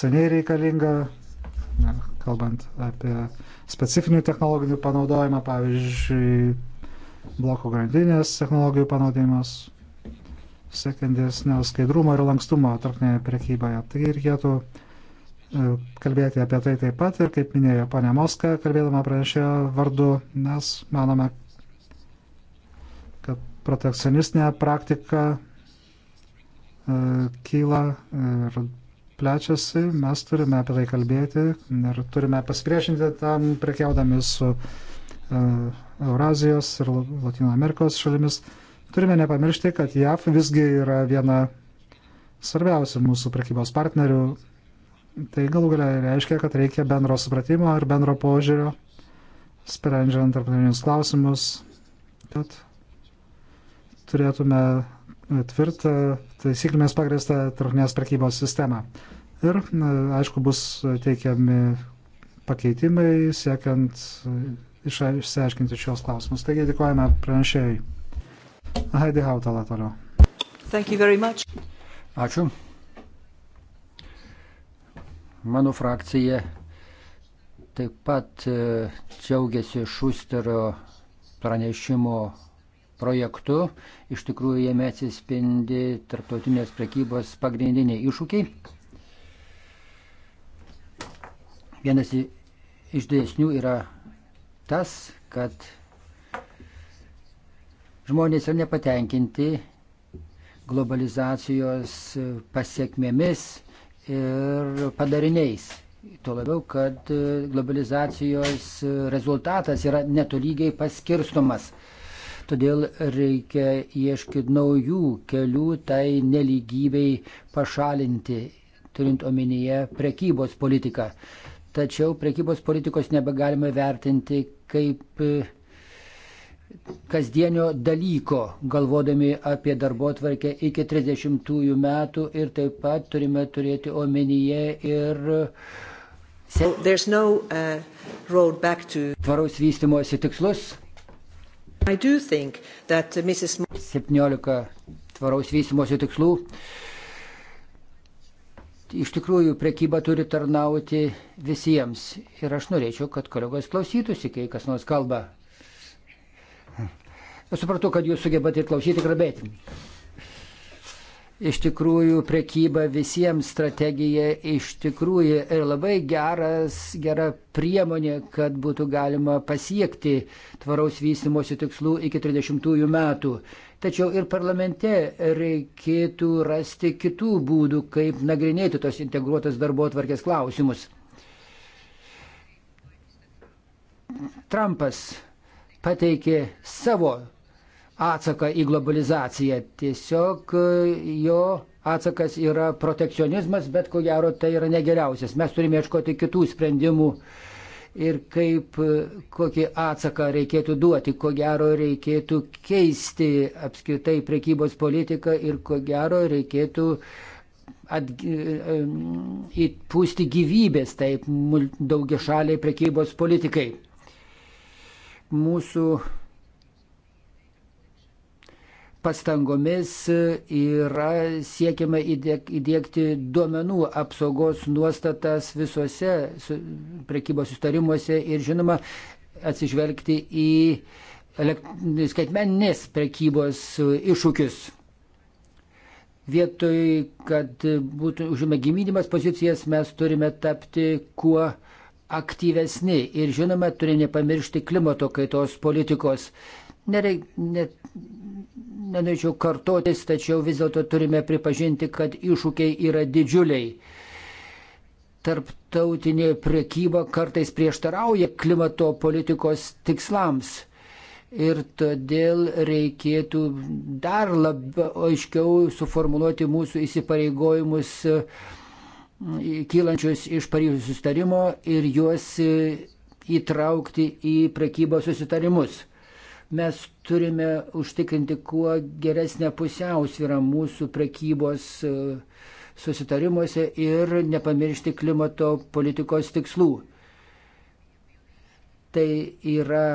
seniai reikalinga, kalbant apie specifinių technologijų panaudojimą, pavyzdžiui, blokų grandinės technologijų panaudojimas, sekandėsnio skaidrumo ir lankstumo tarpinėje prekyboje. Taigi reikėtų e, kalbėti apie tai taip pat ir kaip minėjo ponia Moska, kalbėdama pranešėjo vardu, mes manome, kad protekcionistinė praktika E, kyla ir plečiasi, mes turime apie tai kalbėti ir turime pasipriešinti tam prekiaudami su e, Eurazijos ir Latino Amerikos šalimis. Turime nepamiršti, kad JAV visgi yra viena svarbiausių mūsų prekybos partnerių. Tai galų galia reiškia, kad reikia bendro supratimo ir bendro požiūrio, sprendžiant tarptautinius klausimus, kad turėtume tvirtą taisyklėmis pagrįstą tarptautinės prekybos sistemą. Ir, aišku, bus teikiami pakeitimai, siekiant e, išsiaiškinti šios klausimus. Taigi dėkojame pranešėjai. Heidi Hautala toliau. Ačiū. Mano frakcija taip pat e, džiaugiasi Šusterio pranešimo projektu. Iš tikrųjų, jame atsispindi tarptautinės prekybos pagrindiniai iššūkiai. Vienas iš dėsnių yra tas, kad žmonės yra nepatenkinti globalizacijos pasiekmėmis ir padariniais. Tuo labiau, kad globalizacijos rezultatas yra netolygiai paskirstomas. Todėl reikia ieškoti naujų kelių tai neligybei pašalinti, turint omenyje prekybos politiką. Tačiau prekybos politikos nebegalime vertinti kaip e, kasdienio dalyko, galvodami apie darbo tvarkę iki 30 metų ir taip pat turime turėti omenyje ir no, uh, to... tvaraus vystimosi tikslus. Uh, Mrs... 17 tvaraus vystimosi tikslų. Iš tikrųjų, prekyba turi tarnauti visiems. Ir aš norėčiau, kad kolegos klausytųsi, kai kas nors kalba. Aš supratau, kad jūs sugebate ir klausyti, ir kalbėti iš tikrųjų prekyba visiems strategija iš tikrųjų ir labai geras, gera priemonė, kad būtų galima pasiekti tvaraus vystimosi tikslų iki 30 metų. Tačiau ir parlamente reikėtų rasti kitų būdų, kaip nagrinėti tos integruotos darbo atvarkės klausimus. Trumpas pateikė savo atsaką į globalizaciją. Tiesiog e, jo atsakas yra protekcionizmas, bet ko gero tai yra negeriausias. Mes turime ieškoti kitų sprendimų ir kaip, e, kokį atsaką reikėtų duoti. Ko gero reikėtų keisti apskritai prekybos politiką ir ko gero reikėtų e, įpūsti gyvybės taip daugia šaliai prekybos politikai. Mūsų pastangomis yra siekiama įdėkti duomenų apsaugos nuostatas visose prekybos sustarimuose ir žinoma atsižvelgti į skaitmeninės prekybos iššūkius. Vietoj, kad būtų užima gynymas pozicijas, mes turime tapti kuo aktyvesni ir žinoma, turime nepamiršti klimato kaitos politikos. Nereik, ne, nenorėčiau kartotis, tačiau vis dėlto turime pripažinti, kad iššūkiai yra didžiuliai. Tarptautinė priekyba kartais prieštarauja klimato politikos tikslams. Ir todėl reikėtų dar labiau aiškiau suformuoluoti mūsų įsipareigojimus e, kylančius iš Paryžiaus sustarimo ir juos e, įtraukti į prekybos susitarimus. Mes turime užtikrinti kuo geresnę pusiausvyrą mūsų prekybos e, susitarimuose ir nepamiršti klimato politikos tikslų. Tai yra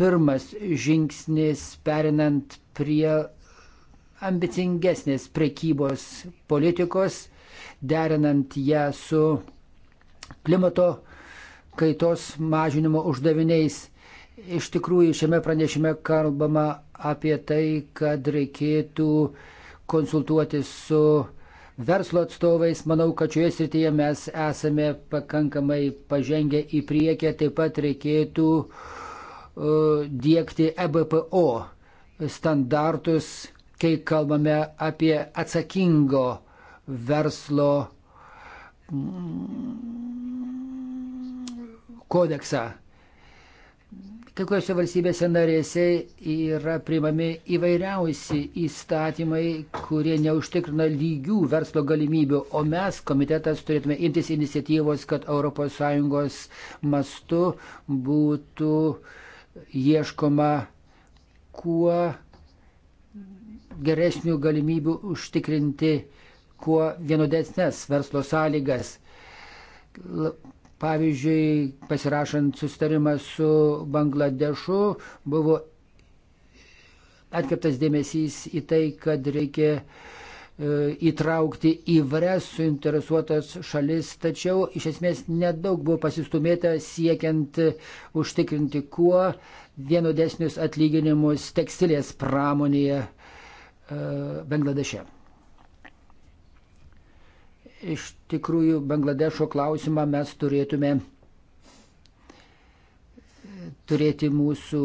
pirmas žingsnis perinant prie ambicingesnės prekybos politikos, derinant ją su klimato kaitos mažinimo uždaviniais. Iš tikrųjų, šiame pranešime kalbama apie tai, kad reikėtų konsultuoti su verslo atstovais. Manau, kad šioje srityje mes esame pakankamai pažengę į priekį. Taip pat reikėtų uh, e, dėkti EBPO standartus, kai kalbame apie atsakingo verslo mm, kodeksą Kai kuriuose valstybėse narėse yra priimami įvairiausi įstatymai, kurie neužtikrina lygių verslo galimybių, o mes, komitetas, turėtume imtis iniciatyvos, kad ES mastu būtų ieškoma kuo geresnių galimybių užtikrinti kuo vienodesnės verslo sąlygas Pavyzdžiui, pasirašant sustarimą su Bangladešu buvo atkreiptas dėmesys į tai, kad reikia e, įtraukti įvairias e suinteresuotas šalis, tačiau iš esmės nedaug buvo pasistumėta siekiant užtikrinti kuo vienodesnius atlyginimus tekstilės pramonėje e, Bangladeše iš tikrųjų Bangladešo klausimą mes turėtume turėti mūsų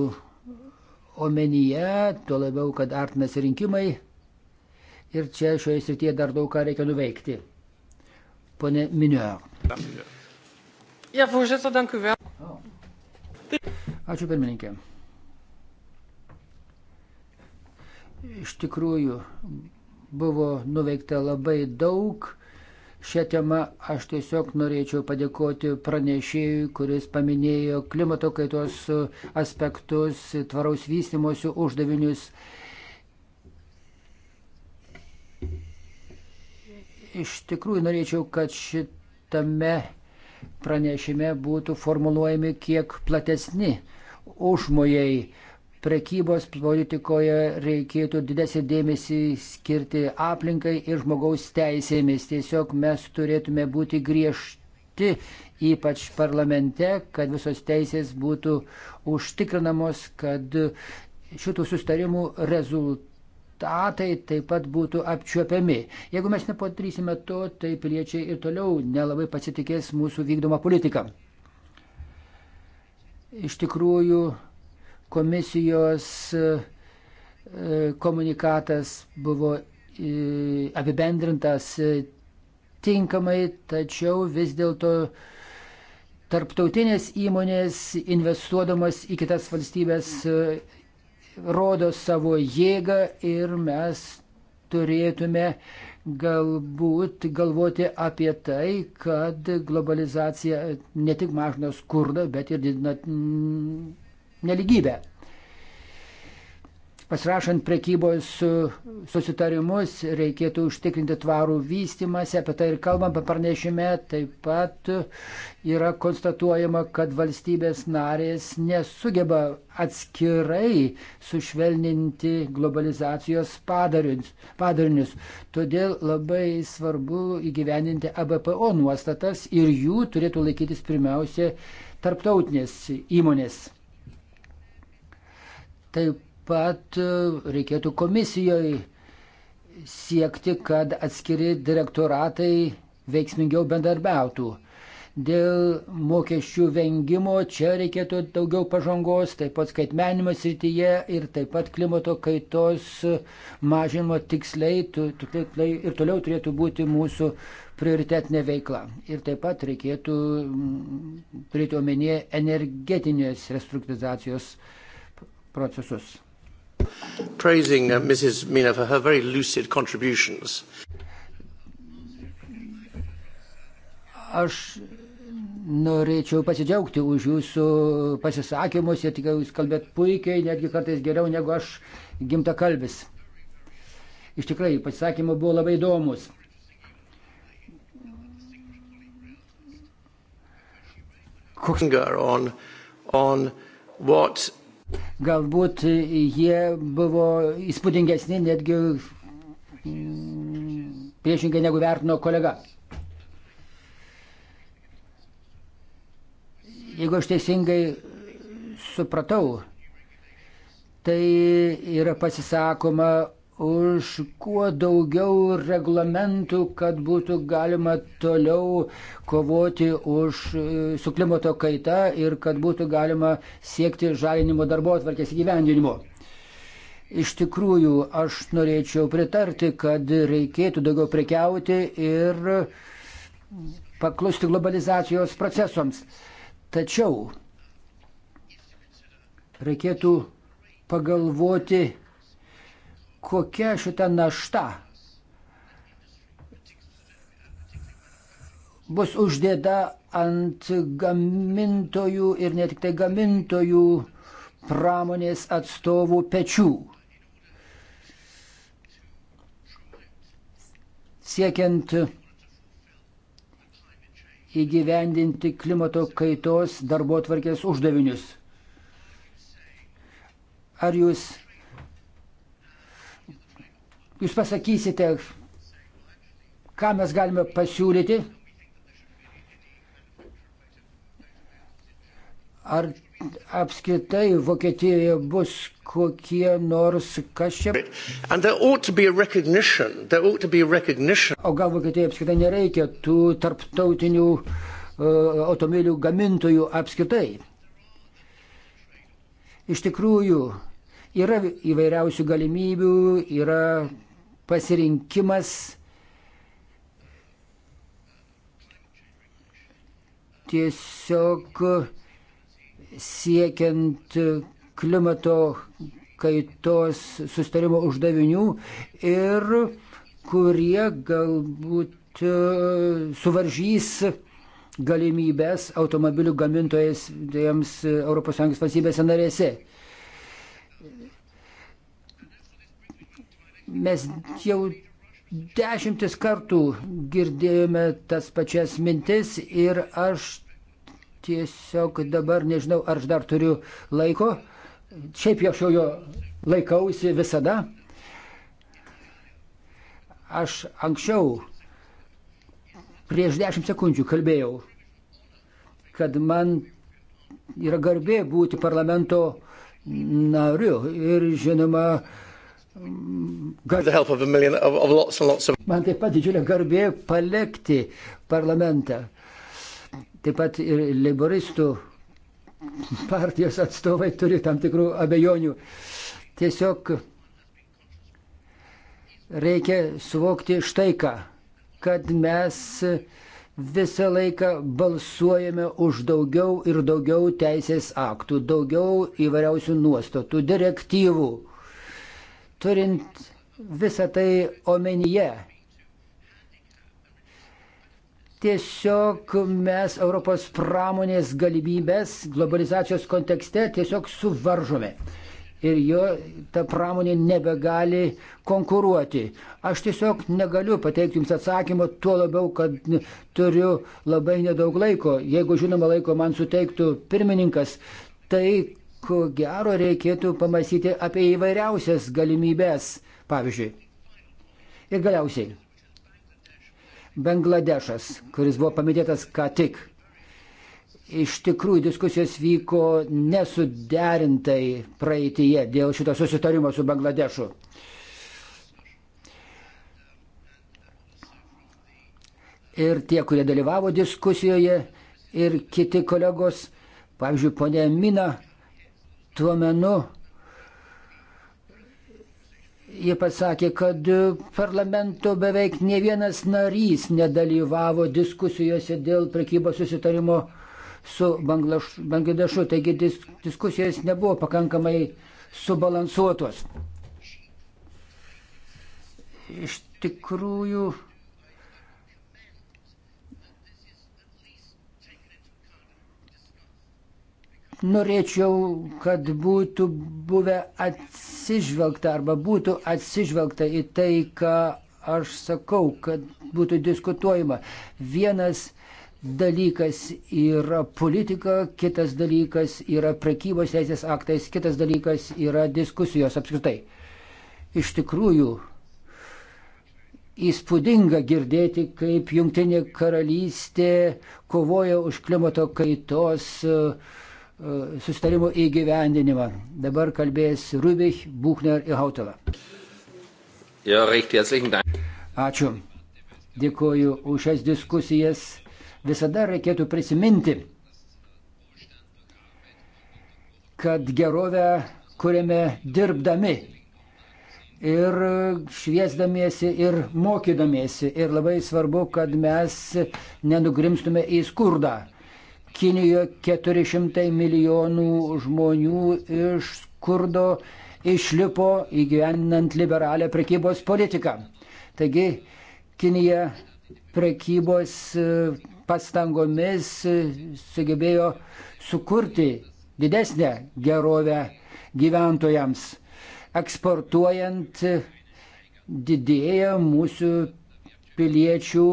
omenyje, tuo labiau, kad artinasi rinkimai ir čia šioje srityje dar daug ką reikia nuveikti. Pone Minio. Ačiū pirmininkė. Iš tikrųjų, buvo nuveikta labai daug Šią temą aš tiesiog norėčiau padėkoti pranešėjui, kuris paminėjo klimato kaitos aspektus, tvaraus vystimosių uždavinius. Iš tikrųjų norėčiau, kad šitame pranešime būtų formuluojami kiek platesni užmojai prekybos politikoje reikėtų didesnį dėmesį skirti aplinkai ir žmogaus teisėmis. Tiesiog mes turėtume būti griežti, ypač parlamente, kad visos teisės būtų užtikrinamos, kad šitų sustarimų rezultatai taip pat būtų apčiuopiami. Jeigu mes nepatrysime to, tai piliečiai ir toliau nelabai pasitikės mūsų vykdoma politika. Iš tikrųjų, Komisijos e, komunikatas buvo e, apibendrintas e, tinkamai, tačiau vis dėlto tarptautinės įmonės investuodamas į kitas valstybės rodo savo jėgą ir mes turėtume galbūt galvoti apie tai, kad globalizacija ne tik mažina skurdą, bet ir didina neligybę. Pasirašant prekybos e, susitarimus reikėtų užtikrinti tvarų vystimąsi, apie tai ir kalbam pranešime, taip pat yra konstatuojama, kad valstybės narės nesugeba atskirai sušvelninti globalizacijos padarinius. Todėl labai svarbu įgyveninti ABPO nuostatas ir jų turėtų laikytis pirmiausia tarptautinės įmonės. Taip pat e, reikėtų komisijoje siekti, kad atskiri direktoratai veiksmingiau bendarbiautų. Dėl mokesčių vengimo čia reikėtų daugiau pažangos, taip pat skaitmenimo srityje ir taip pat klimato kaitos mažinimo tikslai, tikslai ir toliau turėtų būti mūsų prioritetinė veikla. Ir taip pat reikėtų turėti omenyje energetinės restruktūrizacijos uh, procesus. Praising uh, Mrs. Mina for her very lucid contributions. Aš norėčiau pasidžiaugti už jūsų pasisakymus, jie tik jūs kalbėt puikiai, netgi kartais geriau negu aš gimta kalbis. Iš tikrai, pasisakymai buvo labai įdomus. Koks... On, on what Galbūt jie buvo įspūdingesni netgi mm, priešingai negu vertino kolega. Jeigu aš teisingai supratau, tai yra pasisakoma už kuo daugiau reglamentų, kad būtų galima toliau kovoti už, e, su klimato kaita ir kad būtų galima siekti žalinimo darbo atvarkės įgyvendinimo. Iš tikrųjų, aš norėčiau pritarti, kad reikėtų daugiau prekiauti ir paklusti globalizacijos procesoms. Tačiau reikėtų pagalvoti kokia šita našta bus uždėta ant gamintojų ir ne tik tai gamintojų pramonės atstovų pečių. Siekiant įgyvendinti klimato kaitos darbo tvarkės uždavinius. Ar jūs Jūs pasakysite, ką mes galime pasiūlyti. Ar apskritai Vokietijoje bus kokie nors kas čia. O gal Vokietijoje apskritai nereikia tų tarptautinių uh, automobilių gamintojų apskritai? Iš tikrųjų, yra įvairiausių galimybių, yra pasirinkimas tiesiog siekiant klimato kaitos sustarimo uždavinių ir kurie galbūt e, suvaržys galimybės automobilių gamintojams ES valstybėse narėse. Mes jau dešimtis kartų girdėjome tas pačias mintis ir aš tiesiog dabar nežinau, ar aš dar turiu laiko. Šiaip jau aš jo laikausi visada. Aš anksčiau, prieš dešimt sekundžių kalbėjau, kad man yra garbė būti parlamento nariu ir žinoma, Man taip pat didžiulė garbė palikti parlamentą. Taip pat ir liberistų partijos atstovai turi tam tikrų abejonių. Tiesiog reikia suvokti štai ką, kad mes visą laiką balsuojame už daugiau ir daugiau teisės aktų, daugiau įvairiausių nuostatų, direktyvų Turint visą tai omenyje, tiesiog mes Europos pramonės galimybės globalizacijos kontekste tiesiog suvaržome. Ir jo ta pramonė nebegali konkuruoti. Aš tiesiog negaliu pateikti Jums atsakymo, tuo labiau, kad turiu labai nedaug laiko. Jeigu žinoma laiko man suteiktų pirmininkas, tai ko gero reikėtų pamastyti apie įvairiausias galimybės, pavyzdžiui. Ir galiausiai, Bangladešas, kuris buvo paminėtas ką tik. Iš tikrųjų diskusijos vyko nesuderintai praeitįje dėl šito susitarimo su Bangladešu. Ir tie, kurie dalyvavo diskusijoje, ir kiti kolegos, pavyzdžiui, ponė Mina tuo menu Jie pasakė, kad parlamento beveik ne vienas narys nedalyvavo diskusijose dėl prekybos susitarimo su Bangladešu, taigi dis, diskusijos nebuvo pakankamai subalansuotos. Iš tikrųjų, Norėčiau, kad būtų buvę atsižvelgta arba būtų atsižvelgta į tai, ką aš sakau, kad būtų diskutuojama. Vienas dalykas yra politika, kitas dalykas yra prekybos teisės aktais, kitas dalykas yra diskusijos apskritai. Iš tikrųjų, įspūdinga girdėti, kaip Junktinė karalystė kovoja už klimato kaitos uh, E, sustarimo įgyvendinimą. Dabar kalbės Rubich, Buchner ir Hautela. Ačiū. Dėkuoju už šias diskusijas. Visada reikėtų prisiminti, kad gerovę kuriame dirbdami ir šviesdamiesi ir mokydamiesi. Ir labai svarbu, kad mes nenugrimstume į skurdą. Kinijoje 400 milijonų žmonių iš skurdo išlipo įgyvendinant liberalią prekybos politiką. Taigi Kinija prekybos e, pastangomis e, sugebėjo sukurti didesnę gerovę gyventojams. Eksportuojant e, didėja mūsų piliečių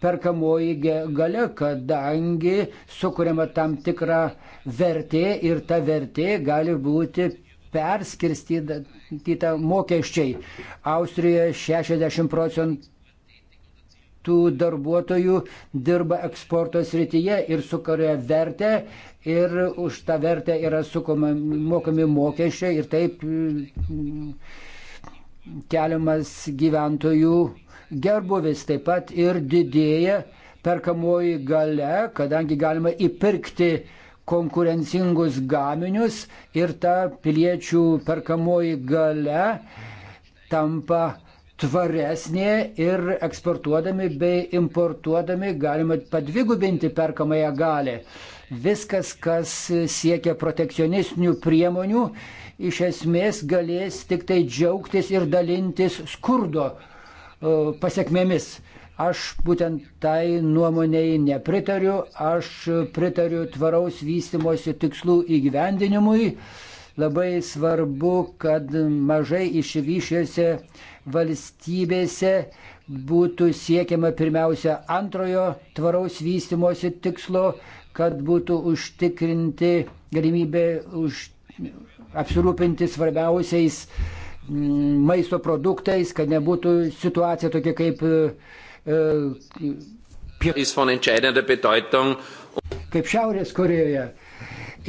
perkamoji gale, kadangi sukuriama tam tikra vertė ir ta vertė gali būti perskirstyta mokesčiai. Austrijoje 60 procentų tų darbuotojų dirba eksporto srityje ir sukuria vertę ir už tą vertę yra sukoma, mokami mokesčiai ir taip mm, keliamas gyventojų gerbuvis taip pat ir didėja perkamoji gale, kadangi galima įpirkti konkurencingus gaminius ir ta piliečių perkamoji gale tampa tvaresnė ir eksportuodami bei importuodami galima padvigubinti perkamąją galę. Viskas, kas siekia protekcionistinių priemonių, iš esmės galės tik tai džiaugtis ir dalintis skurdo E, pasiekmėmis. Aš būtent tai nuomonėjai nepritariu, aš pritariu tvaraus vystimosi tikslų įgyvendinimui. Labai svarbu, kad mažai išvyšiuose valstybėse būtų siekiama pirmiausia antrojo tvaraus vystimosi tikslo, kad būtų užtikrinti galimybė už, apsirūpinti svarbiausiais uh, Mm, maisto produktais, kad nebūtų situacija tokia kaip. E, e, kaip Šiaurės Korejoje.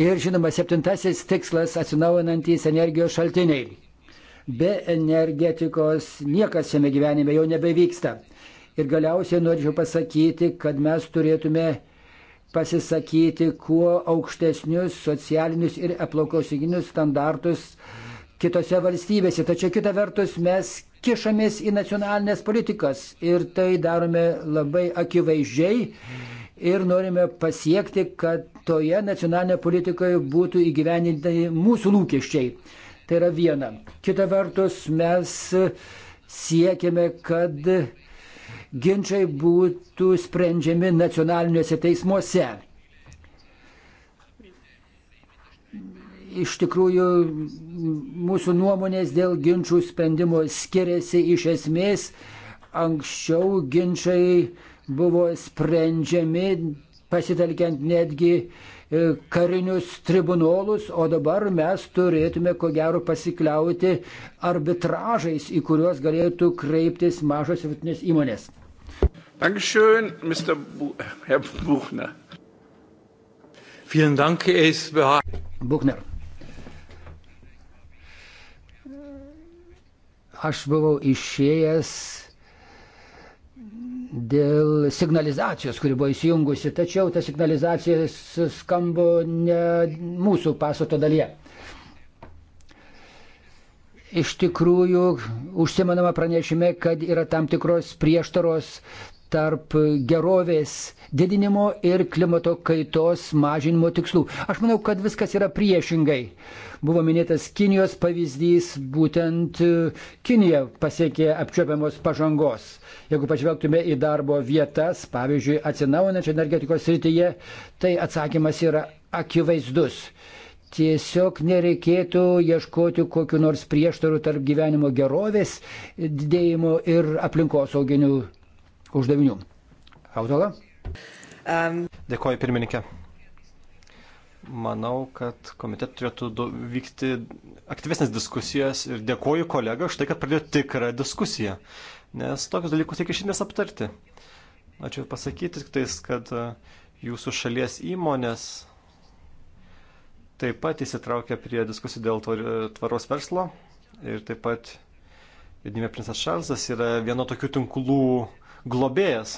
Ir žinoma, septintasis tikslas - atsinaujinantys energijos šaltiniai. Be energetikos niekas šiame gyvenime jau nebevyksta. Ir galiausiai norėčiau pasakyti, kad mes turėtume pasisakyti kuo aukštesnius socialinius ir aplokosiginius standartus uh, kitose valstybėse. Tačiau kita vertus mes kišamės į nacionalinės politikas ir tai darome labai akivaizdžiai ir norime pasiekti, kad toje nacionalinėje politikoje būtų įgyveninti mūsų lūkesčiai. Tai yra viena. Kita vertus mes siekiame, kad ginčiai būtų sprendžiami nacionaliniuose teismuose. iš tikrųjų mūsų nuomonės dėl ginčių sprendimo skiriasi iš esmės. Anksčiau ginčiai buvo sprendžiami pasitelkiant netgi e, karinius tribunolus, o dabar mes turėtume ko gero pasikliauti arbitražais, į kuriuos galėtų kreiptis mažos ir vidutinės įmonės. Dankeschön, Mr. Bu Herr Buchner. Vielen Dank, es war. Buchner. aš buvau išėjęs dėl signalizacijos, kuri buvo įsijungusi, tačiau ta signalizacija skambo ne mūsų pastato dalyje. Iš tikrųjų, užsimanama pranešime, kad yra tam tikros prieštaros tarp gerovės didinimo ir klimato kaitos mažinimo tikslų. Aš manau, kad viskas yra priešingai. Buvo minėtas Kinijos pavyzdys, būtent e, Kinija pasiekė apčiopiamos pažangos. Jeigu pažvelgtume į darbo vietas, pavyzdžiui, atsinaujinančio energetikos srityje, tai atsakymas yra akivaizdus. Tiesiog nereikėtų ieškoti kokiu nors prieštarų tarp gyvenimo gerovės, didėjimo ir aplinkosauginių uždavinių. Autola? Um. Dėkoju pirmininkė manau, kad komitet turėtų vykti aktyvesnės diskusijas ir dėkoju kolega už tai, kad pradėjo tikrą diskusiją, nes tokius dalykus reikia iš esmės aptarti. Ačiū pasakyti tik tais, kad e, jūsų šalies įmonės taip pat įsitraukia prie diskusijų dėl tvaros verslo ir taip pat Didimė princas Šarlzas yra vieno tokių tinklų globėjas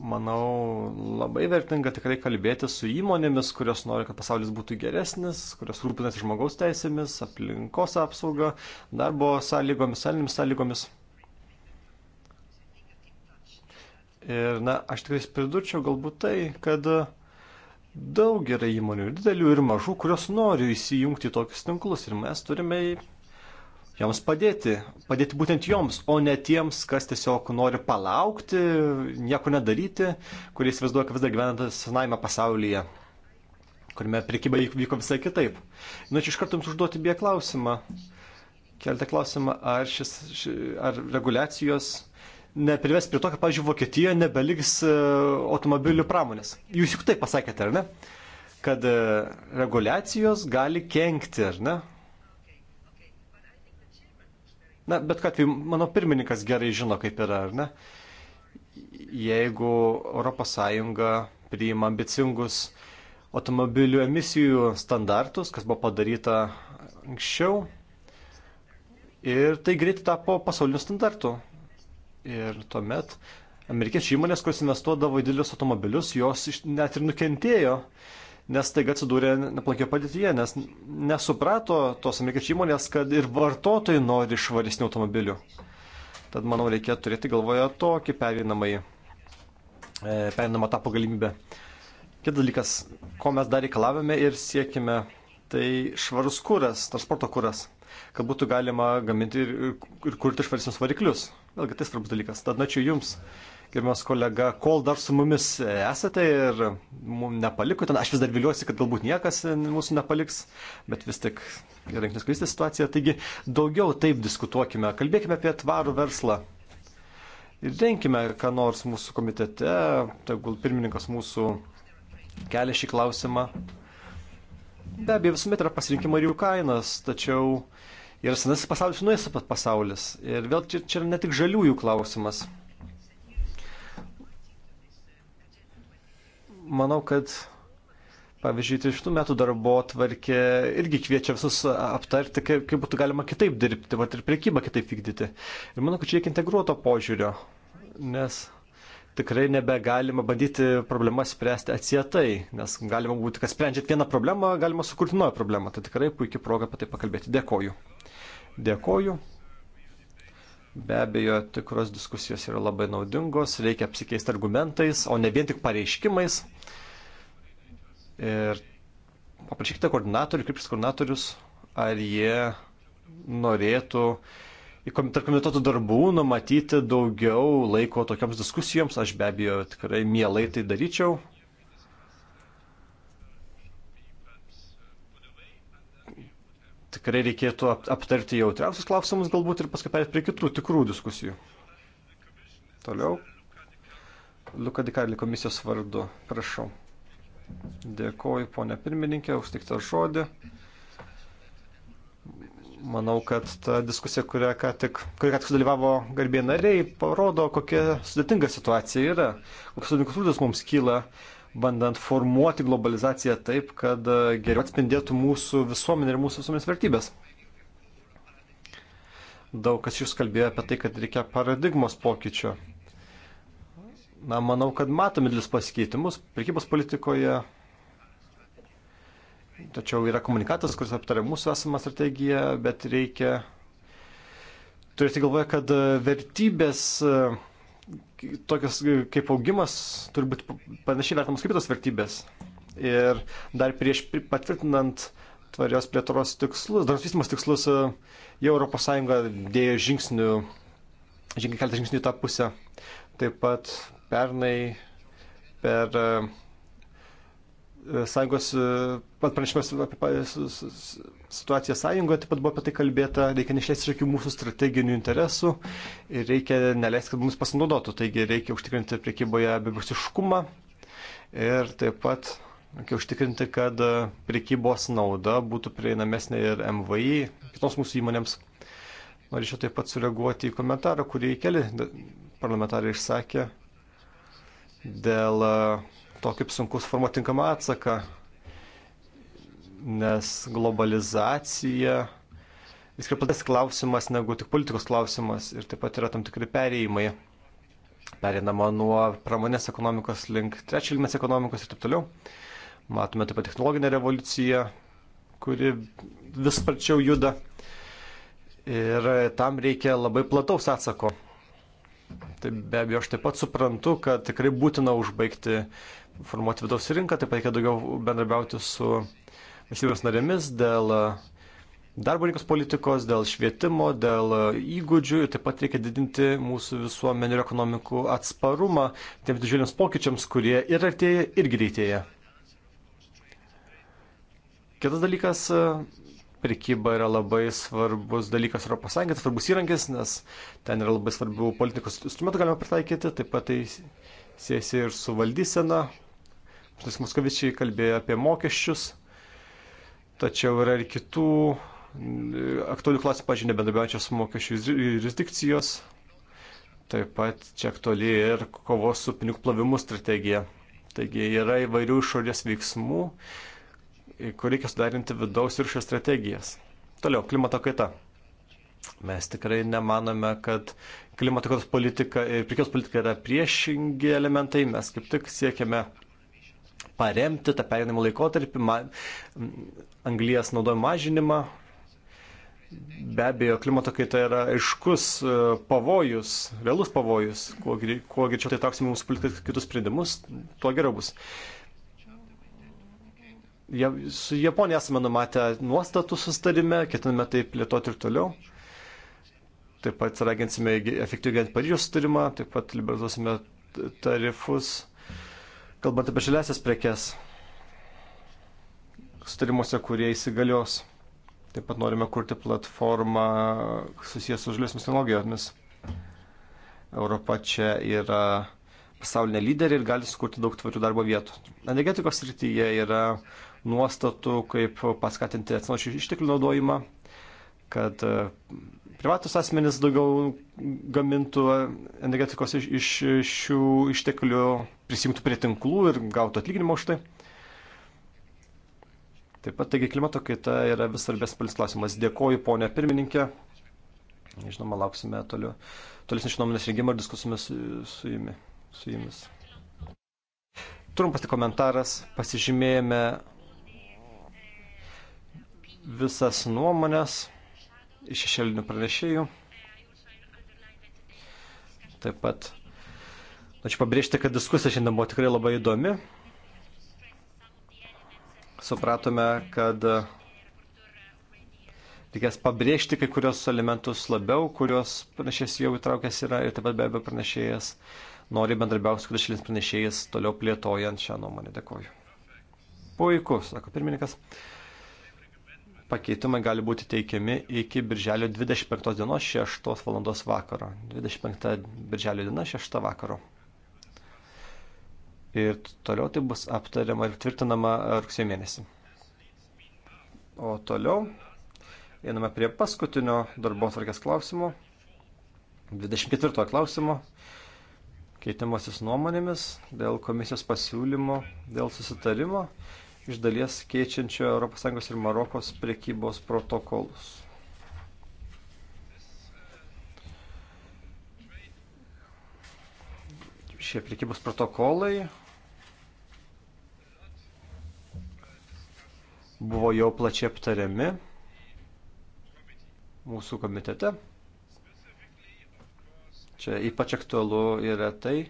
manau, labai vertinga tikrai kalbėti su įmonėmis, kurios nori, kad pasaulis būtų geresnis, kurios rūpinasi žmogaus teisėmis, aplinkos apsauga, darbo sąlygomis, salinėmis sąlygomis. Ir, na, aš tikrai pridurčiau galbūt tai, kad daug yra įmonių, ir didelių, ir mažų, kurios nori įsijungti į tokius tinklus, ir mes turime joms padėti, padėti būtent joms, o ne tiems, kas tiesiog nori palaukti, nieko nedaryti, kurie įsivaizduoja, kad vis dar gyvenate senajame pasaulyje, kuriame prekyba vyko visai kitaip. Na, čia iš karto jums užduoti bie klausimą. Keltą klausimą, ar, šis, ši, ar reguliacijos neprives prie to, kad, pavyzdžiui, Vokietijoje nebeliks e, automobilių pramonės. Jūs juk taip pasakėte, ar ne? Kad e, reguliacijos gali kenkti, ar ne? Na, bet kad mano pirmininkas gerai žino, kaip yra, ar ne? Jeigu ES priima ambicingus automobilių emisijų standartus, kas buvo padaryta anksčiau, ir tai greitai tapo pasauliniu standartu. Ir tuomet amerikiečių įmonės, kurios investuodavo į didelius automobilius, jos net ir nukentėjo nes taiga atsidūrė neplankioje padėtyje, nes nesuprato tos amerikiečių įmonės, kad ir vartotojai nori švaresnių automobilių. Tad, manau, reikia turėti galvoje tokį pereinamąjį, e, pereinamą tapo galimybę. Kitas dalykas, ko mes dar reikalavome ir siekime, tai švarus kūras, transporto kūras, kad būtų galima gaminti ir, ir kurti švaresnius variklius. Vėlgi tai svarbus dalykas. Tad ačiū Jums gerbiamas kolega, kol dar su mumis esate ir mums nepalikote, aš vis dar viliuosi, kad galbūt niekas mūsų nepaliks, bet vis tik rinktinės karalystės situacija. Taigi daugiau taip diskutuokime, kalbėkime apie tvarų verslą. Ir renkime, ką nors mūsų komitete, tegul pirmininkas mūsų kelia šį klausimą. Be abejo, visuomet yra pasirinkimo ir jų kainas, tačiau ir senasis pasaulis, nuėjęs pat pasaulis. Ir vėl čia, čia yra ne tik žaliųjų klausimas. manau, kad pavyzdžiui, tai šitų metų darbo tvarkė irgi kviečia visus aptarti, kaip, kaip būtų galima kitaip dirbti, va ir priekybą kitaip vykdyti. Ir manau, kad čia reikia integruoto požiūrio, nes tikrai nebegalima bandyti problemas spręsti atsietai, nes galima būti, kad sprendžiant vieną problemą, galima sukurti naują problemą. Tai tikrai puikia proga apie tai pakalbėti. Dėkoju. Dėkoju. Be abejo, tikros diskusijos yra labai naudingos, reikia apsikeisti argumentais, o ne vien tik pareiškimais. Ir paprašykite koordinatorių, kryptis koordinatorius, ar jie norėtų tarp komitetų darbų numatyti daugiau laiko tokioms diskusijoms. Aš be abejo tikrai mielai tai daryčiau, tikrai reikėtų aptarti jautriausius klausimus galbūt ir paskui perėti prie kitų tikrų diskusijų. Toliau. Luka Dikarli komisijos vardu. Prašau. Dėkoju, ponė pirmininkė, už tiktą žodį. Manau, kad ta diskusija, kurią ką tik, kurią ką tik sudalyvavo garbė nariai, parodo, kokia sudėtinga situacija yra, kokios sudėtingos rūdas mums kyla bandant formuoti globalizaciją taip, kad e, geriau atspindėtų mūsų visuomenę ir mūsų visuomenės vertybės. Daug kas jūs kalbėjo apie tai, kad reikia paradigmos pokyčio. Na, manau, kad matome dėlis pasikeitimus prekybos politikoje. Tačiau yra komunikatas, kuris aptarė mūsų esamą strategiją, bet reikia turėti galvoje, kad vertybės tokios e, kaip augimas turi būti panašiai vertamos kaip kitos vertybės. Ir dar prieš patvirtinant tvarios plėtros tikslus, darnos vystimas tikslus, e, jau ES dėjo žingsnių, žingsnių keletą žingsnių į tą pusę. Taip pat pernai per e, E, sąjungos, e, pat pranešimas apie situaciją sąjungoje taip pat buvo apie tai kalbėta, reikia neišleisti iš akių mūsų strateginių interesų ir reikia neleisti, kad mums pasinaudotų. Taigi reikia užtikrinti priekyboje abipusiškumą ir taip pat reikia užtikrinti, kad priekybos nauda būtų prieinamesnė ir MVI, kitoms mūsų įmonėms. Norėčiau taip pat sureaguoti į komentarą, kurį keli parlamentarai išsakė dėl to, kaip sunku suformuoti tinkamą atsaką, nes globalizacija vis kaip platesnis klausimas negu tik politikos klausimas ir taip pat yra tam tikri perėjimai. Perinama nuo pramonės ekonomikos link trečialinės ekonomikos ir taip toliau. Matome taip pat technologinę revoliuciją, kuri vis sparčiau juda. Ir tam reikia labai plataus atsako. Tai be abejo, aš taip pat suprantu, kad tikrai būtina užbaigti formuoti vidaus rinką, taip pat reikia daugiau bendrabiauti su valstybės narėmis dėl darbo rinkos politikos, dėl švietimo, dėl įgūdžių ir taip pat reikia didinti mūsų visuomenių ir ekonomikų atsparumą tiems didžiuliams pokyčiams, kurie ir artėja, ir greitėja. Kitas dalykas prekyba yra labai svarbus dalykas Europos Sąjungai, tai svarbus įrankis, nes ten yra labai svarbių politikos instrumentų galima pritaikyti, taip pat tai siejasi ir su valdysena, Šis Moskovičiai kalbėjo apie mokesčius, tačiau yra ir kitų mm, aktualių klasių, pažiūrėjau, nebendrabiaujančios mokesčių jurisdikcijos. Taip pat čia aktuali ir kovos su pinigų plovimu strategija. Taigi yra įvairių išorės veiksmų, kur reikia sudarinti vidaus ir šias strategijas. Toliau, klimato kaita. Mes tikrai nemanome, kad klimato kaitos politika ir priekės politika yra priešingi elementai. Mes kaip tik siekiame paremti tą perinamą laikotarpį, ma, anglijas naudojimo mažinimą. Be abejo, klimato kaita yra aiškus e, pavojus, realus pavojus. Kuo, kuo greičiau tai taksime mūsų politikai kitus sprendimus, tuo geriau bus. Ja, su Japonija esame numatę nuostatų sustarime, ketiname tai plėtoti ir toliau. Taip pat raginsime efektyviai gyventi Paryžiaus sustarimą, taip pat liberalizuosime tarifus Kalbant apie žaliasias prekes, sutarimuose, kurie įsigalios, taip pat norime kurti platformą susijęs su žaliosiamis technologijomis. Europa čia yra pasaulinė lyderė ir gali sukurti daug tvarių darbo vietų. Energetikos srityje yra nuostatų, kaip paskatinti atsinaučių išteklių naudojimą, kad e, privatus asmenys daugiau gamintų energetikos iš, iš šių išteklių prisijungtų prie tinklų ir gautų atlyginimą už tai. Taip pat, taigi klimato kaita yra vis svarbės polis klausimas. Dėkoju, ponė pirmininkė. Žinoma, lauksime toliau. Tolesnį išnuomonės rengimą ir diskusiją su, su, jumi, su jumis. Trumpas tik komentaras. Pasižymėjome visas nuomonės iš šešėlinių pranešėjų. Taip pat Tačiau pabrėžti, kad diskusija šiandien buvo tikrai labai įdomi. Supratome, kad reikės pabrėžti kai kurios elementus labiau, kurios pranešėjas jau įtraukęs yra ir taip pat be abejo pranešėjas nori bendrabiausių su kitais pranešėjais toliau plėtojant šią nuomonę. Dėkoju. Puiku, sako pirmininkas. Pakeitimai gali būti teikiami iki birželio 25 dienos 6 val. vakaro. 25 birželio diena 6 vakaro ir toliau tai bus aptariama ir tvirtinama rugsėjo mėnesį. O toliau einame prie paskutinio darbo tvarkės klausimo, 24 klausimo, keitimasis nuomonėmis dėl komisijos pasiūlymo, dėl susitarimo iš dalies keičiančio ES ir Marokos priekybos protokolus. Šie priekybos protokolai buvo jau plačiai aptariami mūsų komitete. Čia ypač aktualu yra tai,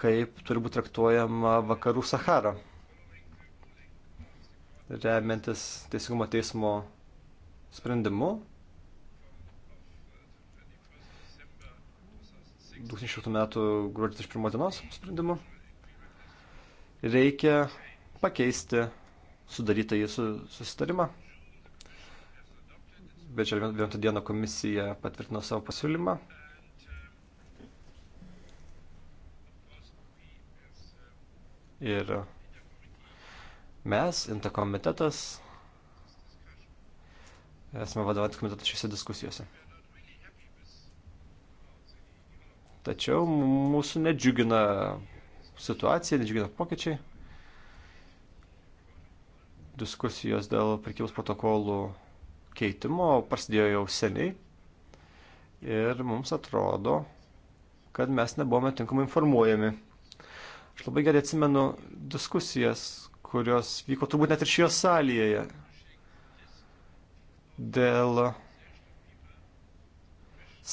kaip turi būti traktuojama vakarų Sahara. Remiantis Teisingumo teismo sprendimu, 2006 m. gruodžio 21 dienos sprendimu, reikia pakeisti sudarytą į susitarimą. Birželio 9 dieną komisija patvirtino savo pasiūlymą. Ir mes, INTA komitetas, esame vadovauti komitetas šiuose diskusijose. Tačiau mūsų nedžiugina situacija, nedžiugina pokyčiai diskusijos dėl prekybos protokolų keitimo prasidėjo jau seniai ir mums atrodo, kad mes nebuvome tinkamai informuojami. Aš labai gerai atsimenu diskusijas, kurios vyko turbūt net ir šioje salėje dėl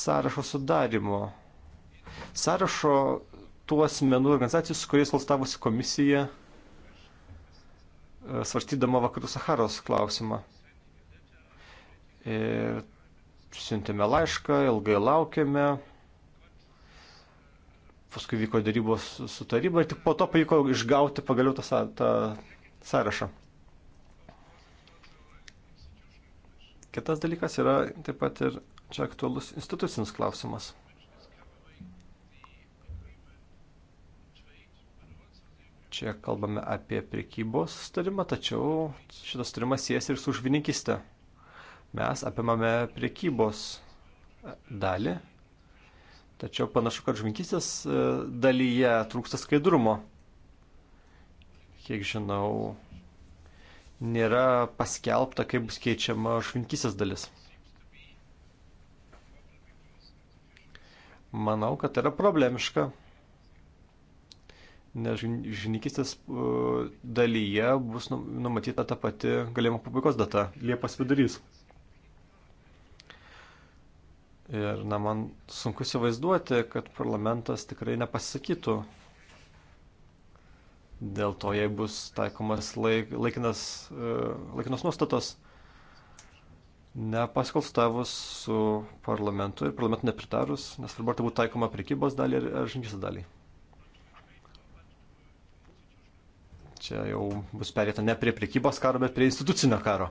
sąrašo sudarimo. Sąrašo tuos menų organizacijų, su kuriais konsultavosi komisija E, svarstydama Vakarų Saharos klausimą. Ir siuntėme laišką, ilgai laukėme. Paskui vyko darybos su taryba ir tik po to pavyko išgauti pagaliau tą, tą sąrašą. Kitas dalykas yra taip pat ir čia aktualus institucinis klausimas. Čia kalbame apie priekybos sustarimą, tačiau šitas sustarimas siejasi ir su žvininkiste. Mes apimame priekybos e, dalį, tačiau panašu, kad žvininkistės e, dalyje trūksta skaidrumo. Kiek žinau, nėra paskelbta, kaip bus keičiama žvininkistės dalis. Manau, kad tai yra problemiška nes žininkistės dalyje bus nu, numatyta ta pati galėjimo pabaigos data - Liepos vidurys. Ir, na, man sunku įsivaizduoti, kad parlamentas tikrai nepasisakytų dėl to, jei bus taikomas laik, laikinas, e, laikinos nuostatos nepaskolstavus su parlamentu ir parlamentu nepritarus, nesvarbu, ar tai būtų taikoma prekybos dalį ar, ar žingsnis dalį. Čia jau bus perėta ne prie prekybos karo, bet prie institucinio karo.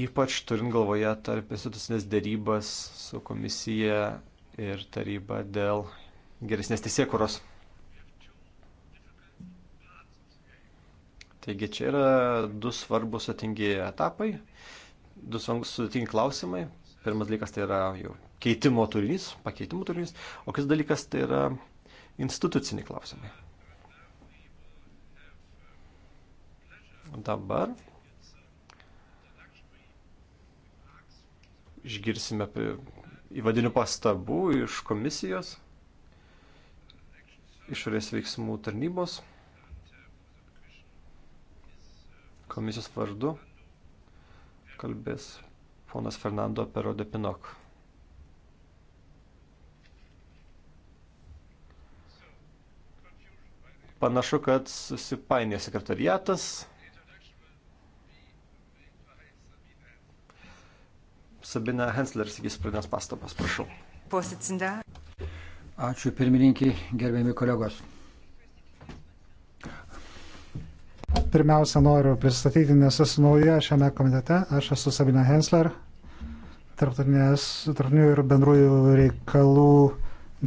Ypač turint galvoje tarp institucinės dėrybas su komisija ir taryba dėl geresnės teisėkuros. Taigi čia yra du svarbus atingi etapai, du svarbus sudėtingi klausimai. Pirmas dalykas tai yra jau keitimo turinys, pakeitimo turinys, o kitas dalykas tai yra instituciniai klausimai. Dabar išgirsime įvadinių pastabų iš komisijos, išorės veiksmų tarnybos, komisijos vardu kalbės ponas Fernando Pero de Pinok. Panašu, kad susipainė sekretariatas. Sabina Hensler sakys pradės pastabas, prašau. Posicinda. Ačiū pirmininkį, gerbėmi kolegos. Pirmiausia, noriu pristatyti, nes esu nauja šiame komitete. Aš esu Sabina Hensler, tarptautinių ir bendrųjų reikalų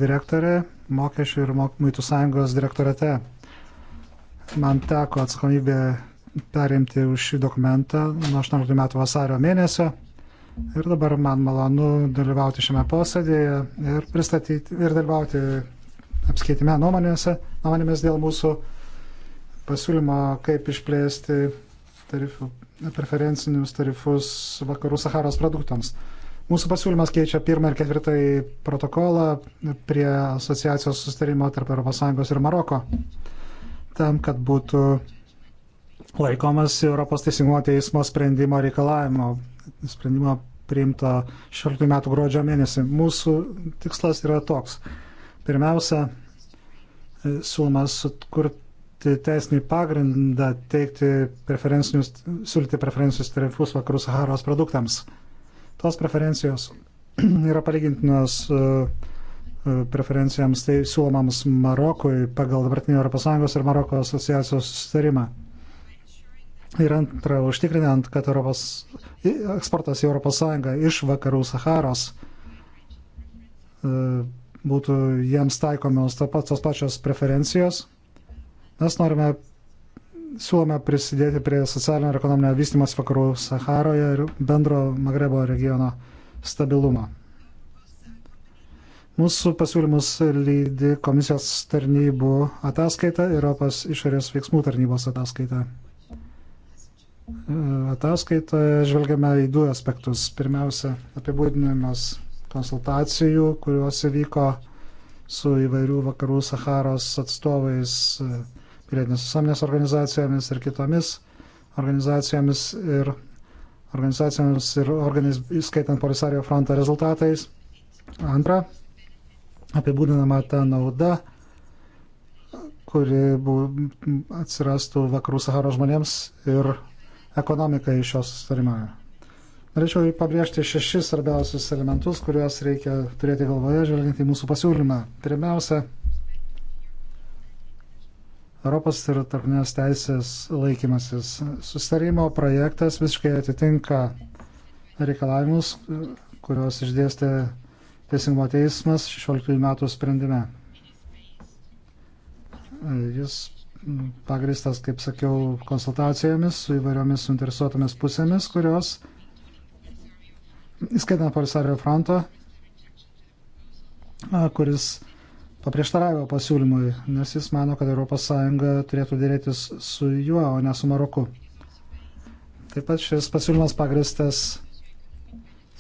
direktorė, mokesčių ir muitų sąjungos direktorate. Man teko atsakomybė perimti už šį dokumentą nuo 18 metų vasario mėnesio Ir dabar man malonu dalyvauti šiame posėdėje ir pristatyti ir dalyvauti apskaitime nuomonėmis dėl mūsų pasiūlymo, kaip išplėsti tarifų, preferencinius tarifus vakarų Saharos produktams. Mūsų pasiūlymas keičia pirmą ir ketvirtąjį protokolą prie asociacijos sustarimo tarp ES ir Maroko, tam, kad būtų laikomas Europos teisingumo teismo sprendimo reikalavimo sprendimą priimtą 16 metų gruodžio mėnesį. Mūsų tikslas yra toks. Pirmiausia, e, siūloma sukurti teisinį pagrindą teikti preferencinius, siūlyti preferencijus tarifus vakarų Saharos produktams. Tos preferencijos yra palygintinos e, e, preferencijams tai siūlomams Marokui pagal dabartinį ES ir Maroko asociacijos sustarimą. Ir antra, užtikrinant, kad Europos, eksportas į ES iš vakarų Saharos e, būtų jiems taikomos tos pačios preferencijos. Mes norime, siūlome prisidėti prie socialinio ir ekonominio vystimas vakarų Saharoje ir bendro Magrebo regiono stabilumą. Mūsų pasiūlymus lydi komisijos tarnybų ataskaita ir Europos išorės veiksmų tarnybos ataskaita ataskaitoje žvelgiame į du aspektus. Pirmiausia, apibūdinimas konsultacijų, kuriuos įvyko su įvairių vakarų Saharos atstovais, pilietinės visuomenės organizacijomis ir kitomis organizacijomis ir organizacijomis ir organiz, skaitant Polisario frontą rezultatais. Antra, apibūdinama ta nauda, kuri bu, atsirastų vakarų Saharos žmonėms ir ekonomiką iš šios sustarimo. Norėčiau pabrėžti šešis svarbiausius elementus, kuriuos reikia turėti galvoje, žvelgiant į mūsų pasiūlymą. Pirmiausia, Europos ir tarpinės teisės laikymasis. Sustarimo projektas visiškai atitinka reikalavimus, kuriuos išdėstė Teisingumo teismas 16 metų sprendime. Jis pagristas, kaip sakiau, konsultacijomis su įvairiomis suinteresuotomis pusėmis, kurios, įskaitant Polisario fronto, kuris paprieštaravo pasiūlymui, nes jis mano, kad ES turėtų dėrėtis su juo, o ne su Maroku. Taip pat šis pasiūlymas pagristas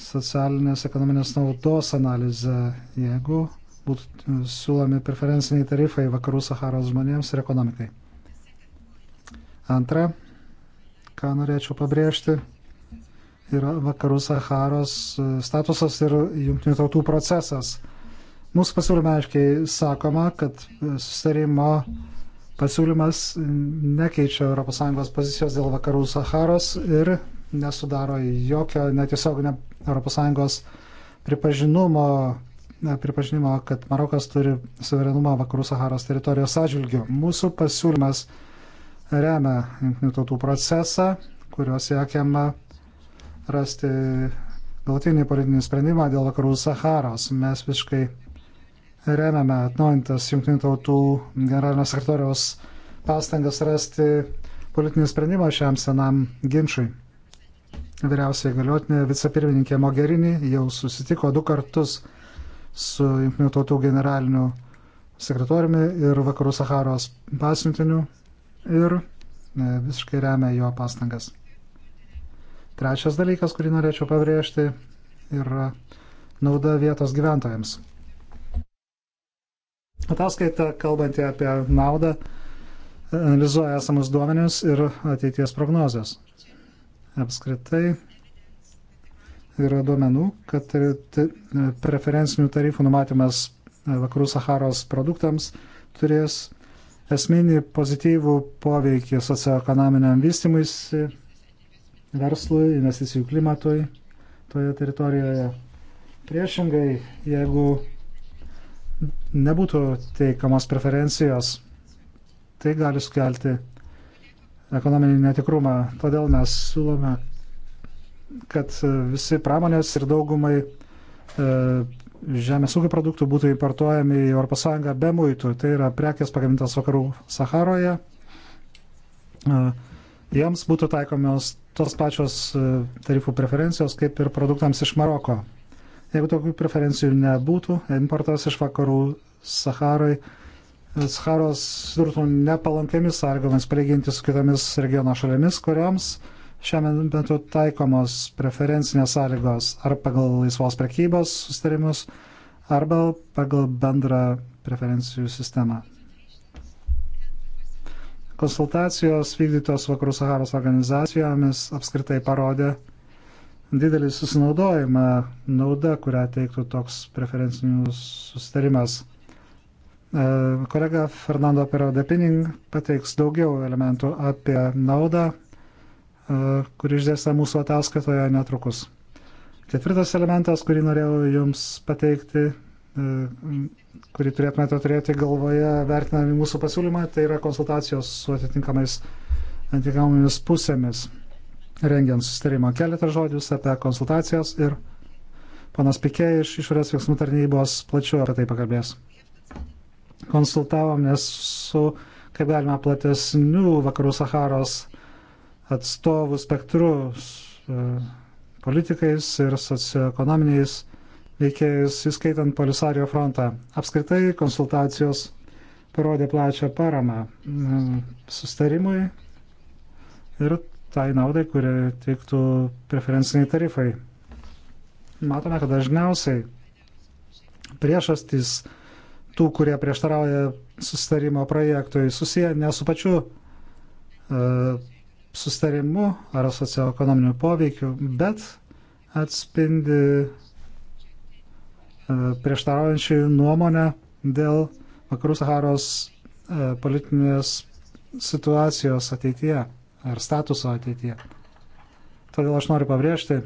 socialinės ekonominės naudos analizę, jeigu būtų siūlomi preferenciniai tarifai vakarų Saharos žmonėms ir ekonomikai. Antra, ką norėčiau pabrėžti, yra vakarų Saharos e, statusas ir jungtinių tautų procesas. Mūsų pasiūlyme aiškiai sakoma, kad e, susitarimo pasiūlymas nekeičia ES pozicijos dėl vakarų Saharos ir nesudaro jokio netiesioginio ES pripažinumo pripažinimo, kad Marokas turi suverenumą vakarų Saharos teritorijos atžvilgių. Mūsų pasiūlymas remia jungtinių tautų procesą, kuriuo siekiama rasti galtinį politinį sprendimą dėl vakarų Saharos. Mes visiškai remiame atnaujintas jungtinių tautų generalinio sekretoriaus pastangas rasti politinį sprendimą šiam senam ginčiui. Vyriausiai galiotinė vicepirmininkė Mogherini jau susitiko du kartus su Junktinių tautų generaliniu sekretoriumi ir Vakarų Saharos pasiuntiniu ir e, visiškai remia jo pastangas. Trečias dalykas, kurį norėčiau pabrėžti, yra nauda vietos gyventojams. Ataskaita, kalbantį apie naudą, analizuoja esamus duomenius ir ateities prognozes. Apskritai, yra duomenų, kad e, preferencinių tarifų numatymas e, vakarų Saharos produktams turės esminį pozityvų poveikį socioekonominiam vystimuisi, verslui, investicijų klimatui toje teritorijoje. Priešingai, jeigu nebūtų teikiamos preferencijos, tai gali sukelti ekonominį netikrumą. Todėl mes siūlome, kad e, visi pramonės ir daugumai e, žemės ūkio produktų būtų importuojami į ES be muitų. Tai yra prekės pagamintas vakarų Saharoje. E, jiems būtų taikomios tos pačios tarifų preferencijos kaip ir produktams iš Maroko. Jeigu tokių preferencijų nebūtų, importas iš vakarų Saharai, Saharos durtų nepalankiamis sąlygomis palyginti su kitomis regiono šalimis, kuriams uh, šiame metu taikomos preferencinės sąlygos ar pagal laisvos prekybos sustarimus, arba pagal bendrą preferencijų sistemą. Konsultacijos vykdytos Vakarų Saharos organizacijomis apskritai parodė didelį susinaudojimą nauda, kurią teiktų toks preferencinių sustarimas. E, kolega Fernando Pero de Pining pateiks daugiau elementų apie naudą E, kuri išdėsta mūsų ataskaitoje netrukus. Ketvirtas elementas, kurį norėjau Jums pateikti, e, kurį turėtumėte turėti galvoje, vertinami mūsų pasiūlymą, tai yra konsultacijos su atitinkamais atitinkamomis pusėmis rengiant sustarimą. Keletą žodžius apie konsultacijas ir panas Pikė iš išorės veiksmų tarnybos plačiau apie tai pakalbės. Konsultavomės su, kaip galima, platesnių vakarų Saharos atstovų spektru, e, politikais ir socioekonominiais veikėjais, įskaitant Polisario frontą. Apskritai konsultacijos parodė plačią paramą e, sustarimui ir tai naudai, kuri teiktų preferenciniai tarifai. Matome, kad dažniausiai priešastys tų, kurie prieštarauja sustarimo projektui, susiję ne su pačiu uh, sustarimu ar socioekonominiu poveikiu, bet atspindi e, prieštaraujančių nuomonę dėl vakarų Saharos e, politinės situacijos ateityje ar statuso ateityje. Todėl aš noriu pabrėžti,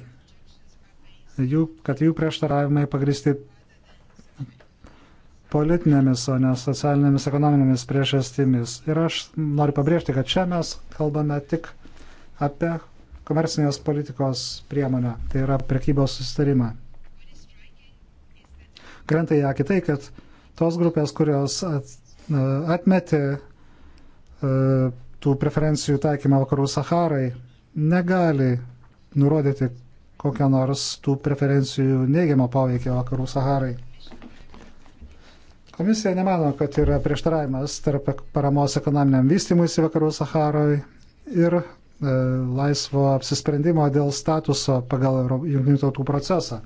jų, kad jų prieštaravimai pagristi politinėmis, o ne socialinėmis ekonominėmis priežastimis. Ir aš noriu pabrėžti, kad čia mes kalbame tik apie komercinės politikos priemonę, tai yra prekybos susitarimą. Krenta į akį tai, kad tos grupės, kurios atmetė e, tų preferencijų taikymą vakarų Saharai, negali nurodyti kokią nors tų preferencijų neigiamą poveikį vakarų Saharai. Komisija nemano, kad yra prieštaravimas tarp paramos ekonominiam vystymui į vakarų Saharoje ir e, laisvo apsisprendimo dėl statuso pagal jungtinių tautų procesą.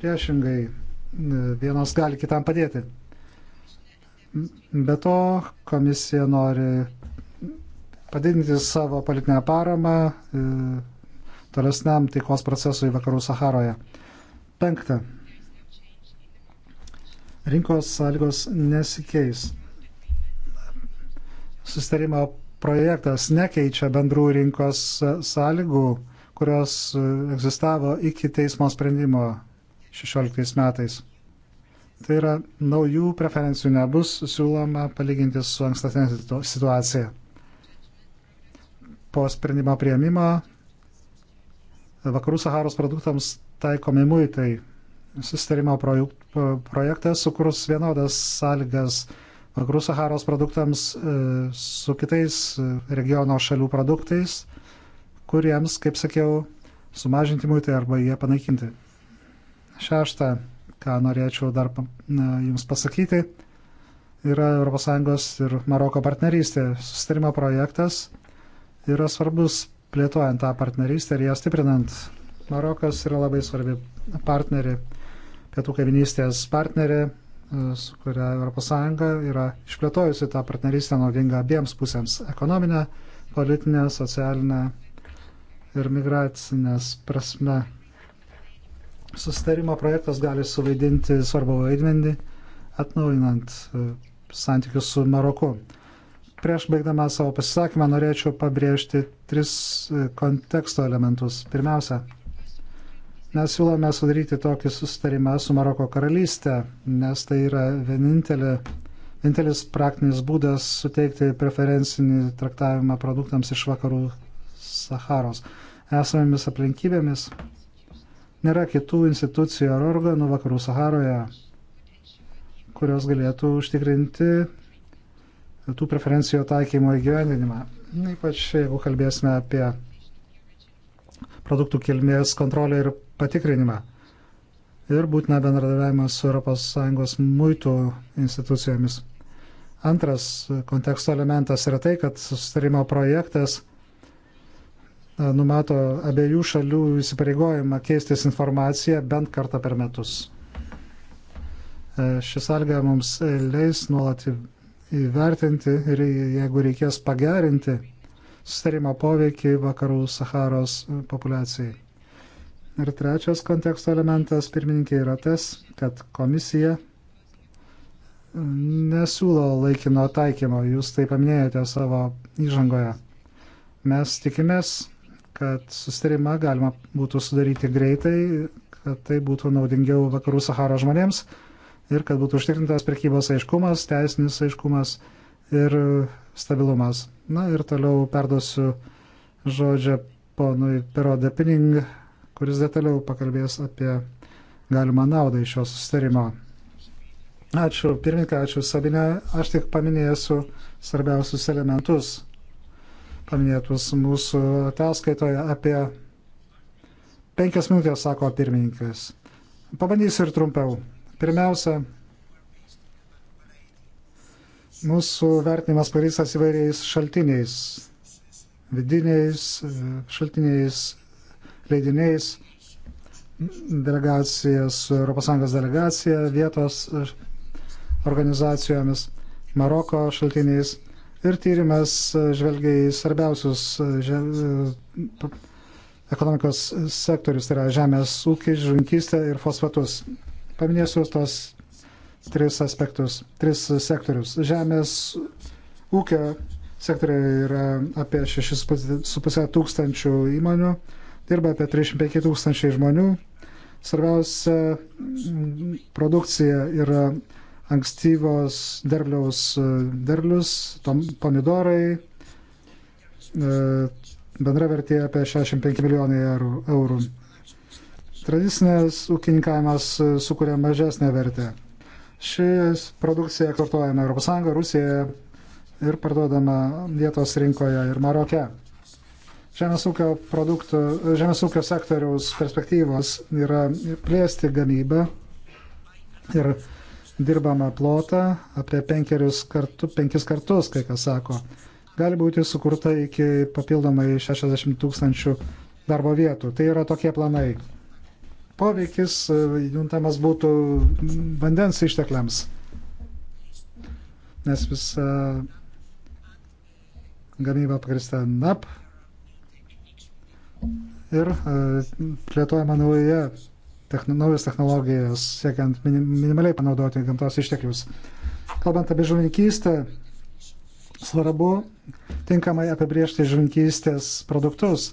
Priešingai, e, vienas gali kitam padėti. Be to, komisija nori padidinti savo politinę paramą e, tolesniam taikos procesui vakarų Saharoje. Penkta rinkos sąlygos nesikeis. Susitarimo projektas nekeičia bendrų rinkos sąlygų, kurios egzistavo iki teismo sprendimo 16 metais. Tai yra naujų preferencijų nebus siūloma palyginti su ankstesnė situacija. Po sprendimo prieimimo vakarų Saharos produktams taikomi muitai sustarimo projektas sukurs vienodas sąlygas vakarų Saharos produktams e, su kitais e, regiono šalių produktais, kuriems, kaip sakiau, sumažinti muitai arba jie panaikinti. Šešta, ką norėčiau dar jums pasakyti, yra ES ir Maroko partnerystė. Sustarimo projektas yra svarbus plėtojant tą partnerystę ir ją stiprinant. Marokas yra labai svarbi partneri pietų kaiminystės partnerė, e, su kuria ES yra išplėtojusi tą partnerystę naudingą abiems pusėms - ekonominę, politinę, socialinę ir migracinės prasme. Susitarimo projektas gali suvaidinti svarbu vaidmenį, atnaujinant e, santykius su Maroku. Prieš baigdama savo pasisakymą norėčiau pabrėžti tris e, konteksto elementus. Pirmiausia, Mes siūlome sudaryti tokį susitarimą su Maroko karalystė, nes tai yra vienintelė, vienintelis praktinis būdas suteikti preferencinį traktavimą produktams iš vakarų Saharos. Esamomis aplinkybėmis nėra kitų institucijų ar organų vakarų Saharoje, kurios galėtų užtikrinti tų preferencijų taikymo įgyvendinimą. Ypač jeigu kalbėsime apie produktų kilmės kontrolę ir patikrinimą. Ir būtina bendradavimas su ES muitų institucijomis. Antras konteksto elementas yra tai, kad sustarimo projektas e, numato abiejų šalių įsipareigojimą keistis informaciją bent kartą per metus. E, Šis alga mums leis nuolat įvertinti ir jeigu reikės pagerinti sustarimo poveikį vakarų Saharos populiacijai. Ir trečias konteksto elementas, pirmininkė, yra tas, kad komisija nesiūlo laikino taikymo, jūs tai paminėjote savo įžangoje. Mes tikimės, kad sustarimą galima būtų sudaryti greitai, kad tai būtų naudingiau vakarų Saharo žmonėms ir kad būtų užtikrintas prekybos aiškumas, teisinis aiškumas ir stabilumas. Na ir toliau perduosiu žodžią ponui Perode Pining, kuris detaliau pakalbės apie galimą naudą iš šio sustarimo. Ačiū, pirmininkai, ačiū Sabinė. Aš tik paminėsiu svarbiausius elementus, paminėtus mūsų ataskaitoje apie penkias minutės, sako pirmininkas. Pabandysiu ir trumpiau. Pirmiausia, mūsų vertinimas parysas įvairiais šaltiniais, vidiniais e, šaltiniais leidiniais, delegacija su ES delegacija, vietos organizacijomis, Maroko šaltiniais. Ir tyrimas žvelgia į svarbiausius e, ekonomikos sektorius, tai yra žemės ūkis, žuvinkystė ir fosfatus. Paminėsiu tos tris aspektus, tris sektorius. Žemės ūkio sektoriai yra apie 6,5 tūkstančių įmonių, dirba apie 35 tūkstančiai žmonių. Svarbiausia produkcija yra ankstyvos derliaus e, derlius, tom, pomidorai, e, bendra vertė apie 65 milijonai eurų. Tradicinės ūkininkavimas e, sukuria mažesnę vertę. Ši produkcija eksportuojama ES, Rusijoje ir parduodama vietos rinkoje ir Maroke. Žemės ūkio, produktų, žemės ūkio sektoriaus perspektyvos yra plėsti gamybą ir dirbamą plotą apie kartu, penkis kartus, kai kas sako. Gali būti sukurta iki papildomai 60 tūkstančių darbo vietų. Tai yra tokie planai. Poveikis e, juntamas būtų vandens ištekliams, nes visa gamyba pagrįsta NAP ir e, plėtojama nauja, techn, naujas technologijas, siekiant minim, minimaliai panaudoti gamtos išteklius. Kalbant apie žuvininkystę, svarbu tinkamai apibriežti žuvininkystės produktus.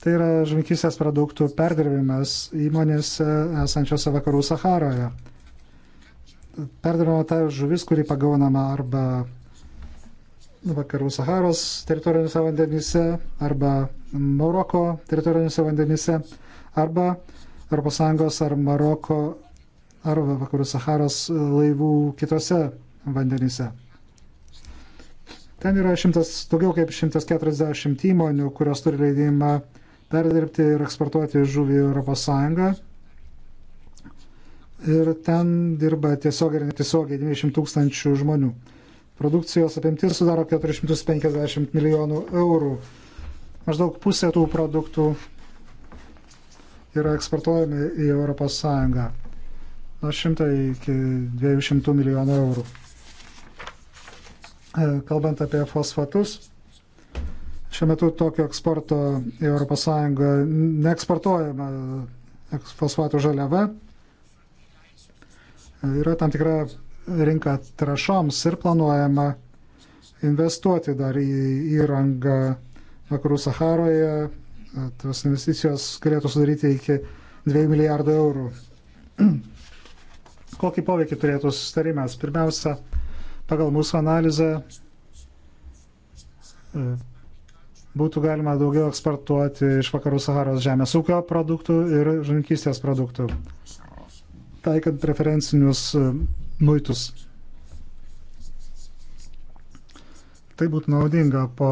Tai yra žuvininkystės produktų perdirbimas įmonėse esančiose vakarų Saharoje. Perdirbama ta žuvis, kuri pagaunama arba vakarų Saharos teritoriniuose vandenyse arba Maroko teritoriniuose vandenyse arba ES ar Maroko ar vakarų Saharos e, laivų kitose vandenyse. Ten yra šimtas, daugiau kaip 140 įmonių, kurios turi leidimą perdirbti ir eksportuoti žuvį Europos Sąjungą. Ir ten dirba tiesiogiai ir netiesiogiai 90 tūkstančių žmonių. Produkcijos apimtis sudaro 450 milijonų eurų. Maždaug pusė tų produktų yra eksportuojami į ES nuo 100 iki 200 milijonų eurų. E, kalbant apie fosfatus, šiuo metu tokio eksporto į ES neeksportuojama fosfatų žaliava. E, yra tam tikra rinką trašoms ir planuojama investuoti dar į įrangą Vakarų Saharoje. Tos investicijos galėtų sudaryti iki 2 milijardų eurų. Kokį poveikį turėtų sustarimas? Pirmiausia, pagal mūsų analizę e, būtų galima daugiau eksportuoti iš vakarų Saharos žemės ūkio produktų ir žankystės produktų. Taikant preferencinius e, muitus. Tai būtų naudinga po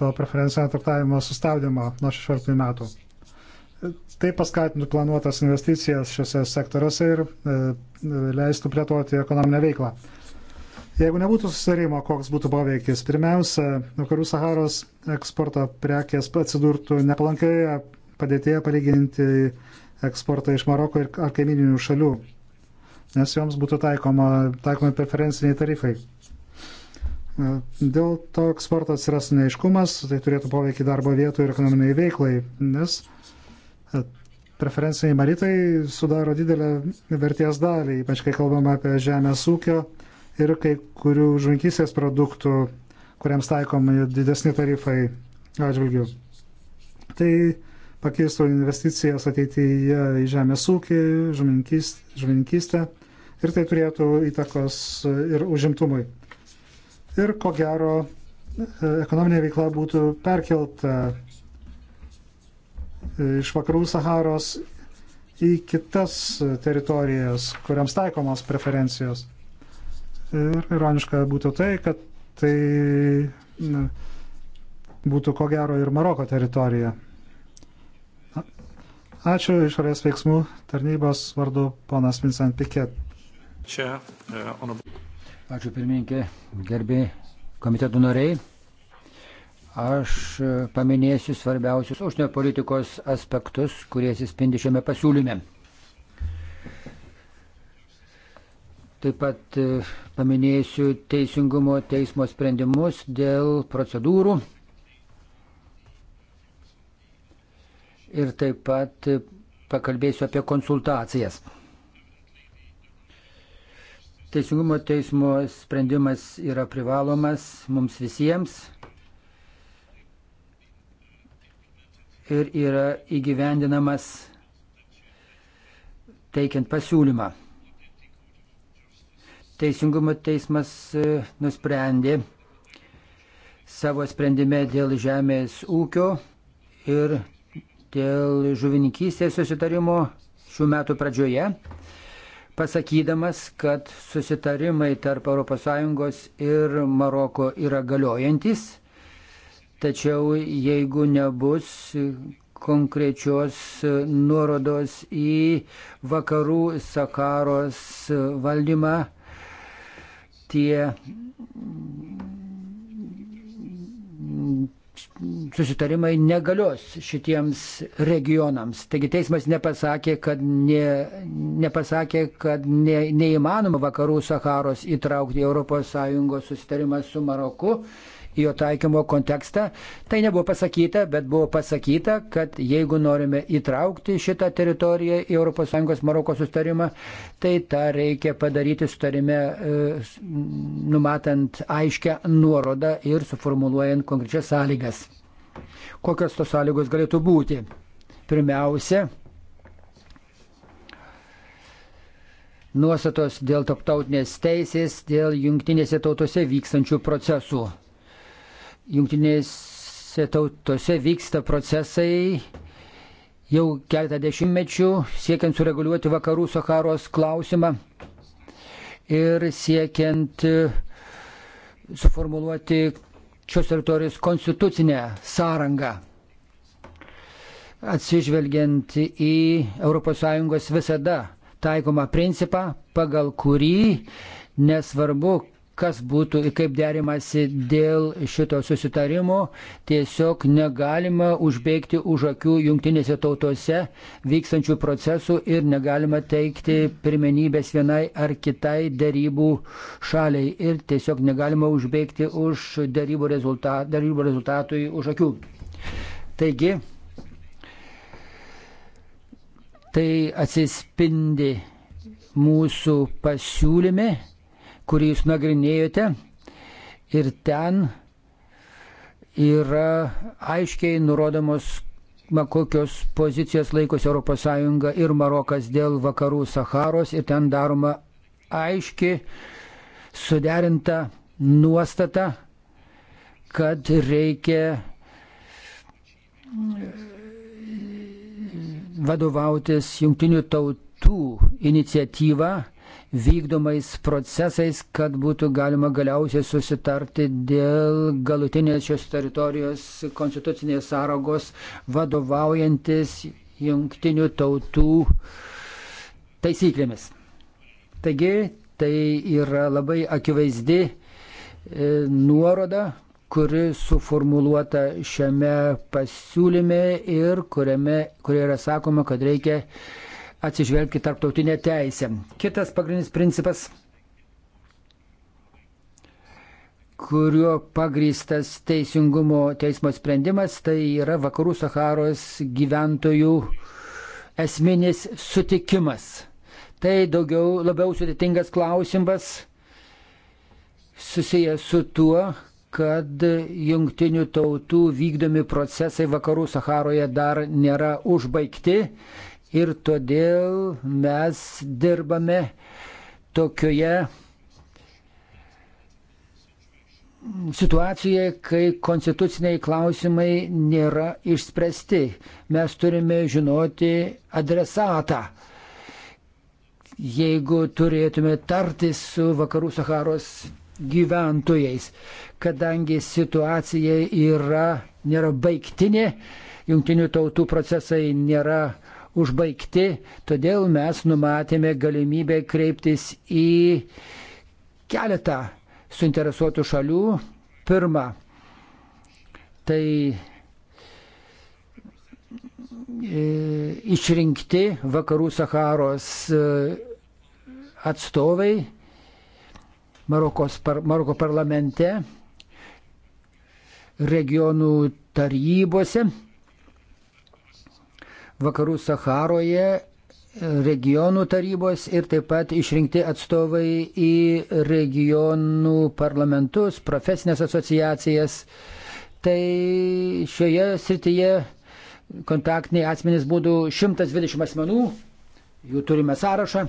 to preferencinio traktavimo sustabdymo nuo 16 metų. Tai paskatintų planuotas investicijas šiuose sektoriuose ir e, leistų plėtoti ekonominę veiklą. Jeigu nebūtų susitarimo, koks būtų poveikis? Pirmiausia, vakarų Saharos eksporto prekės atsidurtų nepalankioje padėtėje palyginti eksportą iš Maroko ir ar kaimininių šalių nes joms būtų taikoma, taikomi preferenciniai tarifai. E, dėl to eksporto atsiras neiškumas, tai turėtų poveikį darbo vietų ir ekonominiai veiklai, nes e, preferenciniai maritai sudaro didelę vertės dalį, ypač kai kalbama apie žemės ūkio ir kai kurių žvankysės produktų, kuriems taikomi didesni tarifai atžvilgių. Tai pakeistų investicijas ateityje į žemės ūkį, žuvininkystę ir tai turėtų įtakos ir užimtumui. Ir ko gero, e, ekonominė veikla būtų perkelta e, iš vakarų Saharos į kitas teritorijas, kuriams taikomos preferencijos. Ir ironiška būtų tai, kad tai na, būtų ko gero ir Maroko teritorija. Ačiū išorės veiksmų tarnybos vardu ponas Vincent Piket. Čia, e, ono. Ačiū pirmininkė, gerbi komiteto nariai. Aš e, paminėsiu svarbiausius užsienio politikos aspektus, kurie atsispindi šiame pasiūlyme. Taip pat e, paminėsiu teisingumo teismo sprendimus dėl procedūrų. Ir taip pat pakalbėsiu apie konsultacijas. Teisingumo teismo sprendimas yra privalomas mums visiems ir yra įgyvendinamas teikiant pasiūlymą. Teisingumo teismas e, nusprendė savo sprendime dėl žemės ūkio ir dėl žuvininkystės susitarimo šių metų pradžioje pasakydamas, kad susitarimai tarp ES ir Maroko yra galiojantis, tačiau jeigu nebus konkrečios nuorodos į vakarų Sakaros valdymą, tie susitarimai negalios šitiems regionams. Taigi teismas nepasakė, kad, ne, nepasakė, kad ne, neįmanoma vakarų Saharos įtraukti į ES susitarimą su Maroku jo taikymo kontekstą. Tai nebuvo pasakyta, bet buvo pasakyta, kad jeigu norime įtraukti šitą teritoriją į ES Maroko sustarimą, tai tą reikia padaryti sustarime, e, numatant aiškę nuorodą ir suformuluojant konkrečias sąlygas. Kokios tos sąlygos galėtų būti? Pirmiausia, nuostatos dėl taptautinės teisės, dėl jungtinėse tautose vykstančių procesų. Jungtinėse tautose vyksta procesai jau keletą dešimtmečių siekiant sureguliuoti vakarų Saharos klausimą ir siekiant e, suformuluoti šios teritorijos konstitucinę sąrangą. Atsižvelgiant į ES visada taikomą principą, pagal kurį nesvarbu, kas būtų ir kaip derimasi dėl šito susitarimo, tiesiog negalima užbėgti už akių jungtinėse tautose vykstančių procesų ir negalima teikti pirmenybės vienai ar kitai darybų šaliai ir tiesiog negalima užbėgti už darybų, rezultat, darybų rezultatui už akių. Taigi, tai atsispindi mūsų pasiūlyme kurį jūs nagrinėjote. Ir ten yra aiškiai nurodomos, kokios pozicijos laikosi ES ir Marokas dėl vakarų Saharos. Ir ten daroma aiški, suderinta nuostata, kad reikia vadovautis jungtinių tautų iniciatyva vykdomais procesais, kad būtų galima galiausiai susitarti dėl galutinės šios teritorijos konstitucinės sąragos vadovaujantis jungtinių tautų taisyklėmis. Taigi tai yra labai akivaizdi e, nuoroda, kuri suformuoluota šiame pasiūlyme ir kuriame, kurie yra sakoma, kad reikia atsižvelgti tarptautinę teisę. Kitas pagrindinis principas, kuriuo pagrystas teisingumo teismo sprendimas, tai yra vakarų Saharos gyventojų esminis sutikimas. Tai daugiau labiau sudėtingas klausimas susijęs su tuo, kad jungtinių tautų vykdomi procesai vakarų Saharoje dar nėra užbaigti ir todėl mes dirbame tokioje situacijoje, kai konstituciniai klausimai nėra išspręsti. Mes turime žinoti adresatą. Jeigu turėtume tartis su vakarų Saharos gyventojais, kadangi situacija yra, nėra baigtinė, jungtinių tautų procesai nėra užbaigti, todėl mes numatėme galimybę kreiptis į keletą suinteresuotų šalių. Pirma, tai e, išrinkti vakarų Saharos e, atstovai Marokos, par, Maroko parlamente, regionų tarybose vakarų Saharoje regionų tarybos ir taip pat išrinkti atstovai į regionų parlamentus, profesinės asociacijas. Tai šioje srityje kontaktiniai asmenys būtų 120 asmenų, jų turime sąrašą.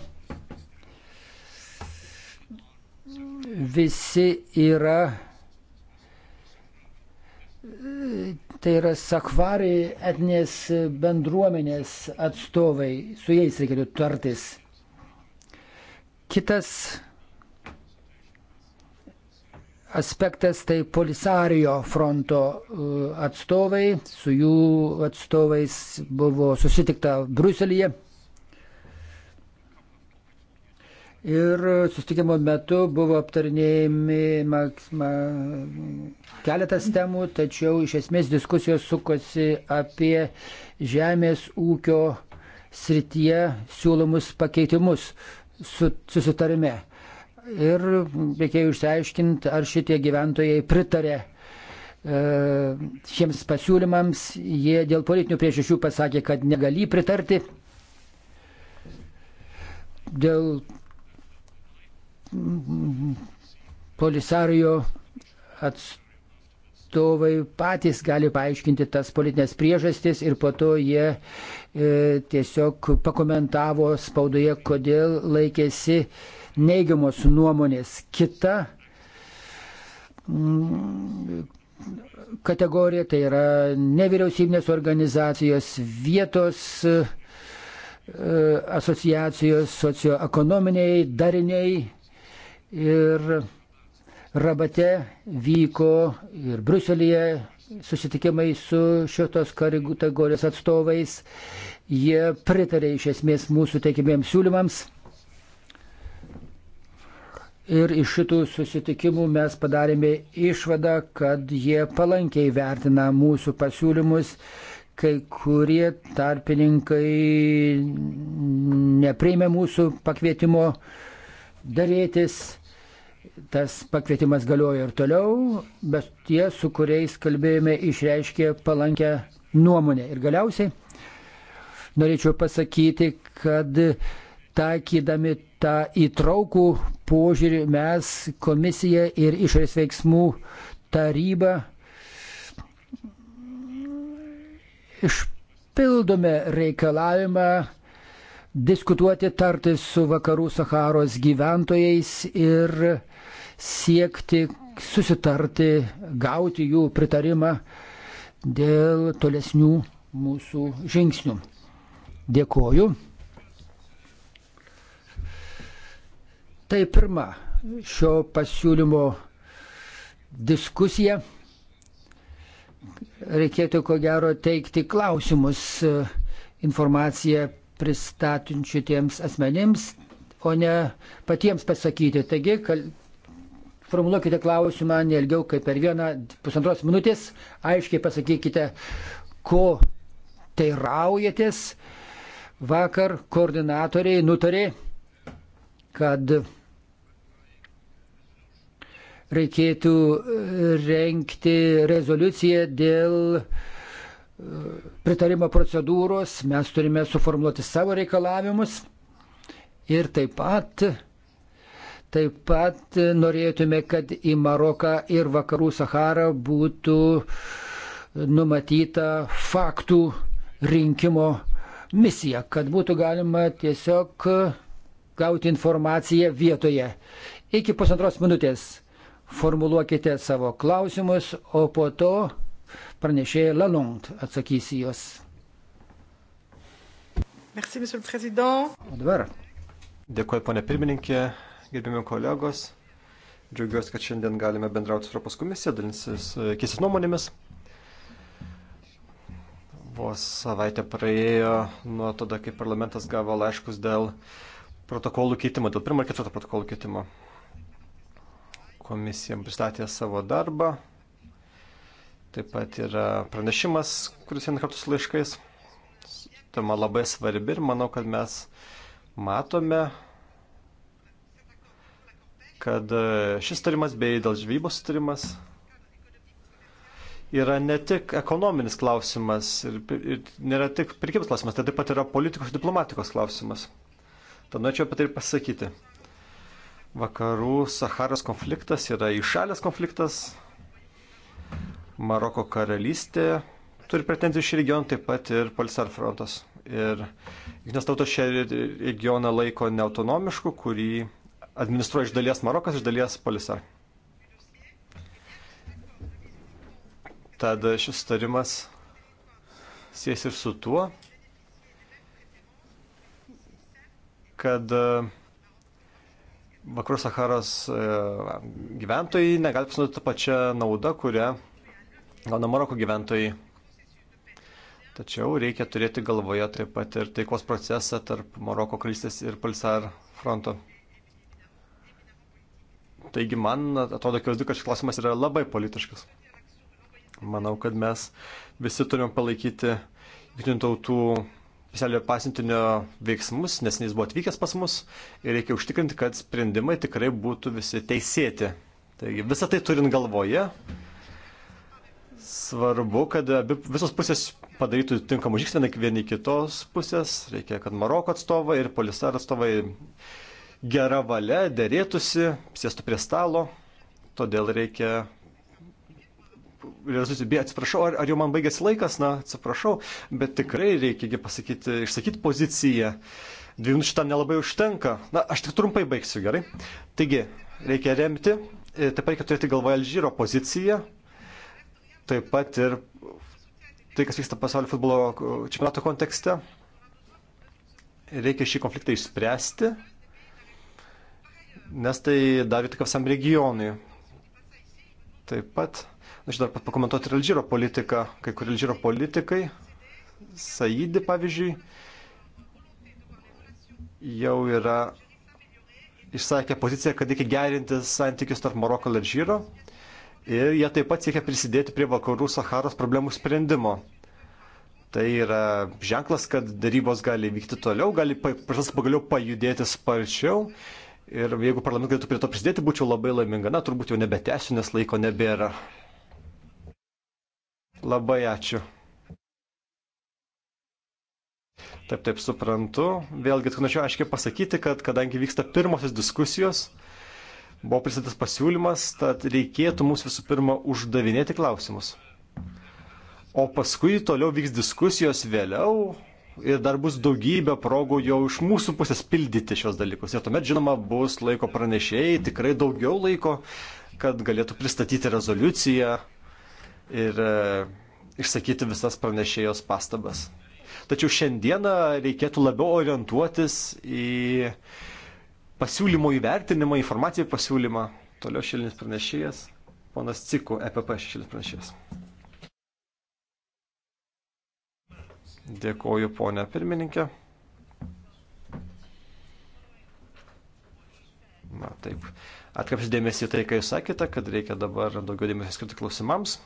Visi yra tai yra sakvari etinės bendruomenės atstovai, su jais reikėtų tartis. Kitas aspektas tai Polisario fronto uh, atstovai, su jų atstovais buvo susitikta Bruselėje. Ir sustikimo metu buvo aptarinėjami maksma, keletas temų, tačiau iš esmės diskusijos sukosi apie žemės ūkio srityje siūlomus pakeitimus su, susitarime. Ir reikėjo išsiaiškinti, ar šitie gyventojai pritarė e, šiems pasiūlymams. Jie dėl politinių priežasčių pasakė, kad negali pritarti. Dėl Polisario atstovai patys gali paaiškinti tas politinės priežastis ir po to jie e, tiesiog pakomentavo spaudoje, kodėl laikėsi neigiamos nuomonės. Kita mm, kategorija, tai yra nevyriausybinės organizacijos, vietos e, asociacijos, socioekonominiai dariniai Ir Rabate vyko ir Bruselėje susitikimai su šitos kategorijos atstovais. Jie pritarė iš esmės mūsų teikimiems siūlymams. Ir iš šitų susitikimų mes padarėme išvadą, kad jie palankiai vertina mūsų pasiūlymus, kai kurie tarpininkai nepriėmė mūsų pakvietimo darytis tas pakvietimas galioja ir toliau, bet tie, su kuriais kalbėjome, išreiškė palankę nuomonę. Ir galiausiai norėčiau pasakyti, kad taikydami tą įtraukų požiūrį mes komisija ir išorės veiksmų taryba išpildome reikalavimą diskutuoti tartis su vakarų Saharos gyventojais ir siekti susitarti, gauti jų pritarimą dėl tolesnių mūsų žingsnių. Dėkoju. Tai pirma šio pasiūlymo diskusija. Reikėtų ko gero teikti klausimus informaciją pristatinčiutiems asmenims, o ne patiems pasakyti. Taigi, formuluokite klausimą neilgiau kaip per vieną pusantros minutės, aiškiai pasakykite, ko teiraujatės. Vakar koordinatoriai nutarė, kad reikėtų renkti rezoliuciją dėl e, pritarimo procedūros, mes turime suformuoluoti savo reikalavimus ir taip pat Taip pat norėtume, kad į Maroką ir Vakarų Saharą būtų numatyta faktų rinkimo misija, kad būtų galima tiesiog gauti informaciją vietoje. Iki pusantros minutės formuluokite savo klausimus, o po to pranešėjai Lalongt atsakys į juos. Merci, O dabar. Dėkuoju, ponė pirmininkė gerbiami kolegos. Džiaugiuosi, kad šiandien galime bendrauti su Europos komisija, dalinsis e, keisis nuomonėmis. Vos savaitę praėjo nuo tada, kai parlamentas gavo laiškus dėl protokolų keitimo, dėl pirmo ir ketvirto protokolų keitimo. Komisija pristatė savo darbą. Taip pat yra pranešimas, kuris vieną kartą su laiškais. Tema labai svarbi ir manau, kad mes matome, kad e, šis tarimas bei dėl žvybos tarimas yra ne tik ekonominis klausimas ir, ir nėra tik pirkimas klausimas, tai taip pat yra politikos ir diplomatikos klausimas. Tad norėčiau apie tai ir pasakyti. Vakarų Saharos konfliktas yra išalės konfliktas. Maroko karalystė turi pretenzijų šį regioną, taip pat ir Polisar frontas. Ir jungtinės tautos šią regioną laiko neautonomišku, kurį administruoja iš dalies Marokas, iš dalies Polisar. Tad šis sutarimas sės ir su tuo, kad e, Vakarų Saharos e, gyventojai negali pasinaudoti tą pačią naudą, kurią gauna Maroko gyventojai. Tačiau reikia turėti galvoje taip pat ir taikos procesą tarp Maroko kristės ir Palsar fronto. Taigi man atrodo, akivaizdu, kad šis klausimas yra labai politiškas. Manau, kad mes visi turime palaikyti jungtinių tautų specialiojo pasintinio veiksmus, nes jis buvo atvykęs pas mus ir reikia užtikrinti, kad sprendimai tikrai būtų visi teisėti. Taigi visą tai turint galvoje, svarbu, kad abi, visos pusės padarytų tinkamų žingsnių vieni kitos pusės. Reikia, kad Maroko atstovai ir Polisar atstovai gera valia dėrėtųsi, sėstų prie stalo, todėl reikia. Rezultatai, atsiprašau, ar, ar jau man baigėsi laikas, na, atsiprašau, bet tikrai reikia pasakyti, išsakyti poziciją. Dvi minučių tam nelabai užtenka. Na, aš tik trumpai baigsiu, gerai. Taigi, reikia remti, e, taip pat reikia turėti galvoje Alžyro poziciją, taip pat ir tai, kas vyksta pasaulio futbolo čempionato kontekste. Reikia šį konfliktą išspręsti nes tai davė tik visam regionui. Taip pat, aš dar pat pakomentuoti ir Alžyro politiką, kai kurie Alžyro politikai, Saidi pavyzdžiui, jau yra išsakė poziciją, kad reikia gerinti santykius tarp Maroko ir Alžyro. Ir jie taip pat siekia prisidėti prie vakarų Saharos problemų sprendimo. Tai yra ženklas, kad darybos gali vykti toliau, gali procesas pagaliau pajudėti sparčiau Ir jeigu parlamentas galėtų prie to prisidėti, būčiau labai laiminga. Na, turbūt jau nebetęsiu, nes laiko nebėra. Labai ačiū. Taip, taip, suprantu. Vėlgi, norėčiau aiškiai pasakyti, kad kadangi vyksta pirmosios diskusijos, buvo pristatytas pasiūlymas, tad reikėtų mums visų pirma uždavinėti klausimus. O paskui toliau vyks diskusijos vėliau, ir dar bus daugybė progų jau iš mūsų pusės pildyti šios dalykus. Ir tuomet, žinoma, bus laiko pranešėjai, tikrai daugiau laiko, kad galėtų pristatyti rezoliuciją ir e, išsakyti visas pranešėjos pastabas. Tačiau šiandieną reikėtų labiau orientuotis į pasiūlymo įvertinimą, informacijų pasiūlymą. Toliau šilinis pranešėjas, ponas Ciku, EPP šilinis pranešėjas. Dėkoju, ponia pirmininkė. Na taip. Atkreipsiu dėmesį tai, ką jūs sakėte, kad reikia dabar daugiau dėmesio skirti klausimams.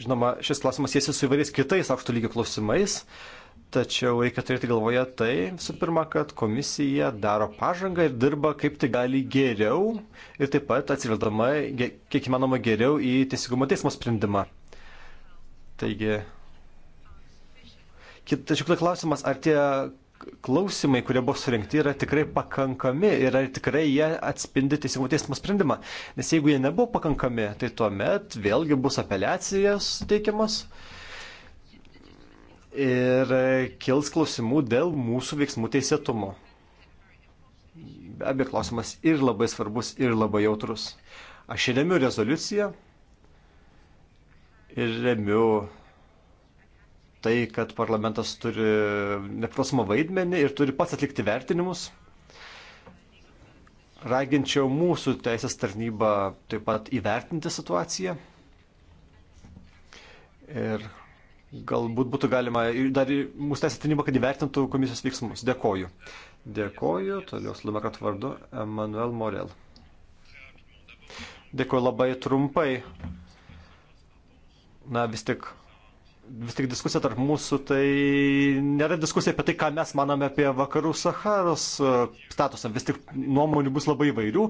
Žinoma, šis klausimas jėsi su įvairiais kitais aukšto lygio klausimais, Tačiau reikia turėti galvoje tai, visų pirma, kad komisija daro pažangą ir dirba kaip tai gali geriau ir taip pat atsivildama, kiek įmanoma, geriau į teisingumo teismo sprendimą. Taigi, tačiau tai klausimas, ar tie klausimai, kurie buvo surinkti, yra tikrai pakankami ir ar tikrai jie atspindi teisingumo teismo sprendimą. Nes jeigu jie nebuvo pakankami, tai tuomet vėlgi bus apeliacijas teikiamas. Uh, ir kils klausimų dėl mūsų veiksmų teisėtumo. Be abejo, klausimas ir labai svarbus, ir labai jautrus. Aš remiu rezoliuciją ir remiu tai, kad parlamentas turi neprasmo vaidmenį ir turi pats atlikti vertinimus. Raginčiau mūsų teisės tarnybą taip pat įvertinti situaciją ir galbūt būtų galima dar mūsų teisės tarnybą, kad įvertintų komisijos veiksmus. Dėkoju. Dėkoju, toliau Slumekat vardu, Emanuel Morel. Dėkoju labai trumpai. Na, vis tik vis tik diskusija tarp mūsų tai nėra diskusija apie tai, ką mes manome apie vakarų Saharos e, statusą. Vis tik nuomonių bus labai įvairių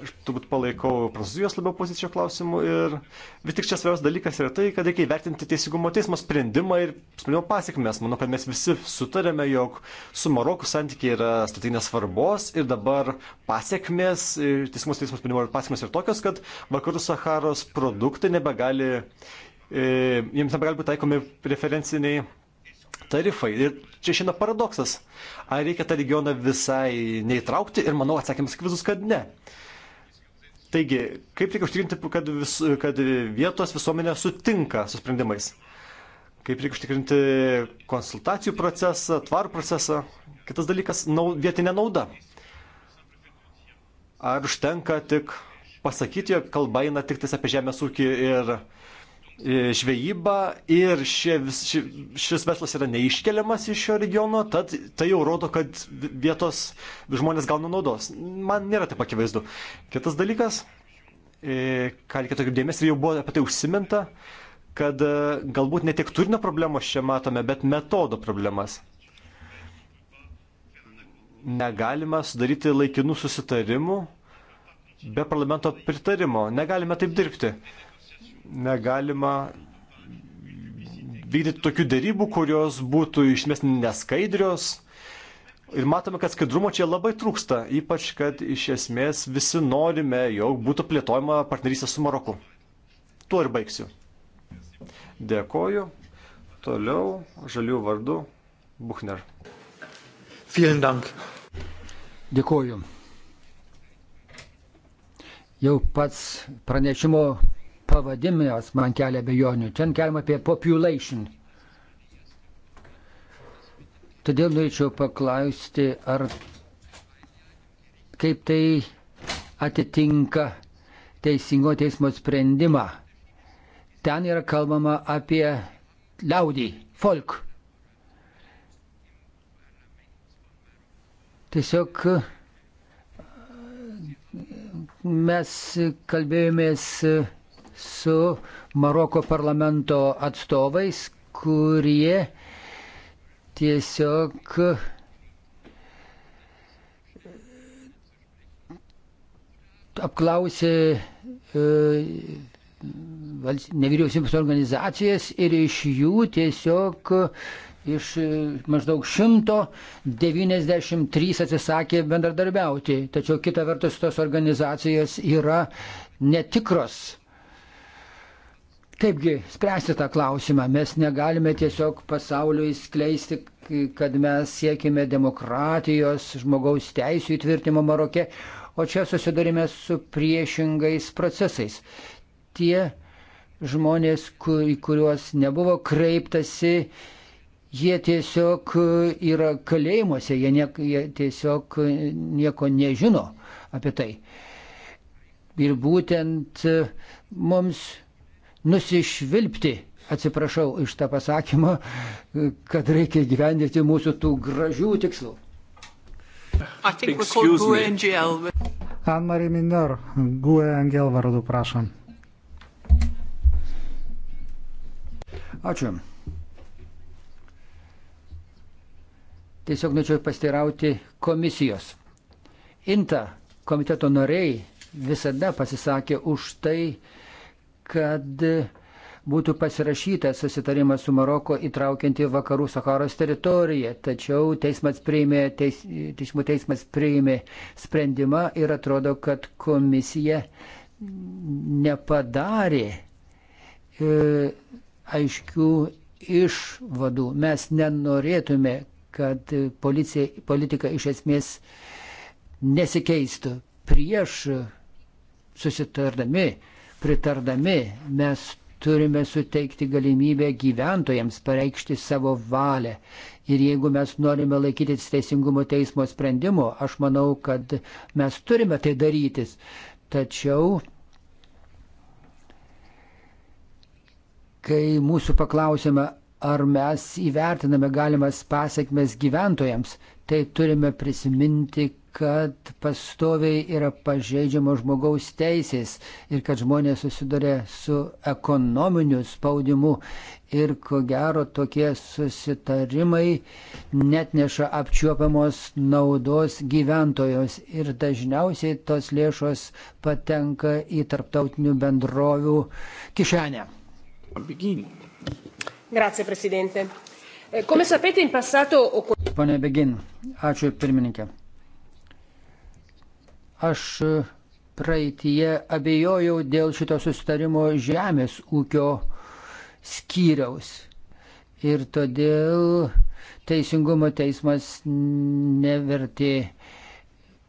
aš turbūt palaikau Prancūzijos labiau poziciją klausimu ir vis tik čia svarbiausias dalykas yra tai, kad reikia įvertinti teisingumo teismo sprendimą ir sprendimo pasiekmes. Manau, kad mes visi sutarėme, jog su Maroku santykiai yra statinės svarbos ir dabar pasiekmes, e, teisingumo teismo sprendimo pasiekmes yra tokios, kad vakarų Saharos produktai nebegali, e, jiems nebegali būti taikomi preferenciniai tarifai. Ir čia šiandien paradoksas. Ar reikia tą regioną visai neįtraukti? Ir manau atsakymas akivaizdus, kad ne. Taigi, kaip reikia užtikrinti, kad, vis, kad vietos visuomenė sutinka su sprendimais? Kaip reikia užtikrinti konsultacijų procesą, tvarų procesą? Kitas dalykas nau, - vietinė nauda. Ar užtenka tik pasakyti, jog kalba eina tik tais apie žemės ūkį ir E, žvejyba ir šie, ši, šis verslas yra neiškeliamas iš šio regiono, tad tai jau rodo, kad vietos žmonės gauna naudos. Man nėra taip akivaizdu. Kitas dalykas, e, ką reikėtų kaip dėmesį, jau buvo apie tai užsiminta, kad e, galbūt ne tiek turinio problemos čia matome, bet metodo problemas. Negalima sudaryti laikinų susitarimų be parlamento pritarimo. Negalime taip dirbti negalima vykdyti tokių dėrybų, kurios būtų išmės neskaidrios. Ir matome, kad skaidrumo čia labai trūksta, ypač kad iš esmės visi norime, jog būtų plėtojama partnerystė su Maroku. Tuo ir baigsiu. Dėkoju. Toliau žalių vardu Buchner. Vielen Dank. Dėkoju. Jau pats pranešimo pavadimimas man kelia bejonių. Ten keliama apie population. Todėl norėčiau paklausti, ar kaip tai atitinka teisingo teismo sprendimą. Ten yra kalbama apie liaudį, folk. Tiesiog e, mes kalbėjomės e, su Maroko parlamento atstovais, kurie tiesiog e, apklausė e, nevyriausybės organizacijas ir iš jų tiesiog e, iš maždaug 193 atsisakė bendradarbiauti. Tačiau kita vertus tos organizacijos yra netikros. Kaipgi spręsti tą klausimą? Mes negalime tiesiog pasauliui skleisti, kad mes siekime demokratijos, žmogaus teisų įtvirtinimo Marokė, o čia susidurime su priešingais procesais. Tie žmonės, kur, į kuriuos nebuvo kreiptasi, jie tiesiog yra kalėjimuose, jie, niek, jie tiesiog nieko nežino apie tai. Ir būtent mums nusišvilpti, atsiprašau iš tą pasakymą, kad reikia gyvendyti mūsų tų gražių tikslų. Anne-Marie Minor, GUE Angel vardu, prašom. Ačiū. Tiesiog norėčiau pasteirauti komisijos. Inta komiteto nariai visada pasisakė už tai, kad būtų pasirašytas susitarimas su Maroko įtraukianti vakarų Saharos teritoriją. Tačiau teismas priėmė, teis, teismų teismas priėmė sprendimą ir atrodo, kad komisija nepadarė e, aiškių išvadų. Mes nenorėtume, kad policija, politika iš esmės nesikeistų prieš susitardami pritardami mes turime suteikti galimybę gyventojams pareikšti savo valią. Ir jeigu mes norime laikytis teisingumo teismo sprendimo, aš manau, kad mes turime tai darytis. Tačiau, kai mūsų paklausima, ar mes įvertiname galimas pasiekmes gyventojams, tai turime prisiminti, kad pastoviai yra pažeidžiamos žmogaus teisės ir kad žmonės susiduria su ekonominiu spaudimu. Ir ko gero tokie susitarimai net neša apčiuopiamos naudos gyventojos ir dažniausiai tos lėšos patenka į tarptautinių bendrovių kišenę. Grazie, Presidente. Eh, come sapete, in passato... Pane Begin, ačiū pirmininkė. Aš praeitie abejojau dėl šito susitarimo žemės ūkio skyriaus. Ir todėl Teisingumo teismas nevertė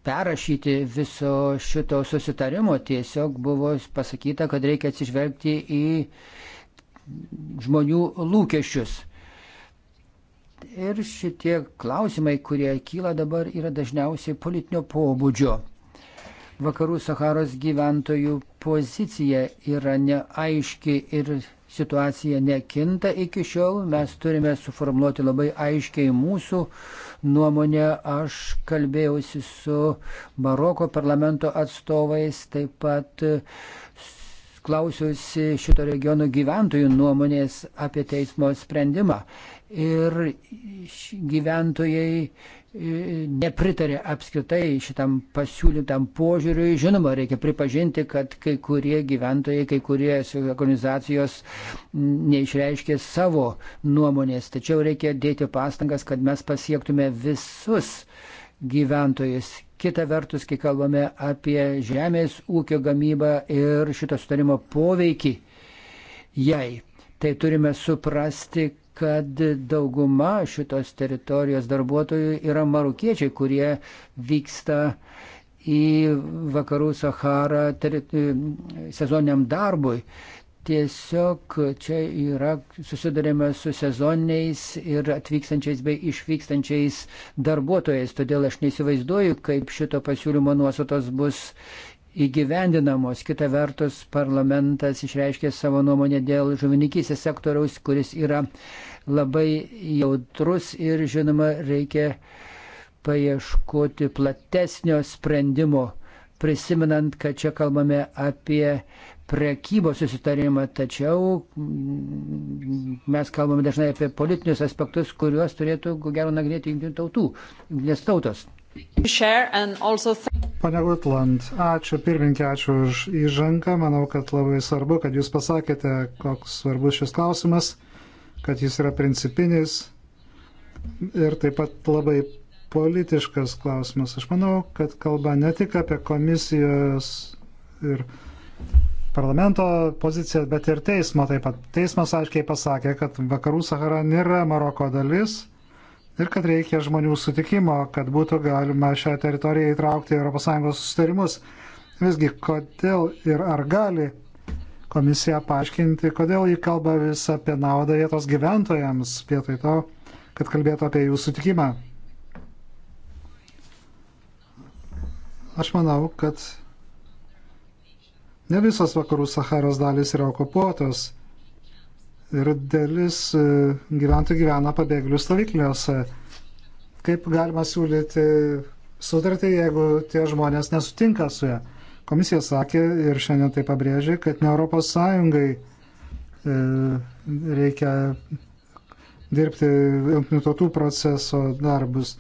perrašyti viso šito susitarimo. Tiesiog buvo pasakyta, kad reikia atsižvelgti į žmonių lūkesčius. Ir šitie klausimai, kurie kyla dabar, yra dažniausiai politinio pobūdžio vakarų Saharos gyventojų pozicija yra neaiški ir situacija nekinta iki šiol. Mes turime suformuoluoti labai aiškiai mūsų nuomonę. Aš kalbėjausi su Maroko parlamento atstovais, taip pat klausiausi šito regiono gyventojų nuomonės apie teismo sprendimą. Ir gyventojai nepritarė apskritai šitam pasiūlytam požiūriui. Žinoma, reikia pripažinti, kad kai kurie gyventojai, kai kurie organizacijos neišreiškė savo nuomonės, tačiau reikia dėti pastangas, kad mes pasiektume visus gyventojus. Kita vertus, kai kalbame apie žemės ūkio gamybą ir šito sutarimo poveikį jai, tai turime suprasti, kad dauguma šitos teritorijos darbuotojų yra marokiečiai, kurie vyksta į vakarų Saharą e, sezoniniam darbui. Tiesiog čia yra susidurėme su sezoniniais ir atvykstančiais bei išvykstančiais darbuotojais, todėl aš neįsivaizduoju, kaip šito pasiūlymo nuostatos bus įgyvendinamos. Kita vertus, parlamentas išreiškė savo nuomonę dėl žuvininkysės sektoriaus, kuris yra labai jautrus ir, žinoma, reikia paieškoti platesnio sprendimo, prisimenant, kad čia kalbame apie prekybos susitarimą, tačiau mm, mes kalbame dažnai apie politinius aspektus, kuriuos turėtų, ko gero, nagrinėti jungtinių tautų, jungtinės tautos. Pane Gutland, ačiū pirmininkė, ačiū už įžangą. Manau, kad labai svarbu, kad jūs pasakėte, koks svarbus šis klausimas, kad jis yra principinis ir taip pat labai politiškas klausimas. Aš manau, kad kalba ne tik apie komisijos ir parlamento poziciją, bet ir teismo taip pat. Teismas aiškiai pasakė, kad vakarų Sahara nėra Maroko dalis ir kad reikia žmonių sutikimo, kad būtų galima šią teritoriją įtraukti į ES sustarimus. Visgi, kodėl ir ar gali komisija paaiškinti, kodėl ji kalba vis apie naudą vietos gyventojams, vietoj to, kad kalbėtų apie jų sutikimą. Aš manau, kad ne visos vakarų Saharos dalis yra okupuotos ir dalis e, gyventojų gyvena pabėgėlių stovyklėse. Kaip galima siūlyti sutartį, jeigu tie žmonės nesutinka su ją? Komisija sakė ir šiandien tai pabrėžė, kad ne Europos Sąjungai e, reikia dirbti jungtinių tautų proceso darbus,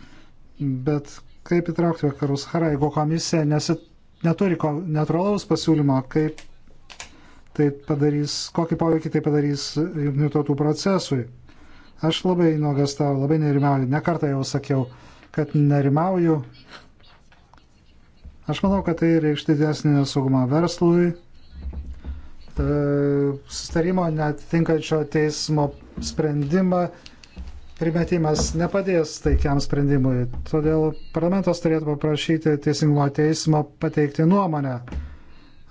bet kaip įtraukti vakarus? Hara, jeigu komisija nesit, neturi neutralaus pasiūlymo, kaip tai padarys, kokį poveikį tai padarys jungtinių tautų procesui. Aš labai nuogastau, labai nerimauju, nekartą jau sakiau, kad nerimauju. Aš manau, kad tai reikš didesnį nesaugumą verslui, e, sustarimo netitinkančio teismo sprendimą primetimas nepadės taikiam sprendimui. Todėl parlamentas turėtų paprašyti Teisingumo teismo pateikti nuomonę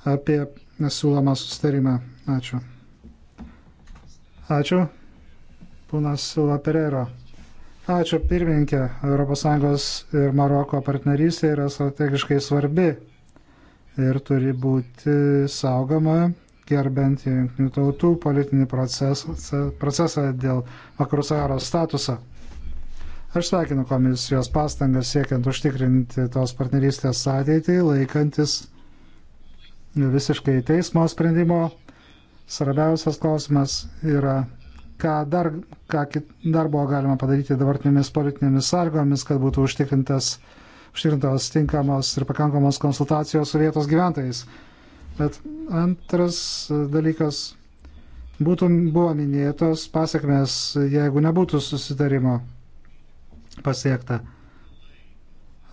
apie siūlomą sustarimą. Ačiū. Ačiū. Ponas Silva Pereiro. Ačiū pirmininkė. ES ir Maroko partnerystė yra strategiškai svarbi ir turi būti saugoma gerbent jungtinių tautų politinį procesą, procesą dėl vakarų Saharos statusą. Aš sveikinu komisijos pastangas siekiant užtikrinti tos partnerystės ateitį, laikantis visiškai teismo sprendimo. Svarbiausias klausimas yra, ką dar, ką kit, dar buvo galima padaryti dabartinėmis politinėmis sąlygomis, kad būtų užtikrintas, užtikrintos tinkamos ir pakankamos konsultacijos su vietos gyventojais. Bet antras dalykas būtų, buvo minėtos pasiekmes, jeigu nebūtų susitarimo pasiekta.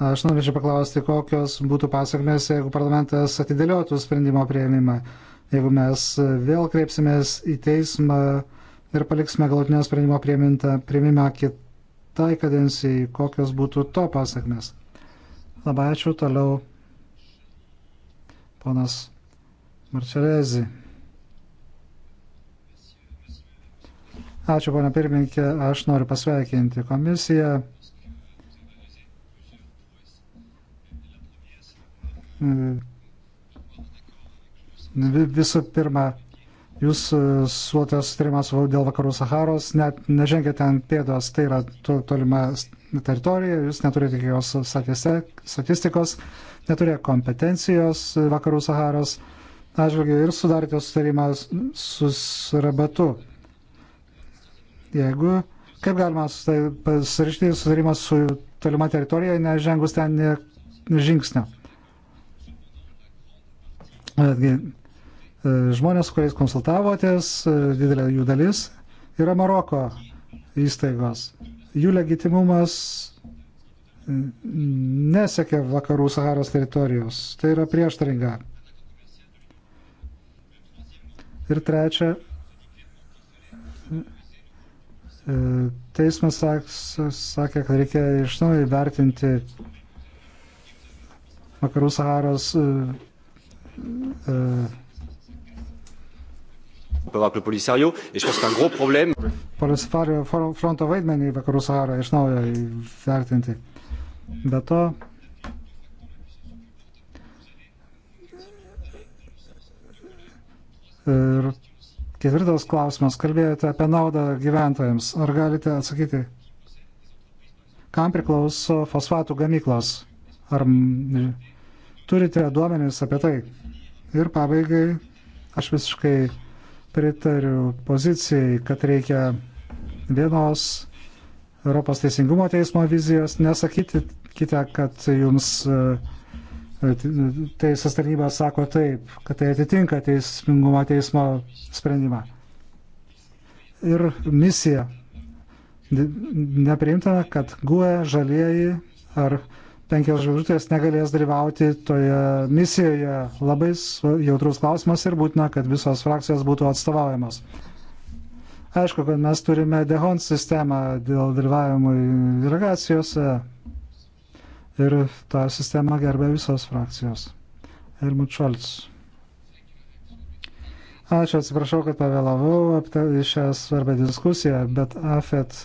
Aš norėčiau paklausti, kokios būtų pasakmės, jeigu parlamentas atidėliotų sprendimo prieimimą, jeigu mes vėl kreipsimės į teismą ir paliksime galutinio sprendimo prieimimą kitai kadencijai, kokios būtų to pasakmės. Labai ačiū, toliau ponas Marčelezi. Ačiū, ponia pirmininkė, aš noriu pasveikinti komisiją Mm. Visų pirma, jūs e, suotė sutarimą su dėl vakarų Saharos, net nežengėte ant pėdos, tai yra to, tolima teritorija, jūs neturite jokios statistikos, neturėjote kompetencijos vakarų Saharos atžvilgių ir sudarėte sutarimą su rabatu. Jeigu, kaip galima tai pasirašyti sutarimą su tolima teritorija, nežengus ten žingsnio. E, žmonės, kuriais konsultavotės, e, didelė jų dalis yra Maroko įstaigos. Jų legitimumas e, nesiekia vakarų Saharos teritorijos. Tai yra prieštaringa. Ir trečia, teismas sakė, kad reikia iš naujo įvertinti vakarų Saharos Polisario fronto vaidmenį vakarų Sahara iš naujo įvertinti. Be to, ir ketvirtas klausimas, kalbėjote apie naudą gyventojams. Ar galite atsakyti, kam priklauso fosfatų gamyklos? Ar turite duomenys apie tai? Ir pabaigai aš visiškai pritariu pozicijai, kad reikia vienos Europos teisingumo teismo vizijos. Nesakyti kitą, kad jums e, teisės tarnyba sako taip, kad tai atitinka teisingumo teismo sprendimą. Ir misija. Nepriimtina, kad GUE, žalieji ar penkios žvaigždutės negalės dalyvauti toje misijoje. Labai jautrus klausimas ir būtina, kad visos frakcijos būtų atstovaujamos. Aišku, kad mes turime dehon sistemą dėl dalyvavimo delegacijose ir tą sistemą gerbė visos frakcijos. Helmut Scholz. Ačiū, atsiprašau, kad pavėlavau apie šią svarbę diskusiją, bet AFET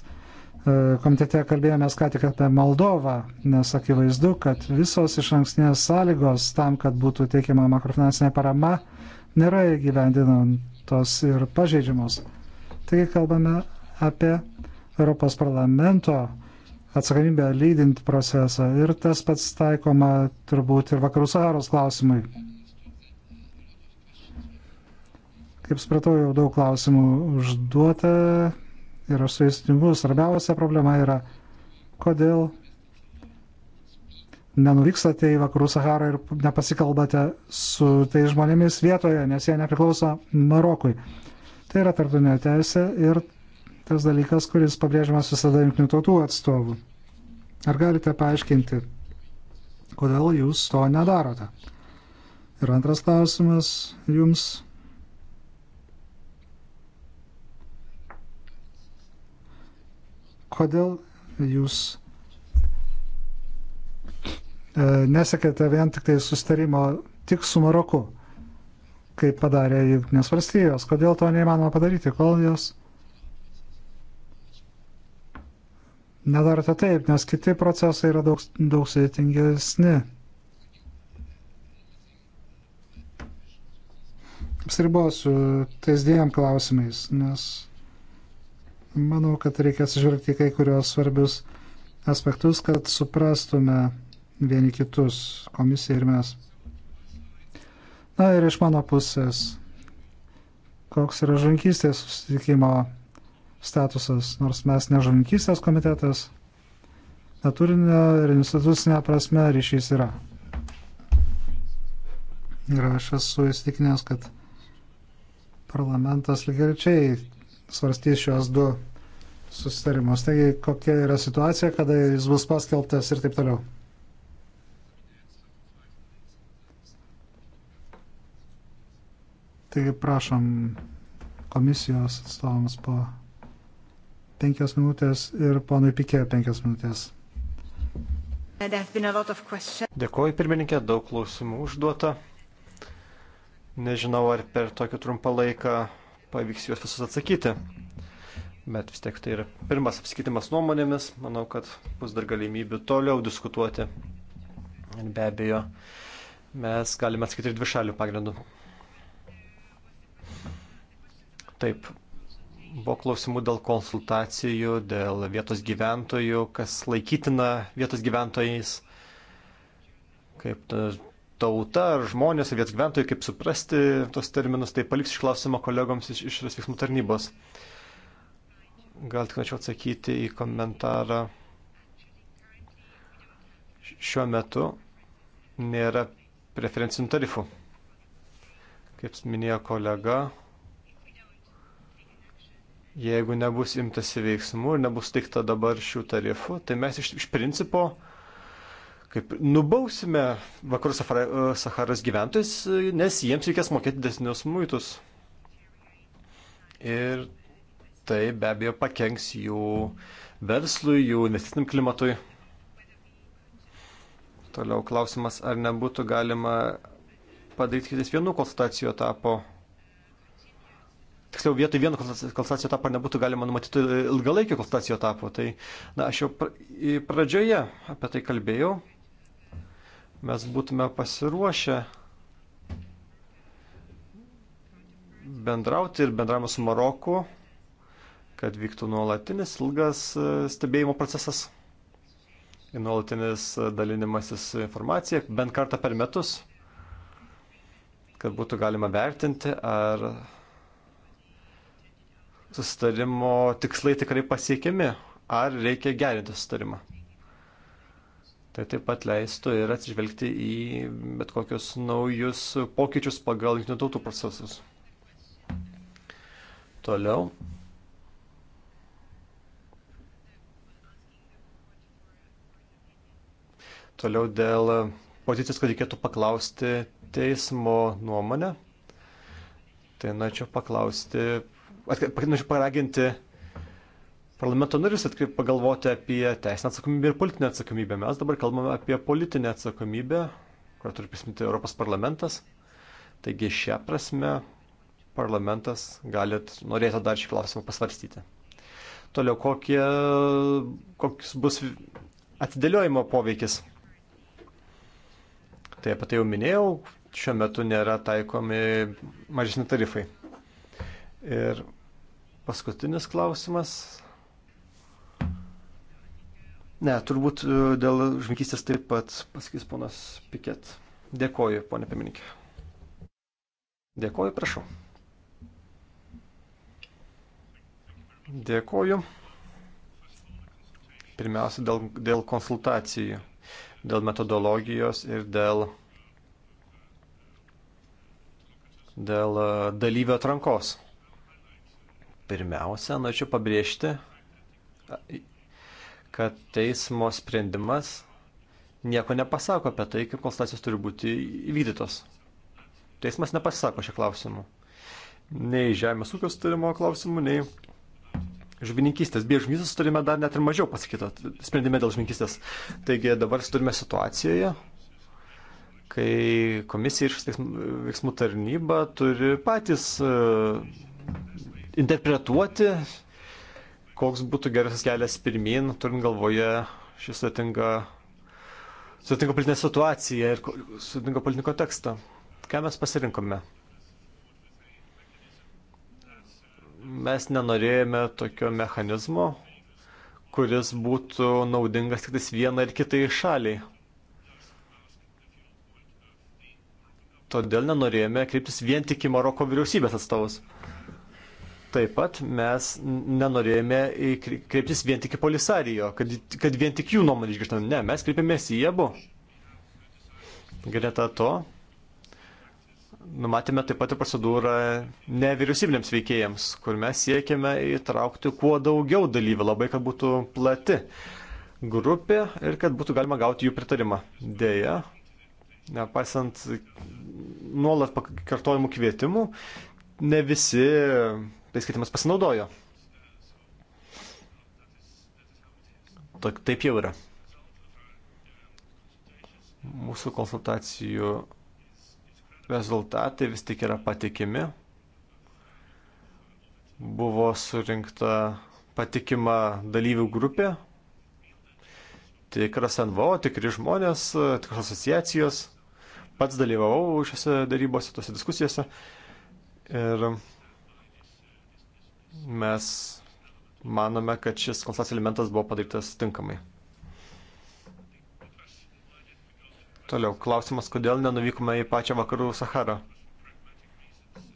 E, komitete kalbėjomės ką tik apie Moldovą, nes akivaizdu, kad visos iš ankstinės sąlygos tam, kad būtų teikiama makrofinansinė parama, nėra įgyvendinantos ir pažeidžiamos. Taigi kalbame apie Europos parlamento atsakomybę lydinti procesą ir tas pats taikoma turbūt ir vakarų Saharos klausimui. Kaip supratau, jau daug klausimų užduota ir aš su jais sutinku, svarbiausia problema yra, kodėl nenuvykstate į vakarų Saharą ir nepasikalbate su tais žmonėmis vietoje, nes jie nepriklauso Marokui. Tai yra tarptautinė teisė ir tas dalykas, kuris pabrėžiamas visada jungtinių tautų atstovų. Ar galite paaiškinti, kodėl jūs to nedarote? Ir antras klausimas jums Kodėl jūs e, nesekėte vien tik tai sustarimo tik su Maroku, kaip padarė Junktinės valstijos? Kodėl to neįmanoma padaryti, kol jos nedarote taip, nes kiti procesai yra daug, daug sudėtingesni? Apsiribosiu tais dviem klausimais, nes Manau, kad reikia atsižvelgti kai kurios svarbius aspektus, kad suprastume vieni kitus, komisija ir mes. Na ir iš mano pusės, koks yra žankystės susitikimo statusas, nors mes ne žankystės komitetas, naturinė ir institucinė prasme ryšys yra. Ir aš esu įsitikinęs, kad parlamentas lygiai svarstys šios du susitarimus. Taigi, kokia yra situacija, kada jis bus paskelbtas ir taip toliau. Taigi, prašom komisijos atstovams po penkias minutės ir ponui Pikė penkias minutės. Dėkuoju, pirmininkė, daug klausimų užduota. Nežinau, ar per tokį trumpą laiką pavyks juos visus atsakyti. Bet vis tiek tai yra pirmas apsikeitimas nuomonėmis. Manau, kad bus dar galimybių toliau diskutuoti. Ir be abejo, mes galime atsakyti ir dvi šalių pagrindų. Taip, buvo klausimų dėl konsultacijų, dėl vietos gyventojų, kas laikytina vietos gyventojais, kaip tauta ar žmonės, vietos gyventojai, kaip suprasti tos terminus, tai paliksiu iš klausimą kolegoms iš išorės veiksmų tarnybos. Gal tik norėčiau atsakyti į komentarą. Šiuo metu nėra preferencinių tarifų. Kaip minėjo kolega, jeigu nebus imtasi veiksmų ir nebus teikta dabar šių tarifų, tai mes iš, iš principo uh, kaip nubausime vakarų e, Saharos gyventojus, nes jiems reikės mokėti desnius muitus. Ir tai be abejo pakenks jų verslui, jų investiciniam klimatui. Toliau klausimas, ar nebūtų galima padaryti kitais vienu konsultacijų etapu. Tiksliau, vietoj vieno konsultacijų etapo nebūtų galima numatyti ilgalaikio konsultacijų etapo. Tai, na, aš jau pradžioje apie tai kalbėjau mes būtume pasiruošę bendrauti ir bendravimas su Maroku, kad vyktų nuolatinis ilgas e, stebėjimo procesas ir nuolatinis dalinimasis informacija bent kartą per metus, kad būtų galima vertinti, ar susitarimo tikslai tikrai pasiekiami, ar reikia gerinti susitarimą. Tai taip pat leistų ir atsižvelgti į bet kokius naujus pokyčius pagal jungtinių tautų procesus. Toliau. Toliau dėl pozicijos, kad reikėtų paklausti teismo nuomonę. Tai norėčiau paklausti, norėčiau paraginti parlamento narius atkreip pagalvoti apie teisinę atsakomybę ir politinę atsakomybę. Mes dabar kalbame apie politinę atsakomybę, kurią turi prisiminti Europos parlamentas. Taigi šią prasme parlamentas galit norėti dar šį klausimą pasvarstyti. Toliau, kokie, koks bus atidėliojimo poveikis. Tai apie tai jau minėjau, šiuo metu nėra taikomi mažesni tarifai. Ir paskutinis klausimas Ne, turbūt e, dėl žmogystės taip pat pasakys ponas Piket. Dėkoju, ponė Pemininkė. Dėkoju, prašau. Dėkoju. Pirmiausia, dėl, dėl konsultacijų, dėl metodologijos ir dėl, dėl e, dalyvio atrankos. Pirmiausia, norėčiau pabrėžti kad teismo sprendimas nieko nepasako apie tai, kaip konsultacijos turi būti įvykdytos. Teismas nepasisako šio klausimu. Nei žemės ūkio sutarimo klausimu, nei žvininkystės. Bei žvininkystės turime dar net ir mažiau pasakyta sprendime dėl žvininkystės. Taigi dabar turime situacijoje, kai komisija ir veiksmų tarnyba turi patys uh, interpretuoti koks būtų geras kelias pirmin, turint galvoje šį sudėtingą, sudėtingą politinę situaciją ir sudėtingą politinį kontekstą. Ką mes pasirinkome? Mes nenorėjome tokio mechanizmo, kuris būtų naudingas tik vienai ir kitai šaliai. Todėl nenorėjome kreiptis vien tik į Maroko vyriausybės atstovus. Taip pat mes nenorėjome kreiptis vien tik į polisarijo, kad, kad vien tik jų nuomonę išgirstume. Ne, mes kreipėmės į abu. Greta to, numatėme taip pat ir procedūrą nevyriausybinėms veikėjams, kur mes siekėme įtraukti kuo daugiau dalyvių, labai kad būtų plati grupė ir kad būtų galima gauti jų pritarimą. Deja, nepaisant nuolat kartojimų kvietimų, ne visi tais skaitimais pasinaudojo. Taip jau yra. Mūsų konsultacijų rezultatai vis tik yra patikimi. Buvo surinkta patikima dalyvių grupė, tikras NVO, tikri žmonės, tikros asociacijos. Pats dalyvavau šiuose darybose, tose diskusijose. Ir mes manome, kad šis klasas elementas buvo padarytas tinkamai. Toliau, klausimas, kodėl nenuvykome į pačią vakarų Saharą.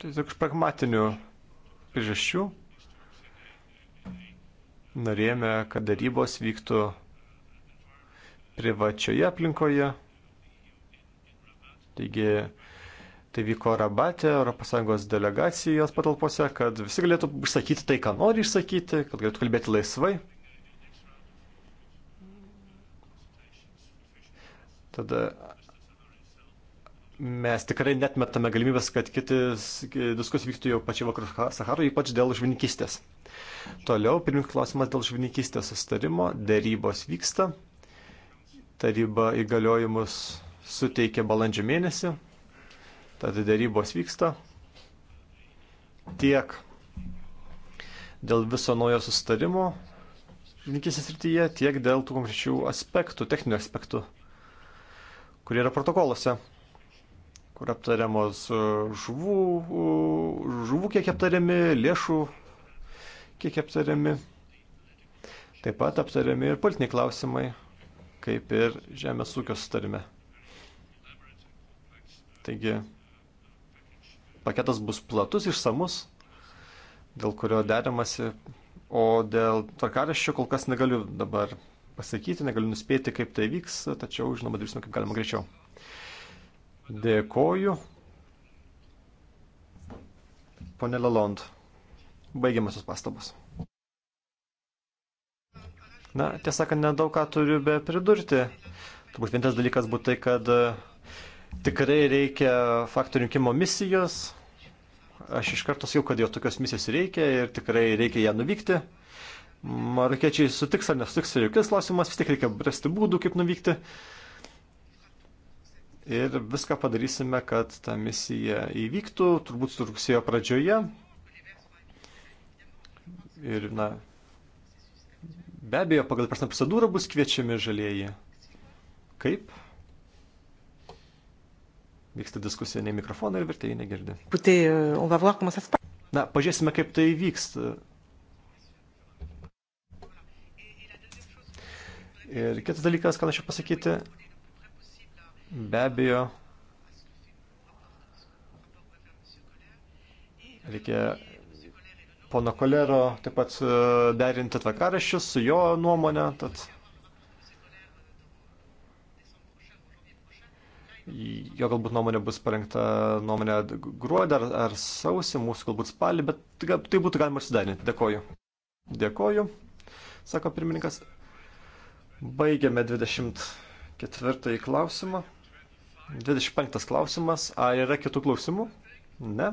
Tai tik iš pragmatinių priežasčių. Norėjome, kad darybos vyktų privačioje aplinkoje. Taigi Tai vyko rabatė ES delegacijos patalpose, kad visi galėtų išsakyti tai, ką nori išsakyti, kad galėtų kalbėti laisvai. Tada mes tikrai netmetame galimybės, kad kitis diskusijos vyktų jau pačiu vakarų Saharo, ypač dėl žvininkistės. Toliau, pirminis klausimas dėl žvininkistės sustarimo. Dėrybos vyksta. Taryba įgaliojimus suteikė balandžio mėnesį. Tad dėrybos vyksta tiek dėl viso naujo sustarimo žininkysės rytyje, tiek dėl tų konkrečių aspektų, techninių aspektų, kurie yra protokoluose, kur aptariamos e, žuvų, žuvų kiek aptariami, lėšų kiek aptariami. Taip pat aptariami ir politiniai klausimai, kaip ir žemės ūkio sustarime. Taigi paketas bus platus, išsamus, dėl kurio deramasi, o dėl tvarkaraščio kol kas negaliu dabar pasakyti, negaliu nuspėti, kaip tai vyks, tačiau, žinoma, darysime kaip galima greičiau. Dėkoju. Pone Lalond, baigiamasios pastabos. Na, tiesą sakant, nedaug ką turiu be pridurti. Turbūt vienintelis dalykas būtų tai, kad Tikrai reikia faktų rinkimo misijos. Aš iš karto sakiau, kad jau tokios misijos reikia ir tikrai reikia ją nuvykti. Marokiečiai sutiks ar nesutiks, tai jokios klausimas, vis tik reikia rasti būdų, kaip nuvykti. Ir viską padarysime, kad ta misija įvyktų, turbūt rugsėjo pradžioje. Ir, na, be abejo, pagal prasme procedūrą bus kviečiami žalieji. Kaip? Vyksta diskusija, nei mikrofonai ir vertėjai negirdi. Na, pažiūrėsime, kaip tai vyksta. Ir kitas dalykas, ką norėčiau pasakyti, be abejo, reikia pono Kolero taip pat e, derinti tvarkaraščius su jo nuomonė, tad jo galbūt nuomonė bus parengta nuomonė gruodį ar, ar sausį, mūsų galbūt spalį, bet tai būtų galima ir sudarinti. Dėkoju. Dėkoju, sako pirmininkas. Baigiame 24 klausimą. 25 klausimas. Ar yra kitų klausimų? Ne.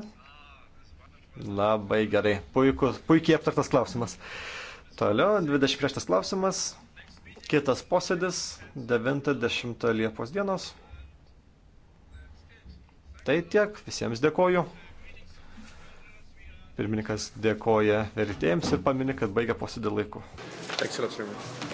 Labai gerai. Puiku, puikiai aptartas klausimas. Toliau, 26 klausimas. Kitas posėdis 90 Liepos dienos. Tai tiek, visiems dėkoju. Pirmininkas dėkoja vertėjams ir pamini, kad baigia posėdį laiku. Excellent.